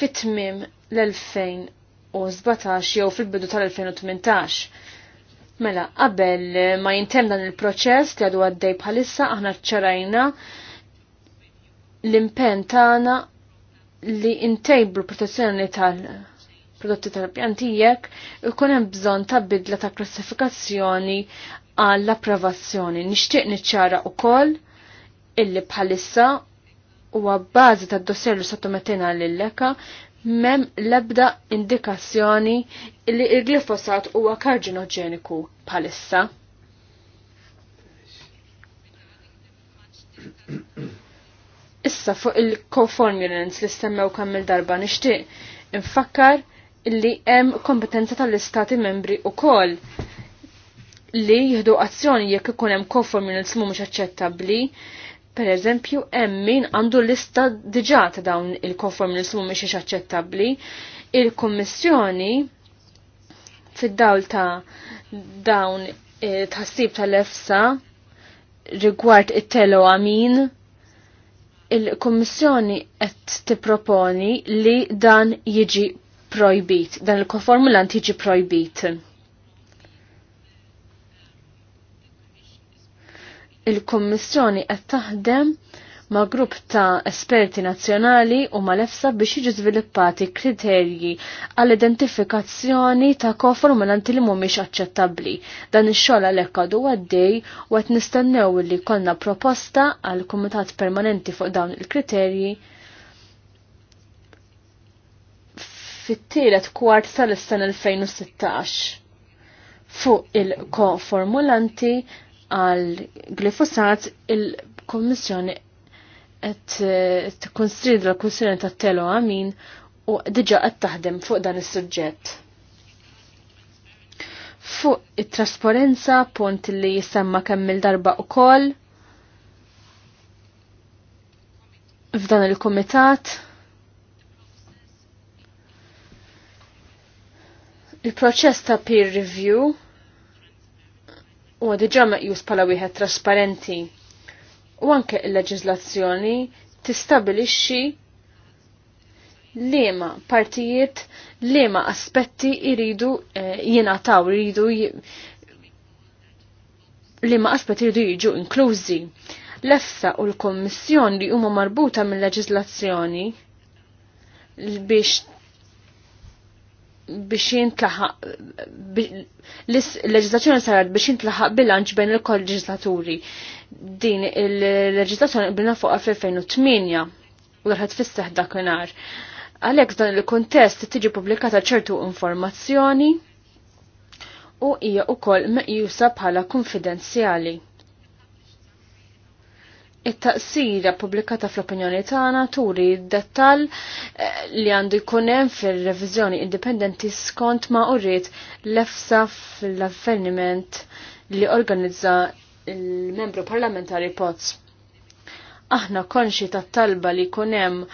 fit-tmiem l-2017 jew fil-bidu tal-2018 Mela, qabel ma jintem dan il-proċess li għadu għaddej bħalissa, aħna ċarajna l-impen tagħna li intejbru protezzjoni tal-prodotti tal-pjantijek ikun hemm bżonn ta' bidla ta' klassifikazzjoni għall-approvazzjoni. Nixtieq niċċara wkoll illi bħalissa huwa bażi tad-dossier li sottomettina lil-leka mem lebda indikazzjoni li il-glifosat huwa karġinoġeniku bħalissa. Issa fuq il-conformulants li stemmew kemm il-darba nixtieq infakkar li hemm kompetenza tal-istati membri kol li jieħdu azzjoni jekk ikun hemm conformulants mhumiex aċċettabbli Per eżempju, hemm min għandu lista diġà ta' dawn il-konform li sumu mhix aċċettabbli. Il-Kummissjoni fid-dawl ta' dawn eh, tħassib tal-EFSA rigward it-telo għamin, il-Kommissjoni qed tipproponi li dan jiġi projbit, dan il l jiġi projbit. il-Kommissjoni qed taħdem ma' grupp ta' esperti nazzjonali u ma' lefsa biex jiġu żviluppati kriterji għall identifikazzjoni ta' koformulanti li mhumiex aċċettabbli. Dan ix-xogħol għalhekk għadu għaddej u qed nistennew li konna proposta għal kumitat permanenti fuq dawn il-kriterji fit-tielet kwart tal-istan 2016 fuq il koformulanti għal glifosat il-Kommissjoni qed eh, tikkonsidra l ta' tat għamin u diġà qed taħdem fuq dan is-suġġett. Fuq it-trasparenza punt li jisemma kemm il-darba ukoll f'dan il-kumitat il-proċess ta' peer review u diġa meqjus pala wieħed trasparenti. U anke il-leġizlazzjoni tistabilixxi liema partijiet, liema aspetti iridu eh, jingħataw, iridu liema aspetti iridu jiġu inklużi. L-EFSA u l-Kommissjoni li huma marbuta mill-leġizlazzjoni biex biex jintlaħaq l-leġislazzjoni sarat biex jintlaħaq bilanċ bejn il-kolleġislaturi. Din il-leġislazzjoni bina fuq fl-2008 u l-ħad fisseħ dakinar. Għalek dan il-kontest tiġi publikata ċertu informazzjoni u hija ukoll meqjusa bħala konfidenzjali it-taqsira publikata fl-opinjoni tagħna turi d-dettall eh, li għandu jkun hemm fir-reviżjoni indipendenti skont ma urrit l-efsa fl-avveniment li organizza il-membru parlamentari Pozz. Aħna konxi tat-talba li jkun hemm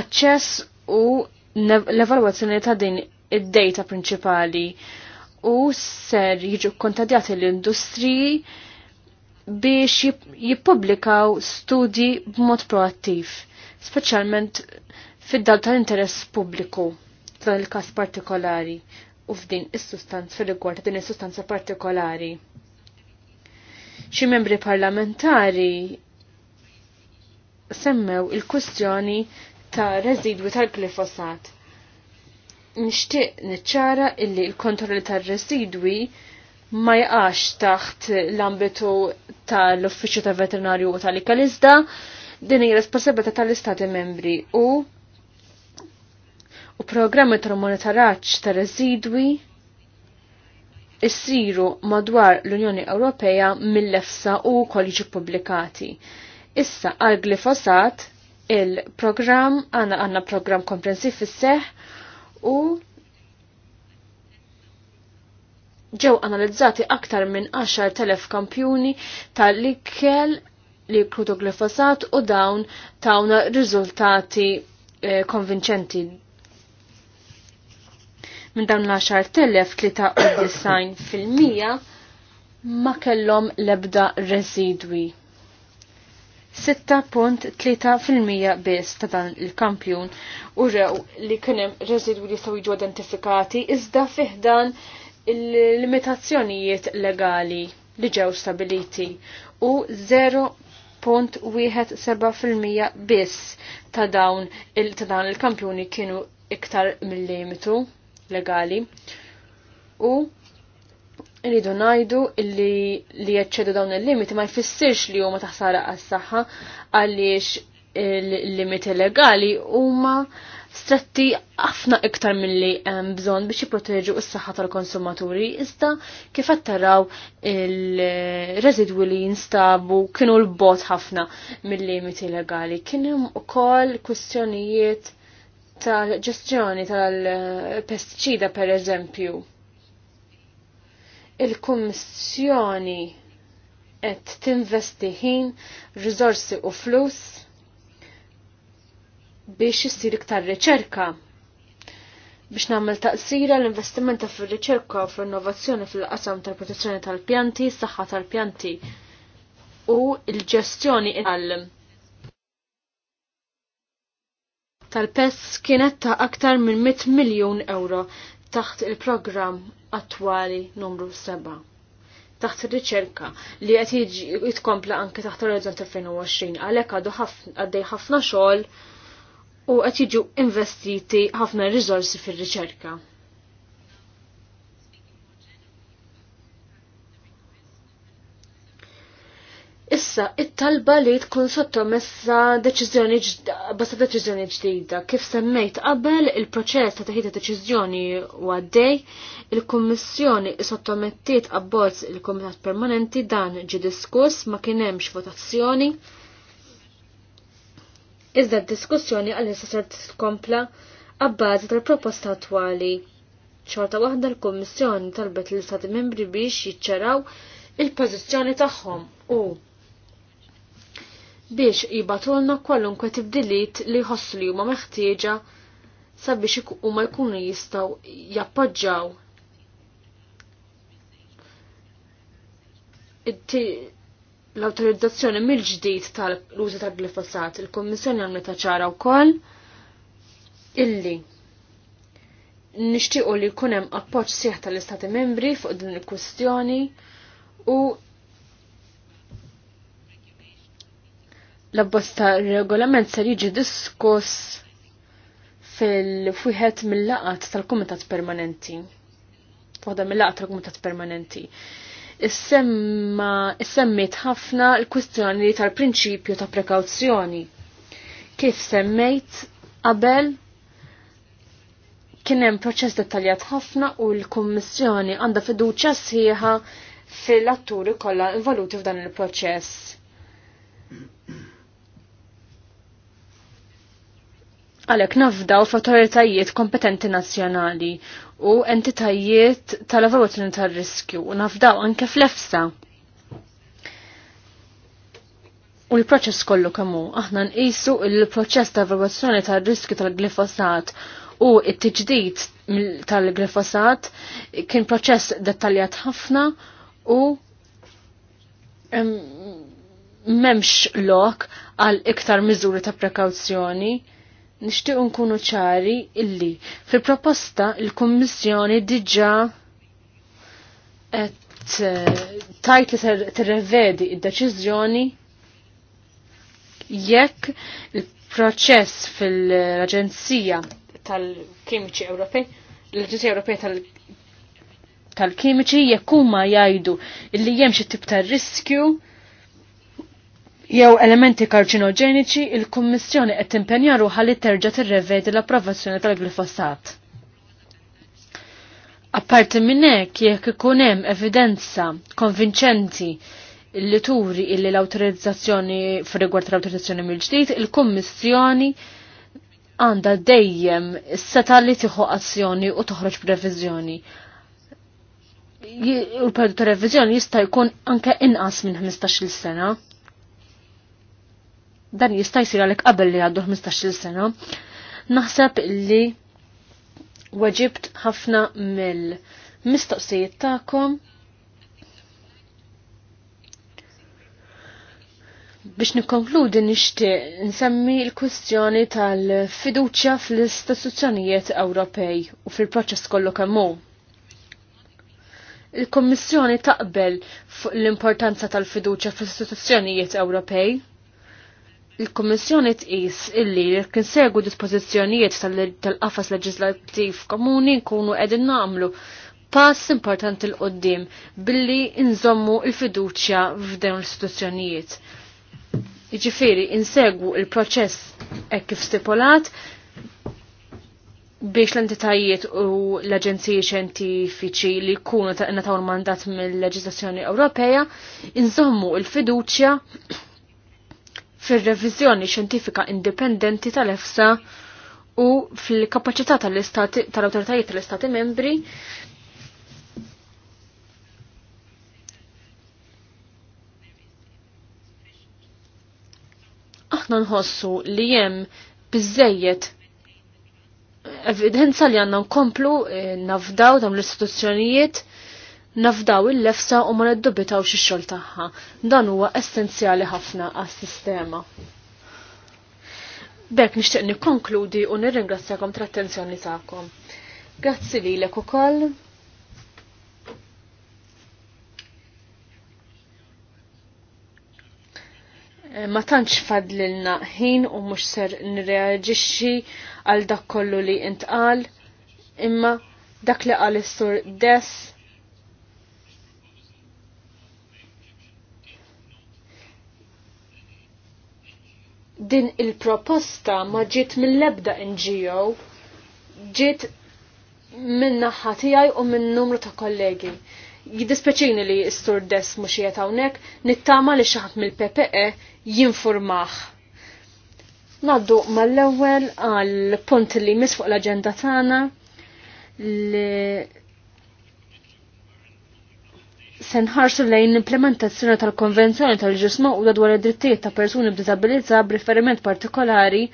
aċċess u l-evalwazzjoni ta' din id-data prinċipali u ser jiġu kontadjati l-industriji biex jippubblikaw studji b'mod proattiv, speċjalment fid-dal tal-interess pubbliku f'dan il-każ partikolari u f'din is-sustanza fil rigward din is-sustanza partikolari. Xi membri parlamentari semmew il-kwistjoni ta' residwi tal-glifosat. Nixtieq niċċara illi l-kontrolli tar-residwi il ma jaqax taħt l-ambitu tal-Uffiċċju ta' Veterinarju u tal-Ikalizda, din hija responsabilità tal-Istati membri u u programmi ta' monitoraġġ ta' residwi issiru madwar l-Unjoni Ewropea mill-EFSA u kolliġi pubblikati. Issa għal glifosat il-programm għanna għanna program komprensiv fis-seħ u ġew analizzati aktar minn 10.000 kampjuni tal-ikel li klutu glifosat u dawn tawna riżultati eh, konvinċenti. Minn dawn l-10.000 fil-mija ma kellhom lebda residwi. 6.3% biss ta' dan il-kampjun u rew li kienem residwi li jistaw jiġu identifikati iżda fiħdan dan il-limitazzjonijiet legali li ġew stabiliti u 0.17% biss ta' dawn il-kampjuni kienu iktar mill-limitu legali u rridu najdu li li jeċċedu dawn il-limiti ma jfissirx li huma taħsara għas-saħħa għaliex il-limiti legali huma stretti ħafna iktar milli hemm bżonn biex jipproteġu s-saħħa tal-konsumaturi, iżda kif qed taraw il-residwi li jinstabu kienu l-bot ħafna mill-limiti legali. Kien hemm ukoll kwistjonijiet tal-ġestjoni tal-pestiċida per eżempju. Il-Kummissjoni qed tinvesti ħin, riżorsi u flus biex jissir iktar riċerka biex nagħmel taqsira l-investimenta fir-riċerka u fl-innovazzjoni fil-qasam tal-protezzjoni tal-pjanti, s-saħħa tal-pjanti u l-ġestjoni tal- tal-pess kienet ta' aktar minn 100 miljun euro taħt il-programm attwali numru 7 taħt ir-riċerka li qed jitkompla anke taħt Horizon 2020 għalhekk għadu għaddej ħafna xogħol u qed jiġu investiti ħafna risorsi fir-riċerka. Issa, it-talba li tkun sottomessa deċiżjoni basta deċiżjoni ġdida. Kif semmejt qabel il-proċess ta' taħita deċiżjoni u għaddej, il-Kummissjoni sottomettiet abbozz il-Kumitat Permanenti dan ġi diskuss ma kien hemmx votazzjoni iżda d-diskussjoni għal-issa ser tkompla għabbażi tal-proposta attwali. ċorta waħda l-Kommissjoni talbet l istati membri biex jiċċaraw il-pożizzjoni tagħhom u biex jibatulna kwalunkwe tibdiliet li jħossu li huma meħtieġa sabiex huma jkunu jistgħu jappoġġjaw l-autorizzazzjoni mill-ġdid tal-użu tal-glifosat, il-Kommissjoni għamlet ċara wkoll illi nixtiequ li jkun hemm appoġġ sieħ tal-Istati Membri fuq din il kwestjoni u l-abbosta regolament ser jiġi diskuss fil-fwiħet mill-laqat tal-Kumitat Permanenti. Waħda mill-laqat tal-Kumitat Permanenti semmit ħafna l-kwistjoni tal-prinċipju ta' prekawzjoni. Kif semmejt qabel kien hemm proċess dettaljat ħafna u l-Kummissjoni għandha fiduċja sħiħa fil-atturi kollha involuti f'dan il-proċess. għalek nafdaw f'autoritajiet kompetenti nazzjonali u entitajiet tal-evaluazzjoni tal-riskju u nafdaw anke f'lefsa. U l-proċess kollu kamu, aħna nqisu il-proċess ta' evaluazzjoni tal-riskju tal-glifosat u it-tiġdid tal-glifosat kien proċess dettaljat ħafna u memx lok għal iktar miżuri ta' prekawzjoni nishtiq nkunu ċari illi fil-proposta il-Kummissjoni diġà qed eh, tajt li tirrevedi id-deċiżjoni jekk il-proċess fil-Aġenzija tal-Kimiċi Ewropej, l-Aġenzija Ewropej tal-Kimiċi jekk huma jgħidu illi hemm xi tip ta' riskju jew elementi karċinogeniċi, il-Kummissjoni qed timpenja ruha li terġa' tirrevedi l-approvazzjoni tal-glifosat. Apparti minn hekk jekk ikun hemm evidenza konvinċenti li turi illi l-autorizzazzjoni f'rigward l-autorizzazzjoni mill-ġdid, il-Kummissjoni għandha dejjem s-seta li tieħu azzjoni u toħroġ b'reviżjoni u l-periodu ta' revizjoni jista' jkun anke inqas minn 15-il sena dan jista' jsir għalek qabel li għaddu 15-il sena. Naħseb li waġibt ħafna mill-mistoqsijiet tagħkom biex nikkonkludi nixtieq nsemmi l-kwistjoni tal-fiduċja fl-istituzzjonijiet Ewropej u fil-proċess kollu kemm hu. Il-Kommissjoni taqbel fuq l-importanza tal-fiduċja fl-istituzzjonijiet Ewropej il-Kommissjoni tqis illi kien segu dispożizzjonijiet tal-qafas leġislattiv komuni nkunu qegħdin nagħmlu pass importanti l qoddim billi nżommu l fiduċja f'dawn l-istituzzjonijiet. Jiġifieri insegwu il-proċess hekk kif stipulat biex l-entitajiet u l-aġenziji xjentifiċi li jkunu ta' mandat mill-leġislazzjoni Ewropea, inżommu il-fiduċja fir-reviżjoni xjentifika indipendenti tal-EFSA u fil-kapaċità tal autoritajiet tal-awtoritajiet tal-istati membri aħna nħossu li jem bizzejiet evidenza li għanna nkomplu eh, nafdaw dam l-istituzzjonijiet nafdaw il-lefsa u ma neddubitaw xi xogħol tagħha. Dan huwa essenzjali ħafna għas-sistema. Bek nixtieq nikkonkludi u nirringrazzjakom tal-attenzjoni tagħkom. Grazzi lilek ukoll. Eh, ma tantx fadlilna ħin u mhux ser nirreaġixxi għal dak kollu li intqal imma dak li qal is-sur dess din il-proposta ma ġiet mill-ebda NGO, ġiet minn naħħa tiegħi u minn numru ta' kollegi. Jiddispeċini li s-sur des mhux qiegħed hawnhekk, nittama li xi ħadd mill-PPE jinfurmaħ. Naddu mal-ewwel għal punt li mis fuq l-aġenda tagħna li se nħarsu lejn l-implementazzjoni tal-Konvenzjoni tal-ġismu u dwar id-drittijiet ta' persuni b'disabilità b'riferiment partikolari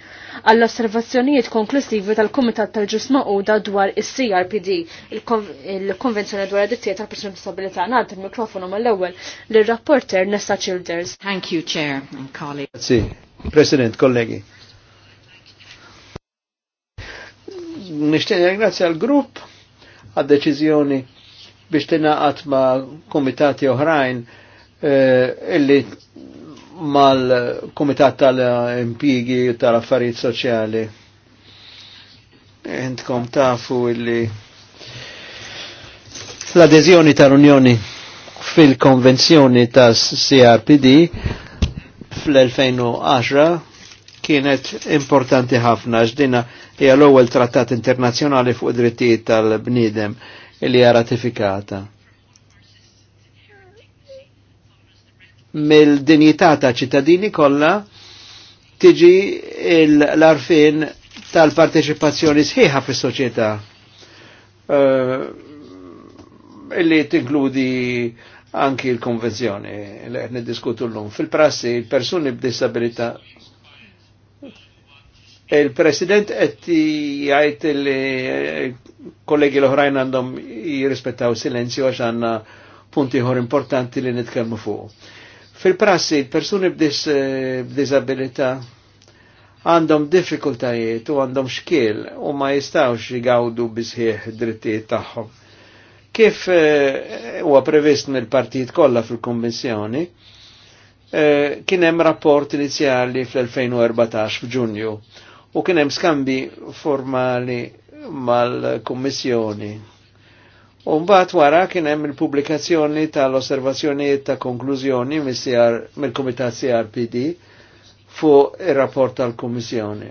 għall-osservazzjonijiet konklusivi tal-Kumitat tal-ġismu u dwar is-CRPD, il-Konvenzjoni dwar id-drittijiet tal persuni b'disabilità. Nagħti il-mikrofonu mal-ewwel lir-rapporter Nessa Childers. Thank you, Chair and colleagues. President, kollegi. Nishtieq ringrazzja għal-grupp għad-deċiżjoni biex tinaqat ma' komitati oħrajn eh, illi mal-Komitat tal impigi u tal-Affarijiet Soċjali. Intkom tafu illi l-adeżjoni tal-Unjoni fil-konvenzjoni tas CRPD fl-2010 kienet importanti ħafna ġdina hija l-ewwel trattat internazzjonali fuq drittijiet tal-bniedem li hija ratifikata. Mill-dinjità ta' ċittadini kollha tiġi l-arfin tal partecipazzjoni sħiħa fis-soċjetà. Eh, illi tinkludi anki l-konvenzjoni li għed diskutu l-lum. Fil-prassi, il-persuni b'disabilità Il-President qed jgħid li kollegi l-oħrajn għandhom jirrispettaw silenzju għax għandna punti ħor importanti li nitkellmu fuq. Fil-prassi, persuni b'disabilità għandhom diffikultajiet u għandhom xkiel u ma jistawx jgawdu bisħieħ drittijiet tagħhom. Kif eh, huwa uh, previst mill-partijiet kollha fil-Kummissjoni, uh, kien hemm rapport inizjali fl-2014 f'Ġunju u kien hemm skambi formali mal-Kummissjoni. U mbagħad wara kien hemm il-pubblikazzjoni tal-osservazzjonijiet ta' konklużjoni mill-Kumitat CRPD fuq ir-rapport tal-Kummissjoni.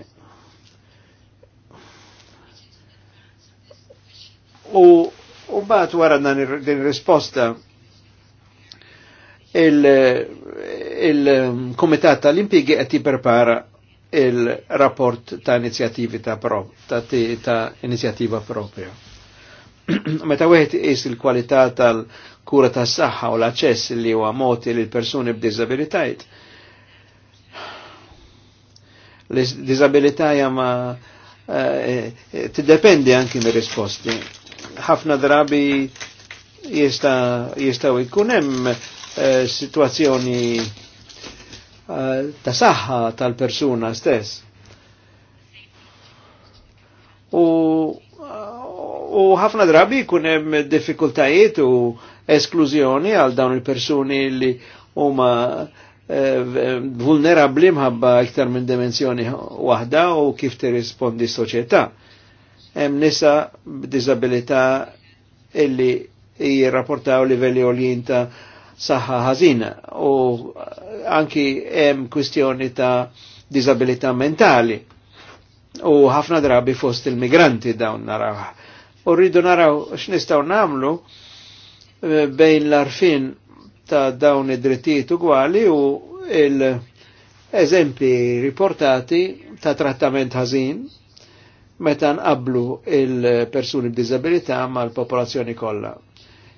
U U wara dan din risposta il-Komitat tal impigi qed jipprepara il-rapport ta' inizjativi ta' pro, ta', ta inizjativa propria. [clears throat] Meta wieħed is il-kwalità tal-kura tas saħħa u l-aċċess li huwa moti l persuni b'diżabilitajt. L-diżabilità ma eh, eh, tiddependi anki mir-risposti. Ħafna drabi jista' jistgħu jkun hemm eh, situazzjoni Eh, ta' saħħa tal-persuna stess. U u ħafna drabi jkun hemm diffikultajiet u esklużjoni għal dawn il-persuni li huma eh, vulnerabli mħabba iktar minn dimensjoni waħda u kif tirrispondi s-soċjetà. Hemm nisa b'diżabilità illi jirrapportaw livelli oljin ta' saħħa ħażin u anki hemm kwistjoni ta' disabilità mentali. U ħafna drabi fost il-migranti dawn naraw. U rridu naraw x'nistgħu nagħmlu eh, bejn l-arfin ta' dawn id-drittijiet ugwali u il-eżempi riportati ta' trattament ħażin meta nqablu il-persuni b'diżabilità mal-popolazzjoni kollha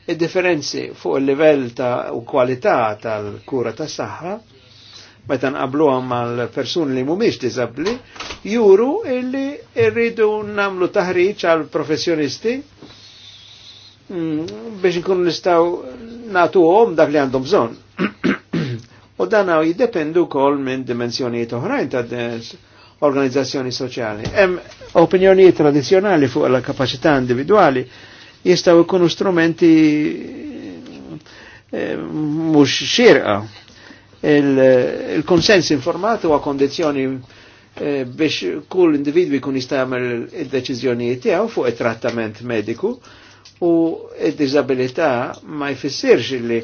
Id-differenzi fuq il-livell ta' u kwalità tal-kura tas saħħa meta nqablu mal persuni li mhumiex diżabbli, juru illi rridu namlu taħriġ għal professjonisti mm, biex nkunu nistgħu nagħtuhom dak li għandhom bżonn. [clears throat] U dan għaw jiddependu kol minn dimensjonijiet oħrajn ta' organizzazzjoni soċjali. Hemm opinjonijiet tradizzjonali fuq il kapacità individuali jistaw ikunu strumenti eh, mux xirqa. Il-konsens il informatu huwa kondizjoni eh, biex kull individwi kun jistamel il-deċizjonijiet tiegħu fuq it-trattament mediku u id-disabilità ma jfissirx li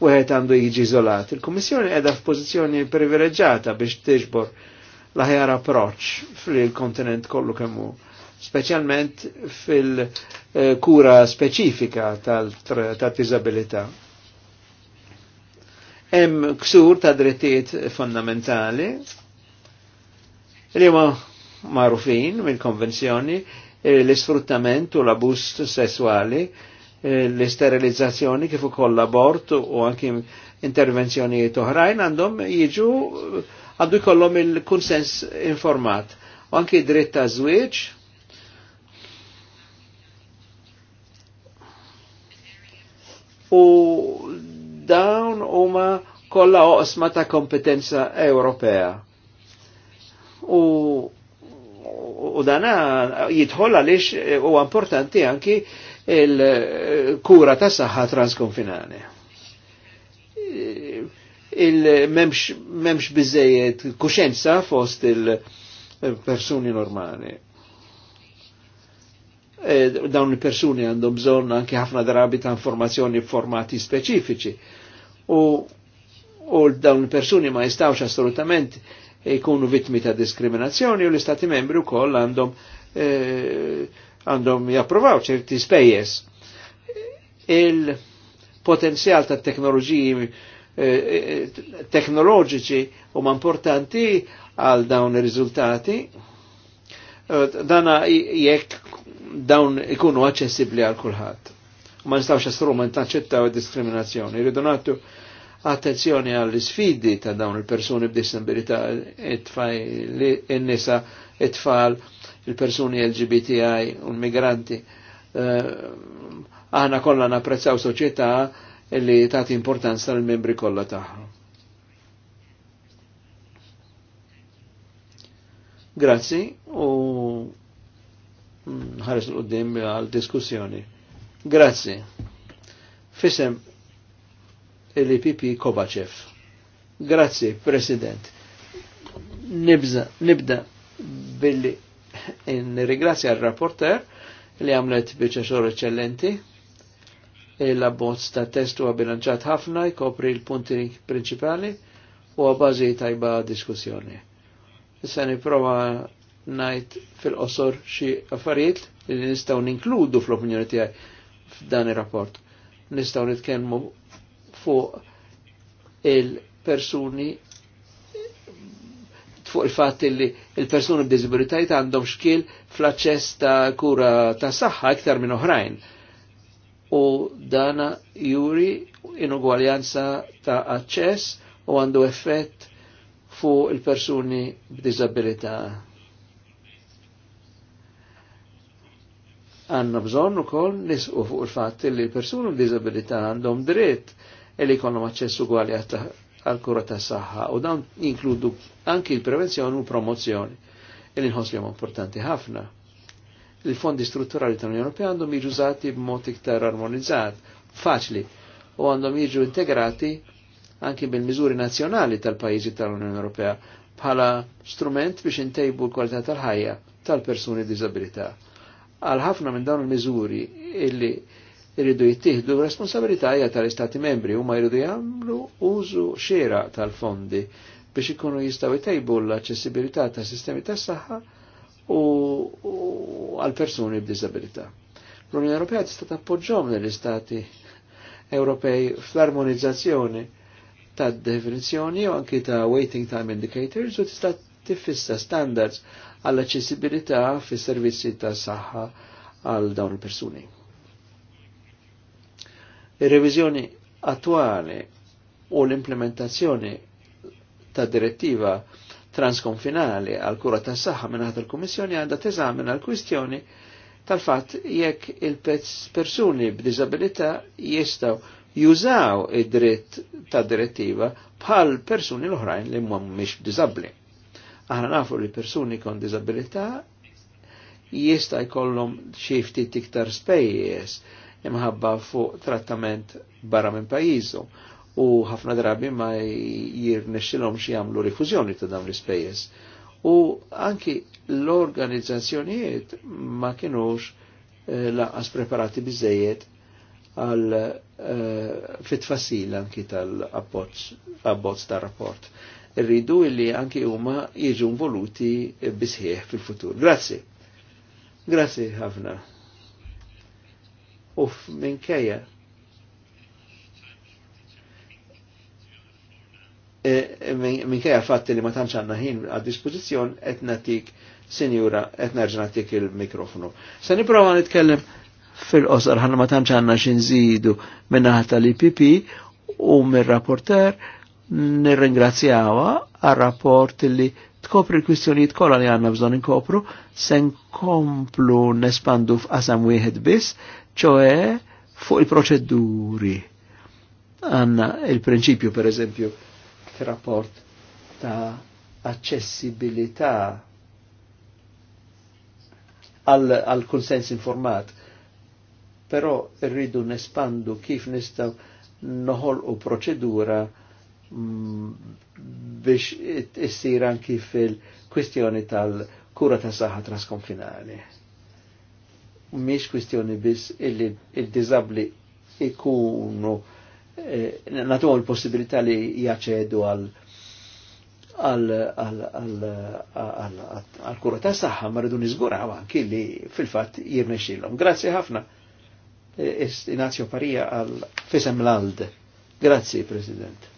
wieħed għandu jiġi iżolat. Il-Kummissjoni qiegħda f'pożizzjoni privileġġata biex tiġbor l-aħjar approċċ fil-kontinent kollu kemm hu specialment fil-kura speċifika tal-disabilità. Hemm ksur ta' drittijiet fondamentali li huma magħrufin mill-konvenzjoni eh, l-isfruttament u l-abus sessuali, eh, l-isterilizzazzjoni kif ukoll l-abort u anke intervenzjonijiet oħrajn għandhom jiġu għandu jkollhom il-kunsens informat. U anki dritt ta' żwieġ u dawn huma kollha oqsma ta' kompetenza Ewropea. U u dana jidħol għaliex eh, u importanti anki il-kura ta' saħħa transkonfinali. Il-memx bizzejiet kuxenza fost il-persuni normali. E, dawn il-persuni għandhom bżonn anki ħafna drabi ta' informazzjoni formati speċifiċi. U, u dawn il-persuni ma jistawx assolutament jkunu vittmi ta' diskriminazzjoni u l-Istati membri wkoll għandhom e, għandhom japprovaw ċerti spejjes. Il-potenzjal ta' teknoloġiji e, teknoloġiċi u ma importanti għal dawn il-rizultati. Dana jekk dawn ikunu aċċessibbli għal kulħadd. Ma nistgħux astrument ntaċċettaw id-diskriminazzjoni. Irridu nagħtu attenzjoni għall sfidi ta' dawn il-persuni b'disabilità, in-nisa, it-tfal, il-persuni LGBTI u l-migranti. Eh, aħna kollha napprezzaw soċjetà li tagħti importanza l membri kollha tagħhom. Grazzi u nħares l-qoddim għal diskussjoni. Grazzi. Fisem l-IPP Kobachev. Grazzi, President. Nibza, nibda billi n-rigrazzi għal rapporter li għamlet bieċaċor eccellenti. il e bozz ta' testu għabilanċat ħafna jkopri l-punti principali u għabazi tajba diskussjoni. Issa niprofa najt fil-qosor xi affarijiet li nistgħu ninkludu fl-opinjoni tiegħi f'dan ir-rapport. Nistgħu nitkellmu fuq il-persuni fuq il-fatt li il-persuni b'diżibilitajiet għandhom xkil fl-aċċess ta' kura ta' saħħa iktar minn oħrajn. U dana juri inugwaljanza ta' aċċess u għandu effett fuq il-persuni b'diżabilità Għanna bżonn ukoll nisqu fuq il-fatt li l-persuni b'dizabilità għandhom dritt li jkollhom aċċess ugwali għal-kura ta' saħħa u dawn inkludu anki l-prevenzjoni u promozzjoni li nħoss li importanti ħafna. Il-fondi strutturali tal-Unjoni Ewropea għandhom jiġu użati b'mod iktar armonizzat, faċli, u għandhom jiġu integrati anki bil-miżuri nazzjonali tal-pajjiżi tal-Unjoni Ewropea bħala strument biex intejbu l-kwalità tal-ħajja tal-persuni disabilità għal ħafna minn dawn il-miżuri illi irridu jittieħdu responsabilità hija tal-Istati membri huma jridu jagħmlu użu xera tal-fondi biex ikunu jistgħu jtejbu l-aċċessibilità ta' sistemi tas saħħa u għal persuni b'diżabilità. L-Unjoni Ewropea tista' tappoġġhom lill-Istati Ewropej fl-armonizzazzjoni ta' definizzjoni u anki ta' waiting time indicators u tista' tiffissa standards għall-aċċessibilità fis servizzi ta' saħħa għal dawn il-persuni. Ir-reviżjoni attuali u l-implementazzjoni ta' direttiva transkonfinali għal kura ta' saħħa minnaħat il-Kummissjoni għandha teżamina l-kwistjoni tal-fatt jekk il-persuni b'diżabilità jistgħu jużaw id-dritt ta' direttiva bħal persuni l-oħrajn li mhumiex diżabbli. Aħna nafu li persuni kon disabilità jista' jkollhom xi ftit iktar spejjeż imħabba fuq trattament barra minn pajjiżhom u ħafna drabi ma jirnexxilhom xi jagħmlu rifużjoni ta' dawn l-ispejjeż. U anki l-organizzazzjonijiet ma kienux eh, laqas preparati biżejjed għal eh, fit fasil anki tal-abbozz tar-rapport rridu illi anki huma jiġu involuti bisħieħ fil-futur. Grazzi. Grazzi ħafna. Uff, minkejja. E, e, minn minkejja fatt li ma tantx għandna ħin għad-dispożizzjon qed nagħtik sinjura qed nerġa' nagħtik il-mikrofonu. Se nipprova nitkellem fil qosar ħanna ma tantx għandna xi nżidu minn naħa tal-IPP u mir-rapporter nirringrazzjawa għal-rapport li tkopri l-kwistjonijiet kollha li għandna bżonn inkopru se nkomplu nespandu f'qasam wieħed biss, ċoe fuq il-proċeduri. Għanna il-prinċipju per eżempju fir-rapport ta' accessibilità għal konsens informat. Però rridu nespandu kif nistaw noħolqu proċedura Mm, biex issir anki fil-kwistjoni tal-kura ta' saħħa trasconfinali. Miex kwistjoni biss illi il-dizabli ikunu eh, natu l-possibilità li jaċedu għal għal-kura ta' saħħa ma rridu nizguraw anki li fil fatt jirnexxilhom. Grazzi ħafna. Eh, Ignazio Parija għal fisem l-Alde. Grazzi, President.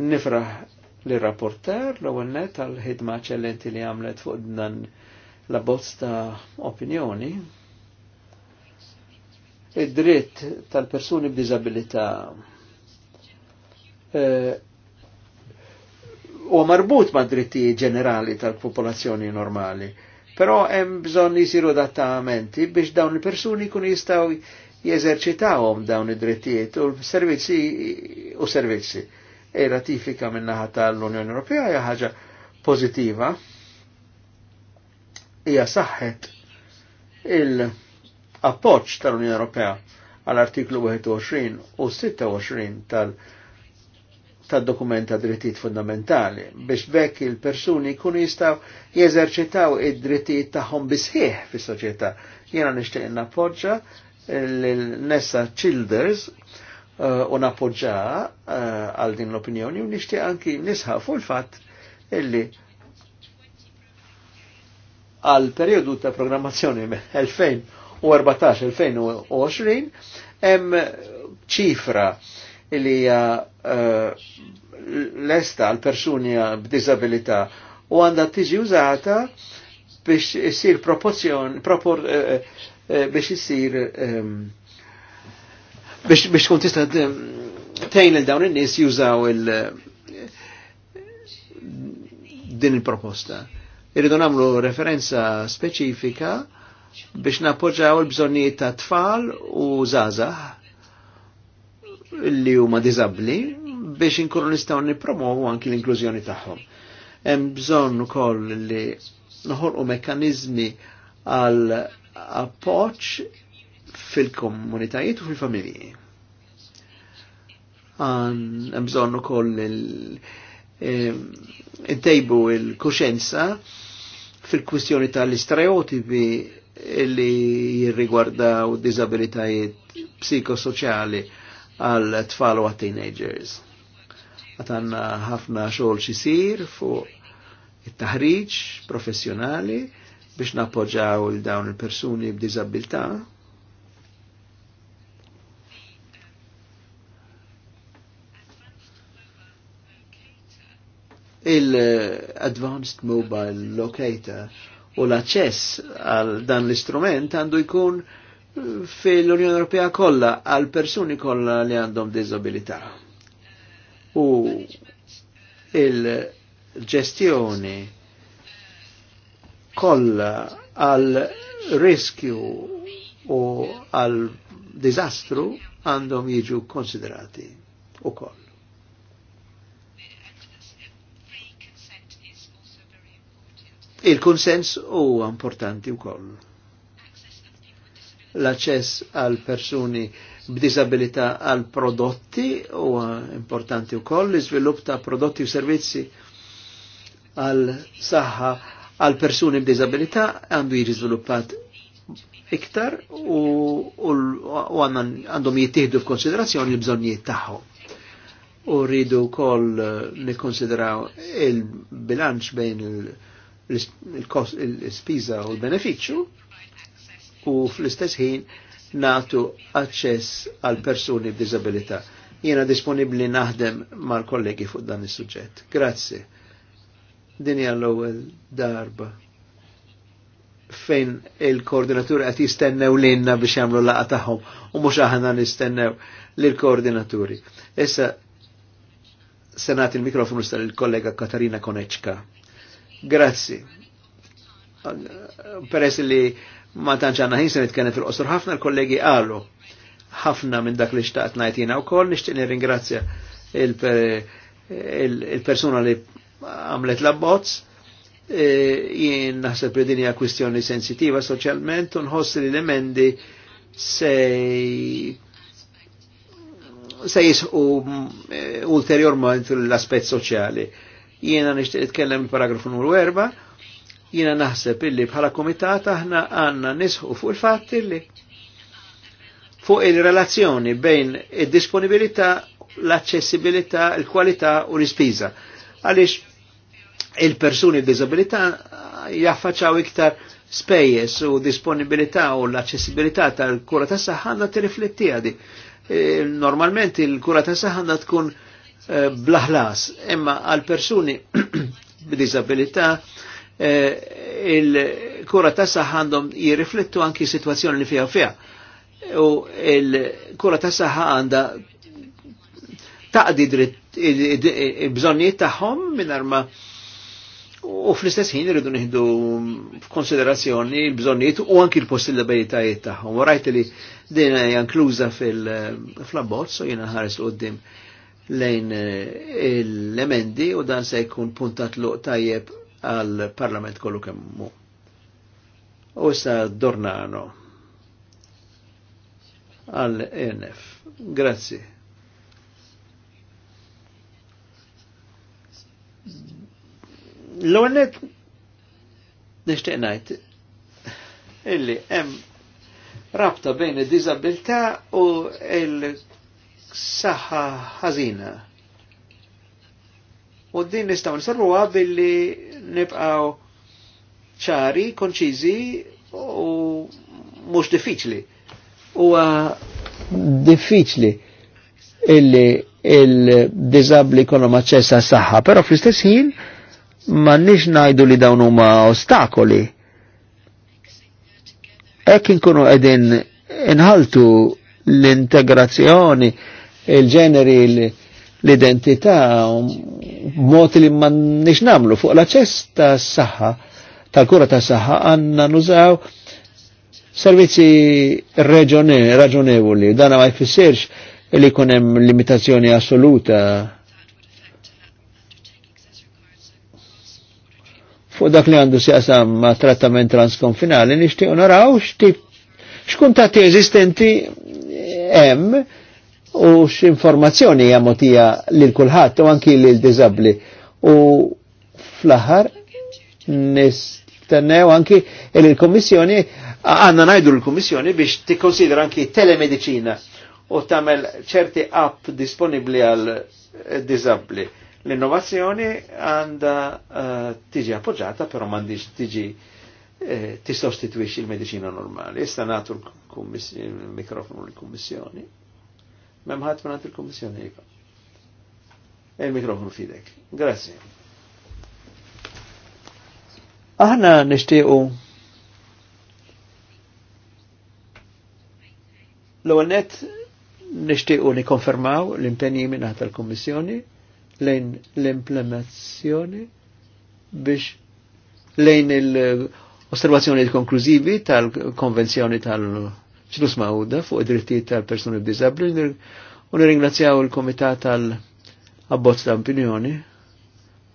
Nifraħ li rapporter l ewwel għal-ħidma ċellenti li għamlet fuq dan la bosta opinjoni. Id-dritt tal-persuni b'diżabilità u uh, eh, marbut ma' dritti ġenerali tal-popolazzjoni normali. Però hemm bżonn jisiru adattamenti biex dawn il-persuni kun jistgħu jeżerċitawhom dawn id-drittijiet u servizzi u servizzi e ratifika min-naħa tal-Unjoni Ewropea hija ħaġa pożittiva. Hija saħħet il-appoġġ tal-Unjoni Ewropea għall-artiklu 21 u 26 tal- tad-dokument drittijiet fundamentali biex bekk il-persuni jkunu jistgħu jeżerċitaw id-drittijiet tagħhom bisħieħ fis-soċjetà. Jiena nixtieq nappoġġa lil nessa Childers Eh, u napoġġa eh, għal din l-opinjoni u nishti anki nisħa fuq il-fatt illi għal periodu ta' programmazzjoni 2014-2020 hemm ċifra illi hija eh, l-esta għal persuni b'diżabilità u għandha tiġi użata biex issir proporzjon propor, biex issir um, biex kun tista' tgħin il dawn in-nies jużaw il- din il-proposta. Irridu nagħmlu referenza speċifika biex nappoġġaw il-bżonnijiet ta' tfal u żgħażagħ li huma diżabbli biex inkunu nistgħu nippromovu anki l-inklużjoni tagħhom. Hemm bżonn ukoll li noħolqu mekkaniżmi għal appoġġ fil-komunitajiet u fil-familji. Għan bżonnu koll il-tejbu eh, il-kuxenza fil-kwistjoni tal-istereotipi li jirrigwardaw disabilitajiet psikosoċjali għal tfal u għal teenagers. Għatanna ħafna xogħol xisir fu il taħriġ professjonali biex napoġaw il-dawn il-persuni b'dizabilta' il-Advanced Mobile Locator u l-access għal dan l-istrument għandu jkun eh, fil-Unjoni Ewropea kollha għal persuni kollha li għandhom disabilità. U il-ġestjoni kollha għal riskju u għal disastru għandhom jiġu konsiderati u koll. Il-konsens u importanti wkoll. l access għal persuni b'disabilità għal prodotti u importanti wkoll, l izvilup ta' prodotti u servizzi għal saħħa għal persuni b'disabilità għandu jiżviluppat iktar u għandhom jittihdu f'konsiderazzjoni l bżonijiet tagħhom u rridu kol nikonsideraw il-bilanċ bejn il- l spiza u l-benefiċċju u fl-istess ħin natu aċċess għal persuni b'dizabilità. Jiena disponibbli naħdem mal-kollegi fuq dan is-suġġett. Grazzi. Din hija l-ewwel darba fejn il-koordinatur qed jistennew lilna biex jagħmlu laqgħa tagħhom u mhux aħna nistennew lill-koordinaturi. Issa senat il-mikrofonu stal il-kollega Katarina Koneċka. Grazzi. Peress li ma tanċanna ħin se nitkellem fil qosur ħafna l-kollegi għalu ħafna minn dak li xtaqt najtina u koll nixtieq ringrazzja il-persuna li għamlet la abbozz e, jien naħseb li dinja kwistjoni sensitiva soċjalment u nħoss li l-emendi se se jisqu ulterjorment l aspet soċjali Jiena nixtieq itkellem il-paragrafu numru 4, jiena naħseb illi bħala komitat aħna għandna nisħu fuq il-fatt illi fuq il-relazzjoni bejn id-disponibilità, l-accessibilità, il-kwalità u l-ispiża. Għaliex il-persuni b'diżabilità jaffaċċaw iktar spejjeż u disponibilità u l-accessibilità tal-kura tas saħħa għandha tirrifletti għadi e, normalment il-kura ta' saħħa tkun Eh, blaħlas, imma għal persuni [clears throat] b'disabilità eh, il-kura ta' saħħa għandhom jirriflettu anki situazzjoni li fija u fija. U il-kura ta' saħħa għandha taqdi dritt il-bżonnijiet tagħhom mingħajr ma u fl-istess ħin irridu nieħdu f'konsiderazzjoni l-bżonnijiet u anki l-possibilitajiet tagħhom. U rajt li din hija inkluża fil-abbozz u jiena ħares l qudiem lejn eh, l-emendi u dan se jkun puntat luq tajjeb għal parlament kollu kemmu. U sa Dornano għal ENF. Grazzi. L-għonet nishtiqnajt illi hemm rabta bejn id-diżabilità u il saħħa ħażina. U din nistgħu nsorruha billi nibqgħu ċari, konċiżi u mhux diffiċli. Huwa diffiċli illi il-dizabli kollhom aċċess għas saħħa, però fl-istess ħin nix najdu li dawn huma ostakoli. Hekk inkunu qegħdin inħaltu l-integrazzjoni il-ġeneri, l-identità, mod li ma nix namlu fuq l-aċċess ta' s-saħħa, tal-kura ta' s-saħħa, għanna nużaw servizzi raġonevoli, dana ma jfissirx li kunem limitazzjoni assoluta fuq dak li għandu siqasam ma' trattament transkonfinali, nishtiq naraw x'tip xkun ta' eżistenti hemm u x'informazzjoni hija motija l-kulħat u anki l-dizabli. U fl ħar nistennew anki l-komissjoni, għanna najdu l komissjoni biex ti konsidra anki telemedicina u tamel ċerti app disponibli għal dizabli. L-innovazzjoni għanda eh, tiġi appoġġata, però mandiġ tiġi eh, ti tistostitwix il-medicina normali. Issa nagħtu l-mikrofonu l-Kummissjoni. Memħat minnant il-Komissjoni jika. Il-mikrofonu fidek. Grazie. Aħna nishtiqu l-għonet nishtiqu li konfermaw l-impenji minna il komissjoni lejn l-implementazzjoni biex lejn il-osservazzjoni konklużivi tal-konvenzjoni tal-, -konvenzjoni tal smaħu da fuq id-drittijiet tal-persuni b'dizabli u nirringrazzjaw il-Komitat tal-Abbozz ta' Opinjoni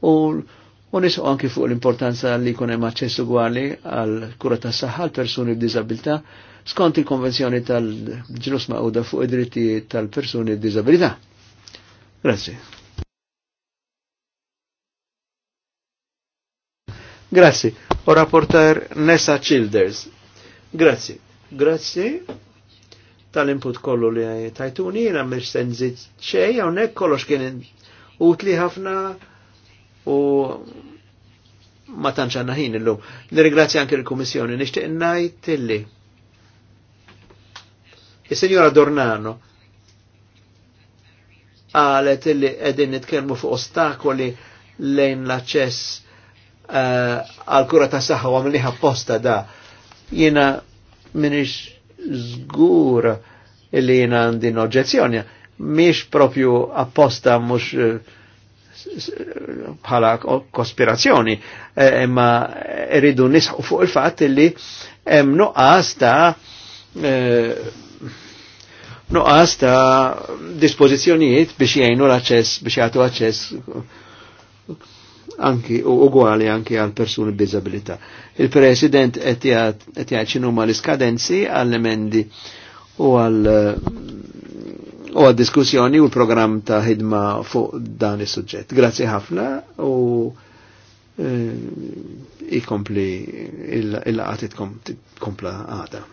u nisqo anki fuq l-importanza li jkun hemm aċċess ugwali għal kura tas-saħħa għal persuni b'Dizabilità skont il-konvenzjoni tal-ġlus da fuq id-drittijiet tal-persuni b'diżabilità. Grazie. Grazie. O rapporter Nessa Childers. Grazie. Grazzi tal-input kollu li tajtuni, jina mirx senzit xej, għonek kollox kien utli ħafna u ma tanċanna ħin illum. Nirgrazzi anke l-Kummissjoni, nixtieq ngħid illi. is senjora Dornano qalet illi qegħdin nitkellmu fuq ostakoli lejn l-aċċess eh, għal kura ta' saħħa u għamliħa posta da. Jina minix zgur li jina għandin oġezzjoni, miex propju apposta mux eh, bħala kospirazzjoni, eh, imma rridu nisħu fuq il-fat li hemm nuqqas ta' eh, nuqqas ta' dispożizzjonijiet biex jgħinu l-aċċess, biex jgħatu aċċess anki u uguali anki għal persuni b'disabilità. Il-President qed jgħid x'inhuma l-iskadenzi għall-emendi u għal u għal diskussjoni u l-programm ta' ħidma fuq dan is suġġett Grazzi ħafna u eh, ikompli il għatit kompla għada.